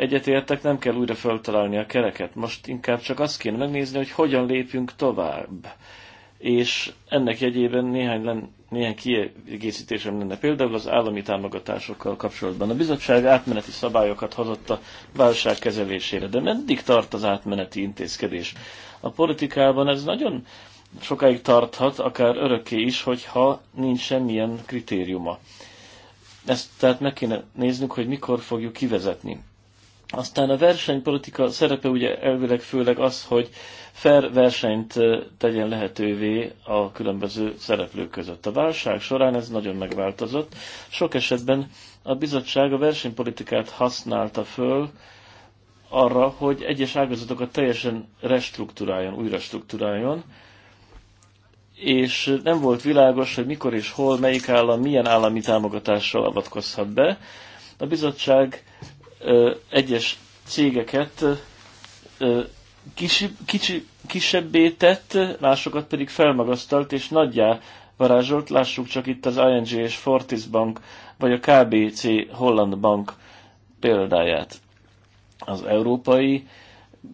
egyetértek, nem kell újra föltalálni a kereket. Most inkább csak azt kéne megnézni, hogy hogyan lépjünk tovább. És ennek jegyében néhány, len, néhány kiegészítésem lenne. Például az állami támogatásokkal kapcsolatban. A bizottság átmeneti szabályokat hozott a válság kezelésére, de meddig tart az átmeneti intézkedés? A politikában ez nagyon sokáig tarthat, akár örökké is, hogyha nincs semmilyen kritériuma. Ezt tehát meg kéne néznünk, hogy mikor fogjuk kivezetni. Aztán a versenypolitika szerepe ugye elvileg főleg az, hogy fair versenyt tegyen lehetővé a különböző szereplők között. A válság során ez nagyon megváltozott. Sok esetben a bizottság a versenypolitikát használta föl arra, hogy egyes ágazatokat teljesen restruktúráljon, újra struktúráljon, és nem volt világos, hogy mikor és hol, melyik állam milyen állami támogatással avatkozhat be. A bizottság egyes cégeket kisi, kicsi, kisebbé tett, másokat pedig felmagasztalt és nagyjá varázsolt. Lássuk csak itt az ING és Fortis Bank, vagy a KBC Holland Bank példáját. Az európai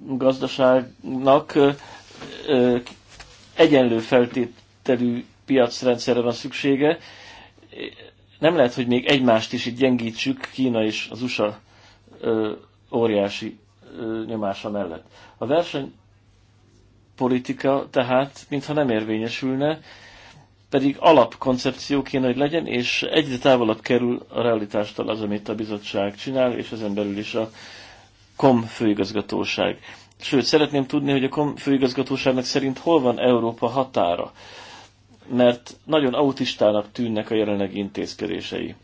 gazdaságnak egyenlő feltételű piacrendszerre van szüksége. Nem lehet, hogy még egymást is itt gyengítsük, Kína és az USA ö, óriási ö, nyomása mellett. A versenypolitika tehát mintha nem érvényesülne, pedig alapkoncepció kéne, hogy legyen, és egyre távolabb kerül a realitástól az, amit a bizottság csinál, és ezen belül is a KOM főigazgatóság. Sőt, szeretném tudni, hogy a KOM főigazgatóságnak szerint hol van Európa határa, mert nagyon autistának tűnnek a jelenlegi intézkedései.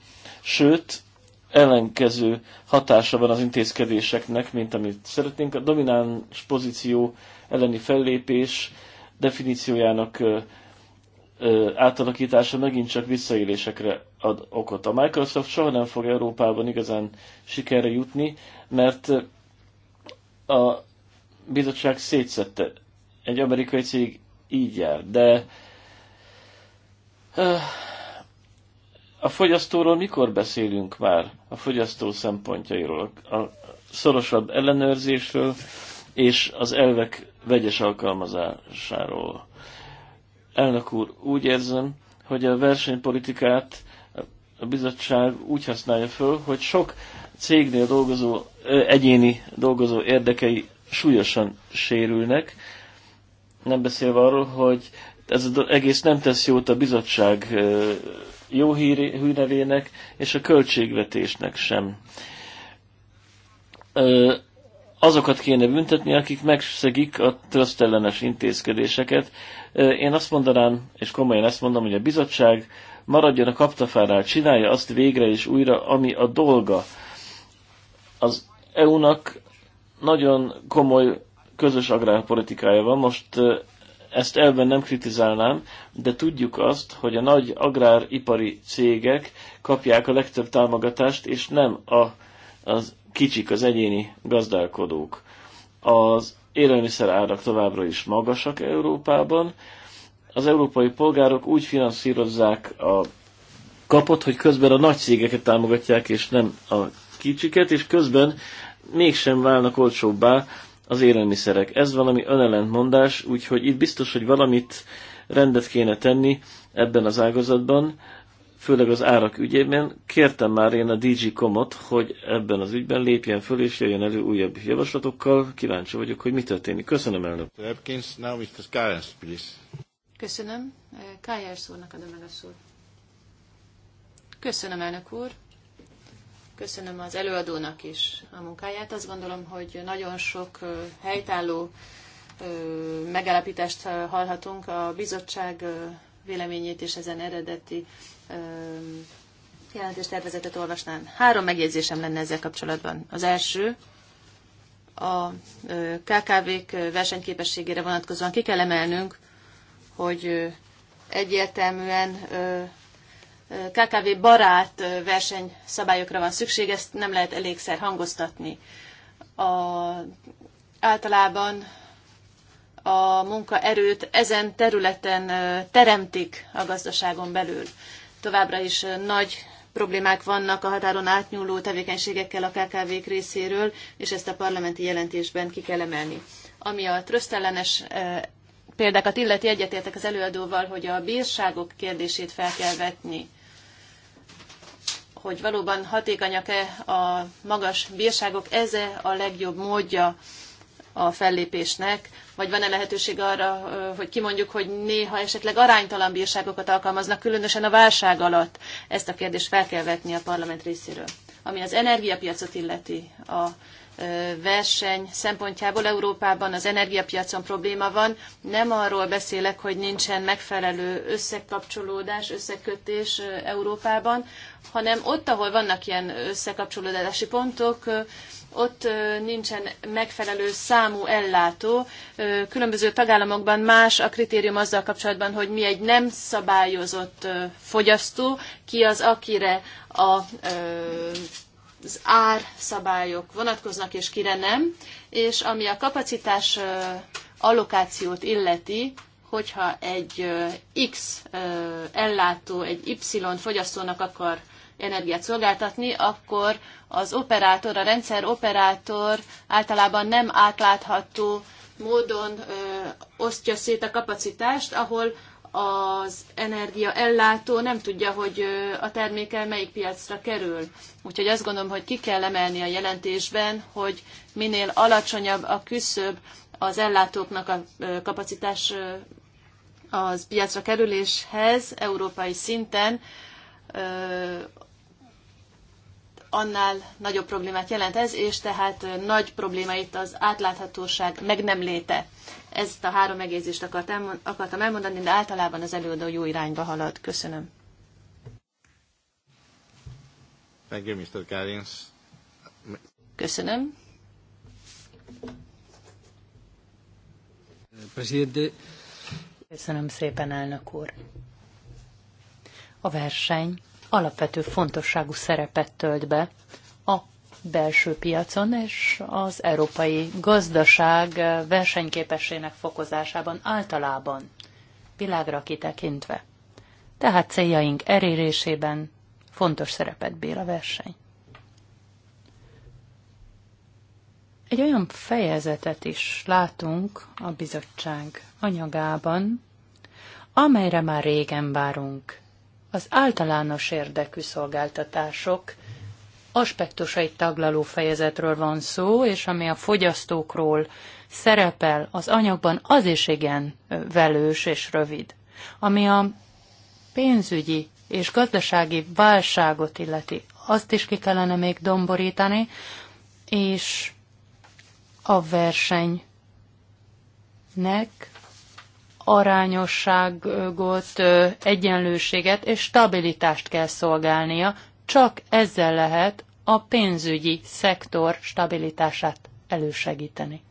Sőt, ellenkező hatása van az intézkedéseknek, mint amit szeretnénk. A domináns pozíció elleni fellépés definíciójának átalakítása megint csak visszaélésekre ad okot. A Microsoft soha nem fog Európában igazán sikerre jutni, mert a bizottság szétszette. Egy amerikai cég így jár, de a fogyasztóról mikor beszélünk már? A fogyasztó szempontjairól, a szorosabb ellenőrzésről és az elvek vegyes alkalmazásáról. Elnök úr, úgy érzem, hogy a versenypolitikát a bizottság úgy használja föl, hogy sok cégnél dolgozó, egyéni dolgozó érdekei súlyosan sérülnek, nem beszélve arról, hogy ez az egész nem tesz jót a bizottság jó hír, hírnevének és a költségvetésnek sem. Azokat kéne büntetni, akik megszegik a trösztellenes intézkedéseket. Én azt mondanám, és komolyan ezt mondom, hogy a bizottság maradjon a kaptafárál, csinálja azt végre és újra, ami a dolga. Az EU-nak nagyon komoly közös agrárpolitikája van, most ezt elben nem kritizálnám, de tudjuk azt, hogy a nagy agráripari cégek kapják a legtöbb támogatást, és nem a, az kicsik, az egyéni gazdálkodók. Az élelmiszer árak továbbra is magasak Európában. Az európai polgárok úgy finanszírozzák a kapot, hogy közben a nagy cégeket támogatják, és nem a kicsiket, és közben mégsem válnak olcsóbbá az élelmiszerek. Ez valami önellentmondás, úgyhogy itt biztos, hogy valamit rendet kéne tenni ebben az ágazatban, főleg az árak ügyében. Kértem már én a DG Komot, hogy ebben az ügyben lépjen föl és jöjjön elő újabb javaslatokkal. Kíváncsi vagyok, hogy mi történik. Köszönöm, elnök. Hopkins, Köszönöm. Kájár szólnak adom meg a szót. Köszönöm, elnök úr. Köszönöm az előadónak is a munkáját. Azt gondolom, hogy nagyon sok helytálló megállapítást hallhatunk. A bizottság véleményét és ezen eredeti jelentéstervezetet olvasnám. Három megjegyzésem lenne ezzel kapcsolatban. Az első, a KKV-k versenyképességére vonatkozóan ki kell emelnünk, hogy egyértelműen KKV barát versenyszabályokra van szükség, ezt nem lehet elégszer hangoztatni. A, általában a munkaerőt ezen területen teremtik a gazdaságon belül. Továbbra is nagy problémák vannak a határon átnyúló tevékenységekkel a KKV-k részéről, és ezt a parlamenti jelentésben ki kell emelni. Ami a trösztellenes példákat illeti, egyetértek az előadóval, hogy a bírságok kérdését fel kell vetni hogy valóban hatékonyak-e a magas bírságok, ez -e a legjobb módja a fellépésnek, vagy van-e lehetőség arra, hogy kimondjuk, hogy néha esetleg aránytalan bírságokat alkalmaznak, különösen a válság alatt. Ezt a kérdést fel kell vetni a parlament részéről. Ami az energiapiacot illeti, a verseny szempontjából Európában az energiapiacon probléma van. Nem arról beszélek, hogy nincsen megfelelő összekapcsolódás, összekötés Európában, hanem ott, ahol vannak ilyen összekapcsolódási pontok, ott nincsen megfelelő számú ellátó. Különböző tagállamokban más a kritérium azzal kapcsolatban, hogy mi egy nem szabályozott fogyasztó, ki az, akire a az árszabályok szabályok vonatkoznak, és kire nem, és ami a kapacitás allokációt illeti, hogyha egy X ellátó, egy Y fogyasztónak akar energiát szolgáltatni, akkor az operátor, a rendszer operátor általában nem átlátható módon ö, osztja szét a kapacitást, ahol az energia ellátó nem tudja, hogy a terméke melyik piacra kerül. Úgyhogy azt gondolom, hogy ki kell emelni a jelentésben, hogy minél alacsonyabb a küszöb az ellátóknak a kapacitás az piacra kerüléshez európai szinten, annál nagyobb problémát jelent ez, és tehát nagy probléma itt az átláthatóság meg nem léte. Ezt a három megjegyzést akartam elmondani, de általában az előadó jó irányba halad. Köszönöm. Thank you, Mr. Karins. Köszönöm. Presidente. Köszönöm szépen, elnök úr. A verseny alapvető fontosságú szerepet tölt be a belső piacon és az európai gazdaság versenyképessének fokozásában általában, világra kitekintve. Tehát céljaink erérésében fontos szerepet bír a verseny. Egy olyan fejezetet is látunk a bizottság anyagában, amelyre már régen várunk az általános érdekű szolgáltatások aspektusait taglaló fejezetről van szó, és ami a fogyasztókról szerepel az anyagban, az is igen velős és rövid. Ami a pénzügyi és gazdasági válságot illeti, azt is ki kellene még domborítani, és a versenynek arányosságot, egyenlőséget és stabilitást kell szolgálnia, csak ezzel lehet a pénzügyi szektor stabilitását elősegíteni.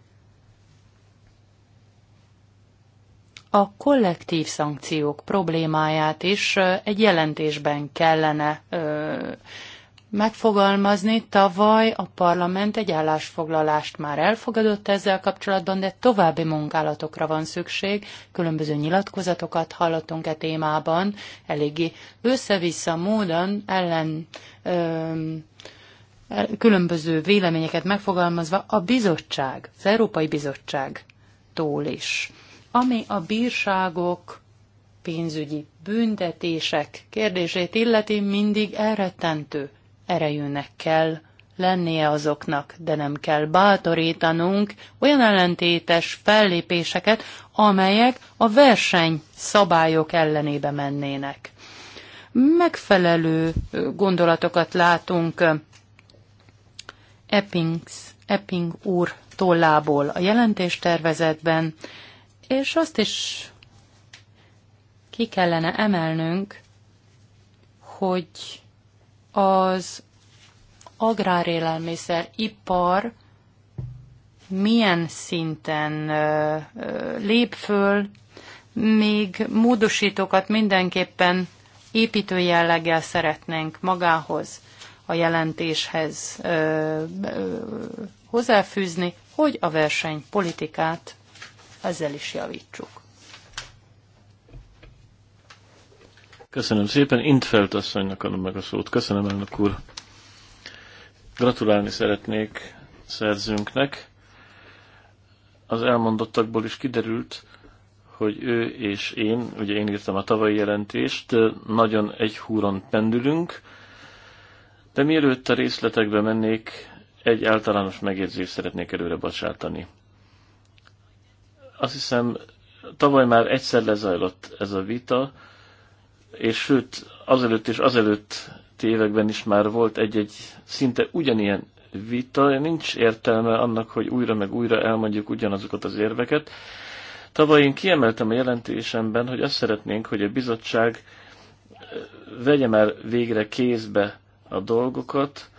A kollektív szankciók problémáját is egy jelentésben kellene megfogalmazni. Tavaly a parlament egy állásfoglalást már elfogadott ezzel kapcsolatban, de további munkálatokra van szükség. Különböző nyilatkozatokat hallottunk e témában, eléggé össze-vissza módon ellen ö, különböző véleményeket megfogalmazva a bizottság, az Európai Bizottság tól is, ami a bírságok pénzügyi büntetések kérdését illeti mindig elrettentő erejűnek kell lennie azoknak, de nem kell bátorítanunk olyan ellentétes fellépéseket, amelyek a verseny szabályok ellenébe mennének. Megfelelő gondolatokat látunk Eppings, Epping úr tollából a jelentéstervezetben, és azt is ki kellene emelnünk, hogy az agrárélelmiszer ipar milyen szinten lép föl, még módosítókat mindenképpen építő jelleggel szeretnénk magához, a jelentéshez hozzáfűzni, hogy a versenypolitikát ezzel is javítsuk. Köszönöm szépen. Intfelt asszonynak adom meg a szót. Köszönöm, elnök úr. Gratulálni szeretnék szerzőnknek. Az elmondottakból is kiderült, hogy ő és én, ugye én írtam a tavalyi jelentést, nagyon egy húron pendülünk, de mielőtt a részletekbe mennék, egy általános megjegyzést szeretnék előre bocsátani. Azt hiszem, tavaly már egyszer lezajlott ez a vita, és sőt azelőtt és azelőtt években is már volt egy-egy szinte ugyanilyen vita, nincs értelme annak, hogy újra meg újra elmondjuk ugyanazokat az érveket. Tavaly én kiemeltem a jelentésemben, hogy azt szeretnénk, hogy a bizottság eh, vegye már végre kézbe a dolgokat.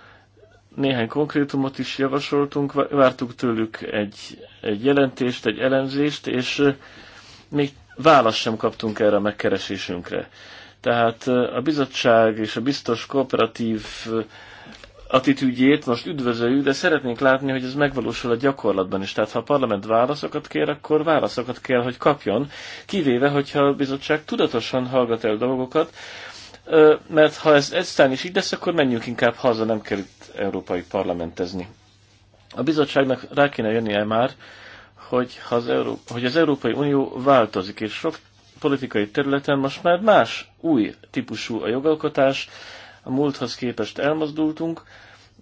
Néhány konkrétumot is javasoltunk, vártuk tőlük egy, egy jelentést, egy elemzést, és eh, még választ sem kaptunk erre a megkeresésünkre. Tehát a bizottság és a biztos kooperatív attitűdjét most üdvözöljük, de szeretnénk látni, hogy ez megvalósul a gyakorlatban is. Tehát ha a parlament válaszokat kér, akkor válaszokat kell, hogy kapjon, kivéve, hogyha a bizottság tudatosan hallgat el dolgokat, mert ha ez eztán is így lesz, akkor menjünk inkább haza, nem kell itt európai parlamentezni. A bizottságnak rá kéne jönnie már, hogy, ha az Euró- hogy az Európai Unió változik, és sok politikai területen most már más, új típusú a jogalkotás, a múlthoz képest elmozdultunk.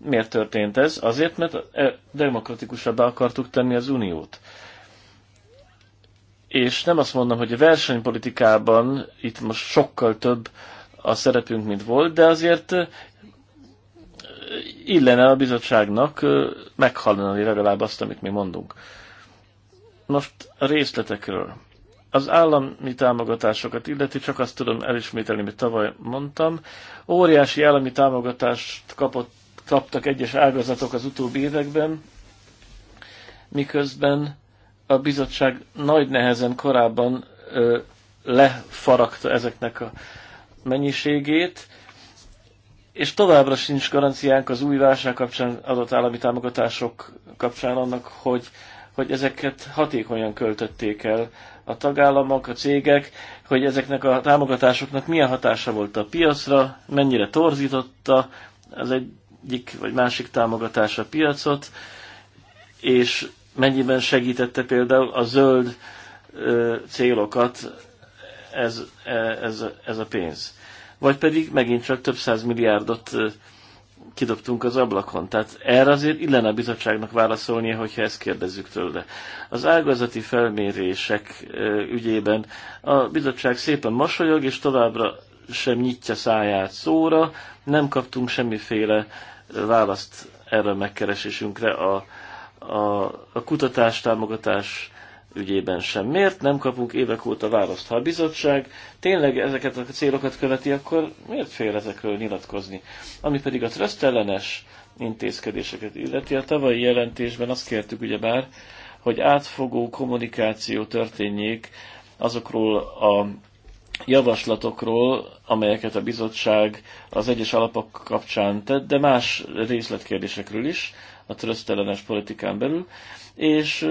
Miért történt ez? Azért, mert e, demokratikusabbá akartuk tenni az uniót. És nem azt mondom, hogy a versenypolitikában itt most sokkal több a szerepünk, mint volt, de azért e, illene a bizottságnak e, meghallani legalább azt, amit mi mondunk. Most a részletekről az állami támogatásokat illeti, csak azt tudom elismételni, amit tavaly mondtam. Óriási állami támogatást kapott, kaptak egyes ágazatok az utóbbi években, miközben a bizottság nagy nehezen korábban ö, lefaragta ezeknek a mennyiségét, és továbbra sincs garanciánk az új válság kapcsán adott állami támogatások kapcsán annak, hogy, hogy ezeket hatékonyan költötték el a tagállamok, a cégek, hogy ezeknek a támogatásoknak milyen hatása volt a piacra, mennyire torzította az egyik vagy másik támogatás a piacot, és mennyiben segítette például a zöld ö, célokat ez, e, ez, ez a pénz. Vagy pedig megint csak több száz milliárdot kidobtunk az ablakon. Tehát erre azért illene a bizottságnak válaszolnia, hogyha ezt kérdezzük tőle. Az ágazati felmérések ügyében a bizottság szépen mosolyog, és továbbra sem nyitja száját szóra, nem kaptunk semmiféle választ erre a megkeresésünkre. A, a, a kutatás, támogatás ügyében sem. Miért nem kapunk évek óta választ? Ha a bizottság tényleg ezeket a célokat követi, akkor miért fél ezekről nyilatkozni? Ami pedig a trösztellenes intézkedéseket illeti, a tavalyi jelentésben azt kértük ugyebár, hogy átfogó kommunikáció történjék azokról a javaslatokról, amelyeket a bizottság az egyes alapok kapcsán tett, de más részletkérdésekről is, a trösztelenes politikán belül, és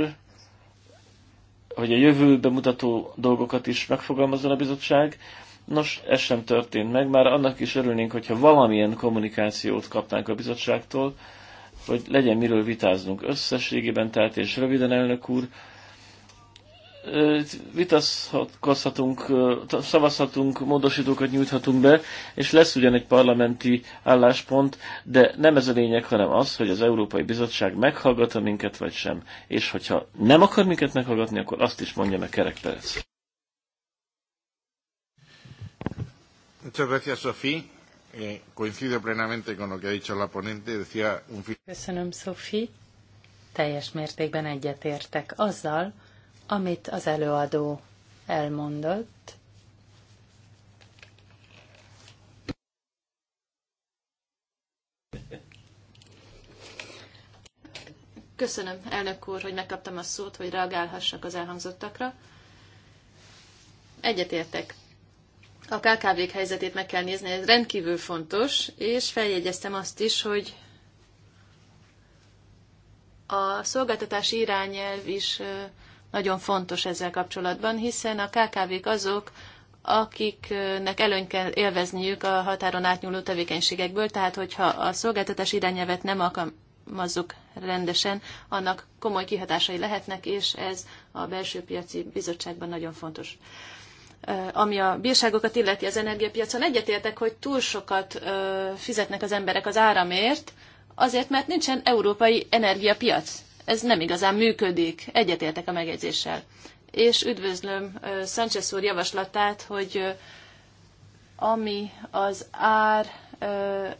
hogy a jövőbe mutató dolgokat is megfogalmazzon a bizottság. Nos, ez sem történt meg, már annak is örülnénk, hogyha valamilyen kommunikációt kapnánk a bizottságtól, hogy legyen miről vitáznunk összességében, tehát és röviden elnök úr, vitaszkozhatunk, szavazhatunk, módosítókat nyújthatunk be, és lesz ugyan egy parlamenti álláspont, de nem ez a lényeg, hanem az, hogy az Európai Bizottság meghallgatta minket, vagy sem. És hogyha nem akar minket meghallgatni, akkor azt is mondja meg Kerek Perec. Eh, Köszönöm, Sophie. Teljes mértékben egyetértek azzal, amit az előadó elmondott. Köszönöm, elnök úr, hogy megkaptam a szót, hogy reagálhassak az elhangzottakra. Egyetértek. A KKV-k helyzetét meg kell nézni, ez rendkívül fontos, és feljegyeztem azt is, hogy a szolgáltatási irányelv is nagyon fontos ezzel kapcsolatban, hiszen a KKV-k azok, akiknek előny kell élvezniük a határon átnyúló tevékenységekből, tehát hogyha a szolgáltatás irányelvet nem alkalmazzuk rendesen, annak komoly kihatásai lehetnek, és ez a belső piaci bizottságban nagyon fontos. Ami a bírságokat illeti az energiapiacon, egyetértek, hogy túl sokat fizetnek az emberek az áramért, azért, mert nincsen európai energiapiac ez nem igazán működik. Egyetértek a megjegyzéssel. És üdvözlöm Sánchez úr javaslatát, hogy ami az ár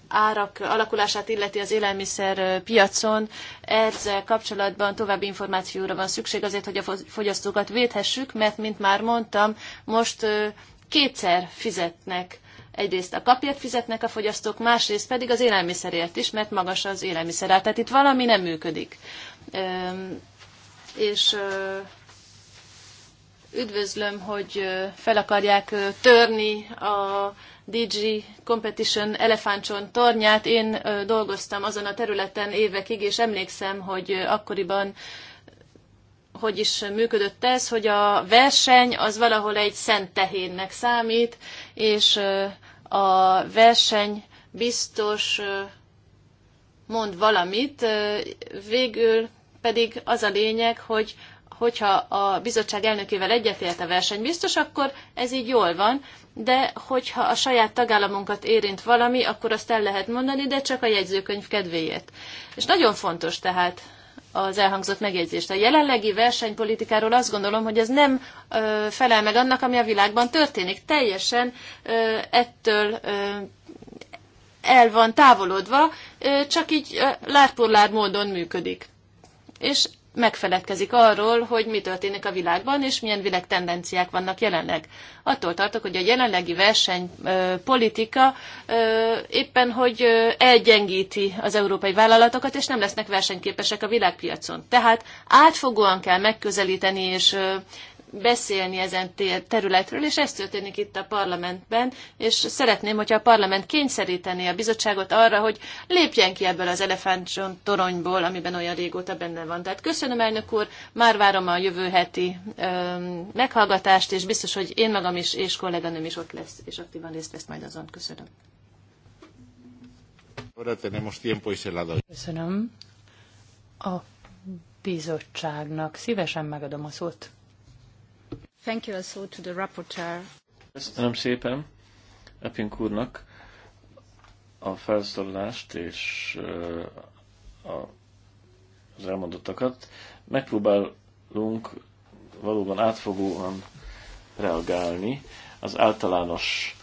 árak alakulását illeti az élelmiszer piacon. Ezzel kapcsolatban további információra van szükség azért, hogy a fogyasztókat védhessük, mert, mint már mondtam, most kétszer fizetnek. Egyrészt a kapért fizetnek a fogyasztók, másrészt pedig az élelmiszerért is, mert magas az élelmiszer. Tehát itt valami nem működik és üdvözlöm, hogy fel akarják törni a DG Competition elefántson tornyát. Én dolgoztam azon a területen évekig, és emlékszem, hogy akkoriban hogy is működött ez, hogy a verseny az valahol egy szent tehénnek számít, és a verseny biztos mond valamit. Végül pedig az a lényeg, hogy hogyha a bizottság elnökével egyetért a verseny biztos, akkor ez így jól van, de hogyha a saját tagállamunkat érint valami, akkor azt el lehet mondani, de csak a jegyzőkönyv kedvéért. És nagyon fontos tehát az elhangzott megjegyzést. A jelenlegi versenypolitikáról azt gondolom, hogy ez nem ö, felel meg annak, ami a világban történik. Teljesen ö, ettől ö, el van távolodva, ö, csak így ö, lárpurlár módon működik és megfeledkezik arról, hogy mi történik a világban, és milyen világ tendenciák vannak jelenleg. Attól tartok, hogy a jelenlegi versenypolitika éppen, hogy elgyengíti az európai vállalatokat, és nem lesznek versenyképesek a világpiacon. Tehát átfogóan kell megközelíteni és beszélni ezen területről, és ez történik itt a parlamentben, és szeretném, hogyha a parlament kényszerítené a bizottságot arra, hogy lépjen ki ebből az elefántson toronyból, amiben olyan régóta benne van. Tehát köszönöm, elnök úr, már várom a jövő heti öm, meghallgatást, és biztos, hogy én magam is és kolléganőm is ott lesz, és aktívan részt vesz majd azon. Köszönöm. Köszönöm. A bizottságnak szívesen megadom a szót. Thank you also to the rapporteur. Köszönöm szépen Epink úrnak a felszólalást és a, az elmondottakat. Megpróbálunk valóban átfogóan reagálni az általános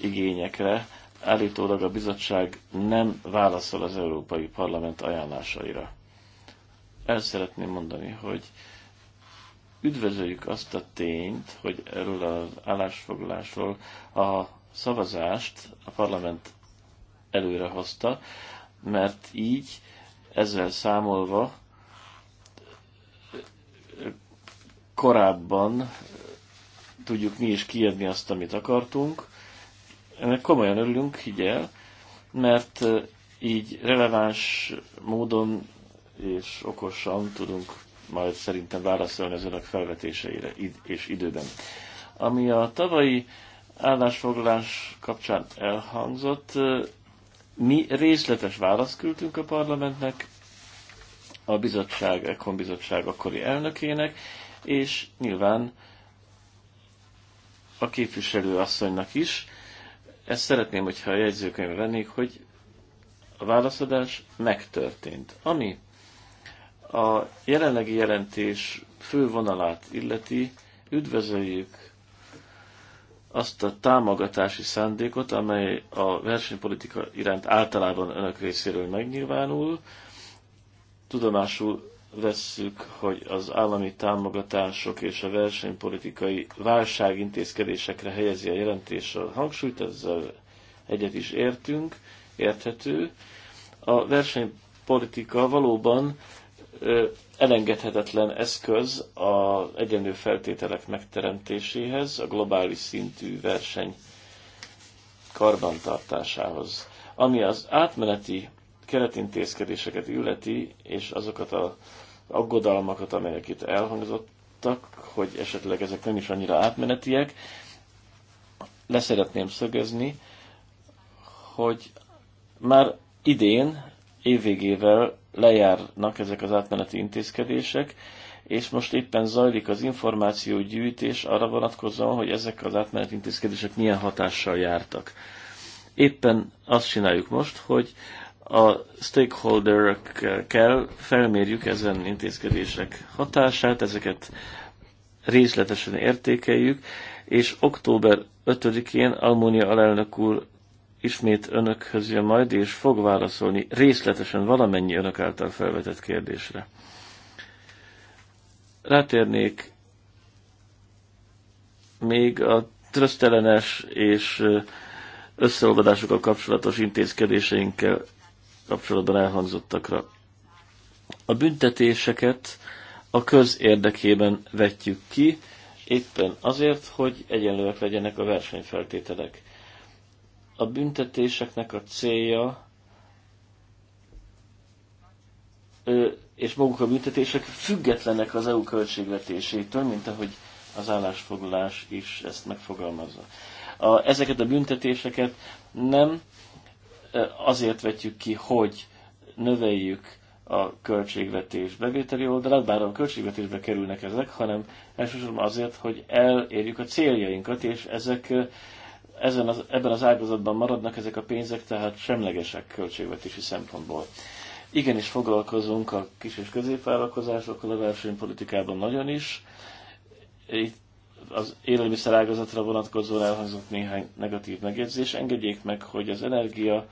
igényekre. Állítólag a bizottság nem válaszol az Európai Parlament ajánlásaira. El szeretném mondani, hogy üdvözöljük azt a tényt, hogy erről az állásfoglalásról a szavazást a parlament előrehozta, mert így ezzel számolva korábban tudjuk mi is kiadni azt, amit akartunk. Ennek komolyan örülünk, higgyel, mert így releváns módon és okosan tudunk majd szerintem válaszolni az önök felvetéseire id- és időben. Ami a tavalyi állásfoglalás kapcsán elhangzott, mi részletes választ küldtünk a parlamentnek, a bizottság, Ekon bizottság akkori elnökének, és nyilván a képviselő asszonynak is. Ezt szeretném, hogyha a jegyzőkönyvben vennék, hogy a válaszadás megtörtént. Ami a jelenlegi jelentés fő vonalát illeti, üdvözöljük azt a támogatási szándékot, amely a versenypolitika iránt általában önök részéről megnyilvánul. Tudomásul vesszük, hogy az állami támogatások és a versenypolitikai válságintézkedésekre helyezi a jelentés a hangsúlyt, ezzel egyet is értünk, érthető. A versenypolitika valóban elengedhetetlen eszköz az egyenlő feltételek megteremtéséhez, a globális szintű verseny karbantartásához. Ami az átmeneti keretintézkedéseket illeti, és azokat a aggodalmakat, amelyek itt elhangzottak, hogy esetleg ezek nem is annyira átmenetiek, leszeretném szögezni, hogy már idén évvégével lejárnak ezek az átmeneti intézkedések, és most éppen zajlik az információgyűjtés arra vonatkozóan, hogy ezek az átmeneti intézkedések milyen hatással jártak. Éppen azt csináljuk most, hogy a stakeholderekkel felmérjük ezen intézkedések hatását, ezeket részletesen értékeljük, és október 5-én Almónia alelnök úr ismét önökhöz jön majd, és fog válaszolni részletesen valamennyi önök által felvetett kérdésre. Rátérnék még a trösztelenes és összeolvadásokkal kapcsolatos intézkedéseinkkel kapcsolatban elhangzottakra. A büntetéseket a köz érdekében vetjük ki, éppen azért, hogy egyenlőek legyenek a versenyfeltételek. A büntetéseknek a célja, és maguk a büntetések függetlenek az EU költségvetésétől, mint ahogy az állásfoglalás is ezt megfogalmazza. A, ezeket a büntetéseket nem azért vetjük ki, hogy növeljük a költségvetés bevételi oldalát, bár a költségvetésbe kerülnek ezek, hanem elsősorban azért, hogy elérjük a céljainkat, és ezek ezen az, ebben az ágazatban maradnak ezek a pénzek, tehát semlegesek költségvetési szempontból. Igenis foglalkozunk a kis és középvállalkozásokkal a versenypolitikában nagyon is. Itt az élelmiszer ágazatra vonatkozóan elhangzott néhány negatív megjegyzés. Engedjék meg, hogy az energia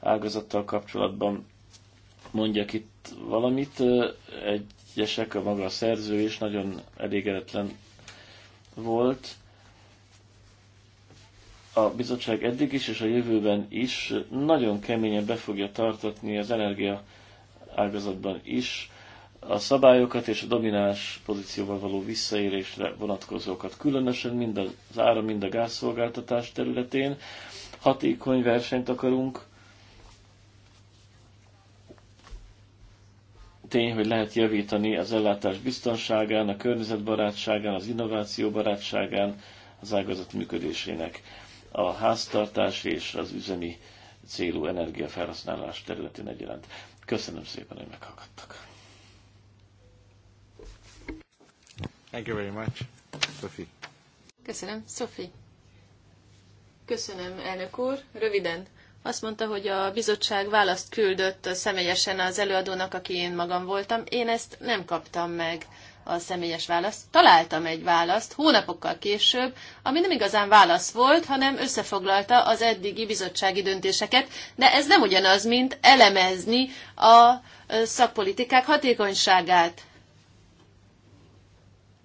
ágazattal kapcsolatban mondjak itt valamit. Egyesek, a maga a szerző is nagyon elégedetlen volt a bizottság eddig is és a jövőben is nagyon keményen be fogja tartatni az energia ágazatban is a szabályokat és a domináns pozícióval való visszaérésre vonatkozókat, különösen mind az ára, mind a gázszolgáltatás területén. Hatékony versenyt akarunk. Tény, hogy lehet javítani az ellátás biztonságán, a környezetbarátságán, az innováció barátságán, az ágazat működésének a háztartási és az üzemi célú energiafelhasználás területén egyaránt. Köszönöm szépen, hogy meghallgattak. Thank you very much, Sophie. Köszönöm, Sophie. Köszönöm, elnök úr. Röviden. Azt mondta, hogy a bizottság választ küldött személyesen az előadónak, aki én magam voltam. Én ezt nem kaptam meg a személyes választ. Találtam egy választ hónapokkal később, ami nem igazán válasz volt, hanem összefoglalta az eddigi bizottsági döntéseket, de ez nem ugyanaz, mint elemezni a szakpolitikák hatékonyságát.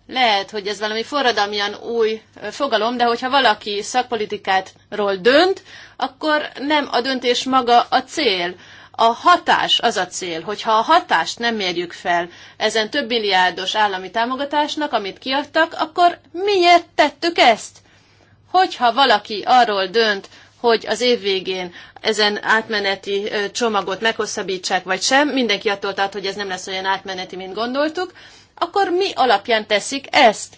Lehet, hogy ez valami forradalmian új fogalom, de hogyha valaki szakpolitikátról dönt, akkor nem a döntés maga a cél, a hatás az a cél, hogyha a hatást nem mérjük fel ezen több milliárdos állami támogatásnak, amit kiadtak, akkor miért tettük ezt? Hogyha valaki arról dönt, hogy az év végén ezen átmeneti csomagot meghosszabbítsák, vagy sem, mindenki attól tart, hogy ez nem lesz olyan átmeneti, mint gondoltuk, akkor mi alapján teszik ezt?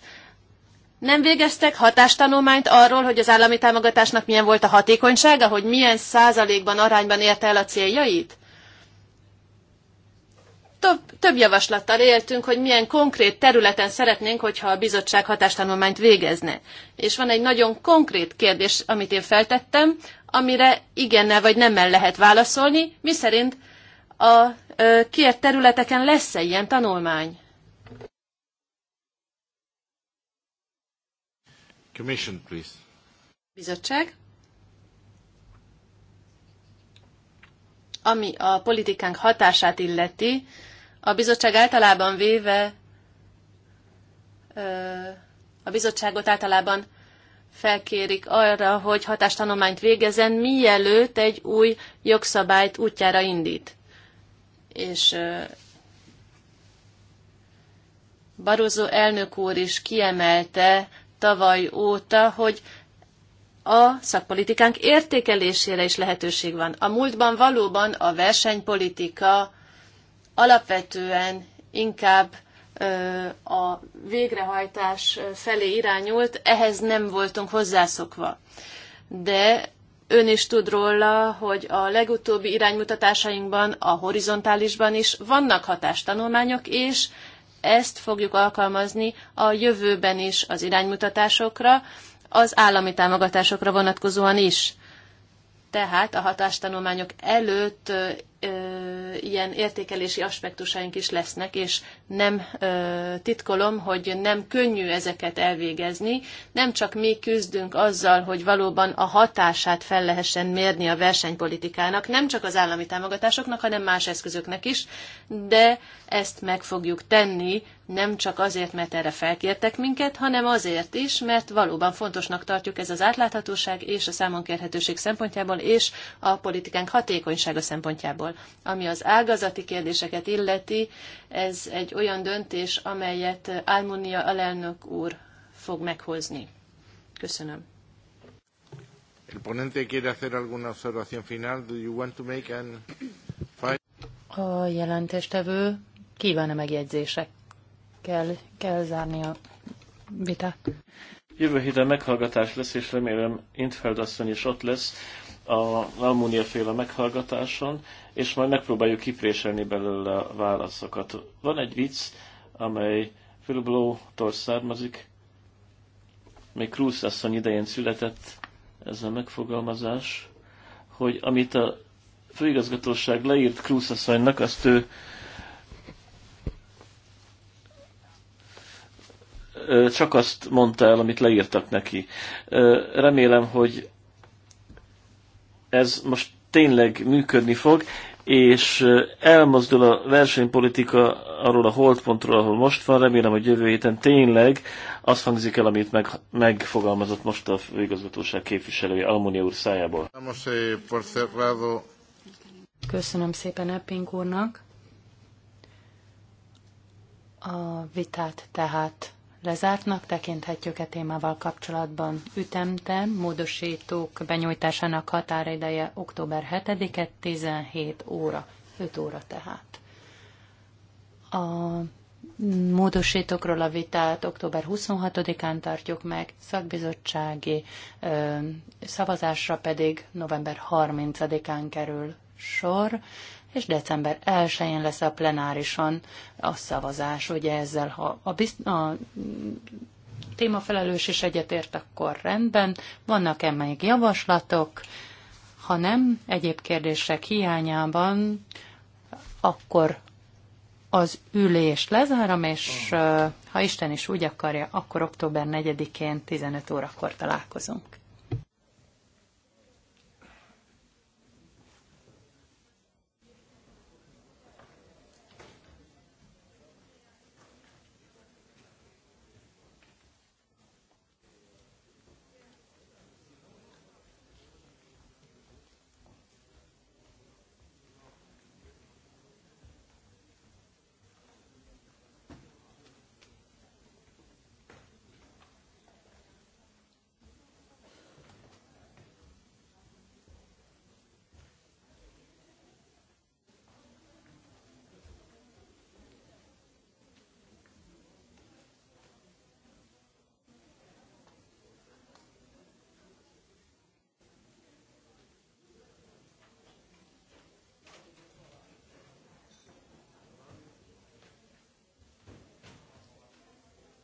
Nem végeztek hatástanulmányt arról, hogy az állami támogatásnak milyen volt a hatékonysága, hogy milyen százalékban arányban érte el a céljait? Több, több javaslattal éltünk, hogy milyen konkrét területen szeretnénk, hogyha a bizottság hatástanulmányt végezne. És van egy nagyon konkrét kérdés, amit én feltettem, amire igennel vagy nemmel lehet válaszolni, miszerint a kért területeken lesz-e ilyen tanulmány? Commission, please. Bizottság. Ami a politikánk hatását illeti, a bizottság általában véve a bizottságot általában felkérik arra, hogy hatástanományt végezen, mielőtt egy új jogszabályt útjára indít. És Barozó elnök úr is kiemelte tavaly óta, hogy a szakpolitikánk értékelésére is lehetőség van. A múltban valóban a versenypolitika alapvetően inkább a végrehajtás felé irányult, ehhez nem voltunk hozzászokva. De ön is tud róla, hogy a legutóbbi iránymutatásainkban, a horizontálisban is vannak hatástanulmányok, és ezt fogjuk alkalmazni a jövőben is az iránymutatásokra, az állami támogatásokra vonatkozóan is. Tehát a hatástanulmányok előtt ö, ilyen értékelési aspektusaink is lesznek, és nem ö, titkolom, hogy nem könnyű ezeket elvégezni, nem csak mi küzdünk azzal, hogy valóban a hatását fel lehessen mérni a versenypolitikának, nem csak az állami támogatásoknak, hanem más eszközöknek is, de ezt meg fogjuk tenni nem csak azért, mert erre felkértek minket, hanem azért is, mert valóban fontosnak tartjuk ez az átláthatóság és a számonkérhetőség szempontjából, és a politikánk hatékonysága szempontjából. Ami az ágazati kérdéseket illeti, ez egy olyan döntés, amelyet Almunia alelnök úr fog meghozni. Köszönöm. El ponente quiere hacer alguna observación final. Do you want to make an... A jelentéstevő kíván-e megjegyzések kell, kell zárni a vitát. Jövő héten meghallgatás lesz, és remélem Intfeld asszony is ott lesz a Almunia féle meghallgatáson, és majd megpróbáljuk kipréselni belőle a válaszokat. Van egy vicc, amely Philip lowe tól származik, még Krúsz asszony idején született ez a megfogalmazás, hogy amit a főigazgatóság leírt Krúsz asszonynak, azt ő csak azt mondta el, amit leírtak neki. Remélem, hogy ez most tényleg működni fog, és elmozdul a versenypolitika arról a holdpontról, ahol most van. Remélem, hogy jövő héten tényleg azt hangzik el, amit meg, megfogalmazott most a főigazgatóság képviselője Almonia úr szájából. Eh, Köszönöm szépen Epping úrnak. A vitát tehát lezártnak tekinthetjük-e témával kapcsolatban. Ütemte módosítók benyújtásának határideje október 7-e 17 óra, 5 óra tehát. A módosítókról a vitát október 26-án tartjuk meg, szakbizottsági ö, szavazásra pedig november 30-án kerül sor és december 1-én lesz a plenárison a szavazás. Ugye ezzel, ha a, bizt- a témafelelős is egyetért, akkor rendben. Vannak-e még javaslatok? Ha nem, egyéb kérdések hiányában, akkor az ülést lezárom, és ha Isten is úgy akarja, akkor október 4-én 15 órakor találkozunk.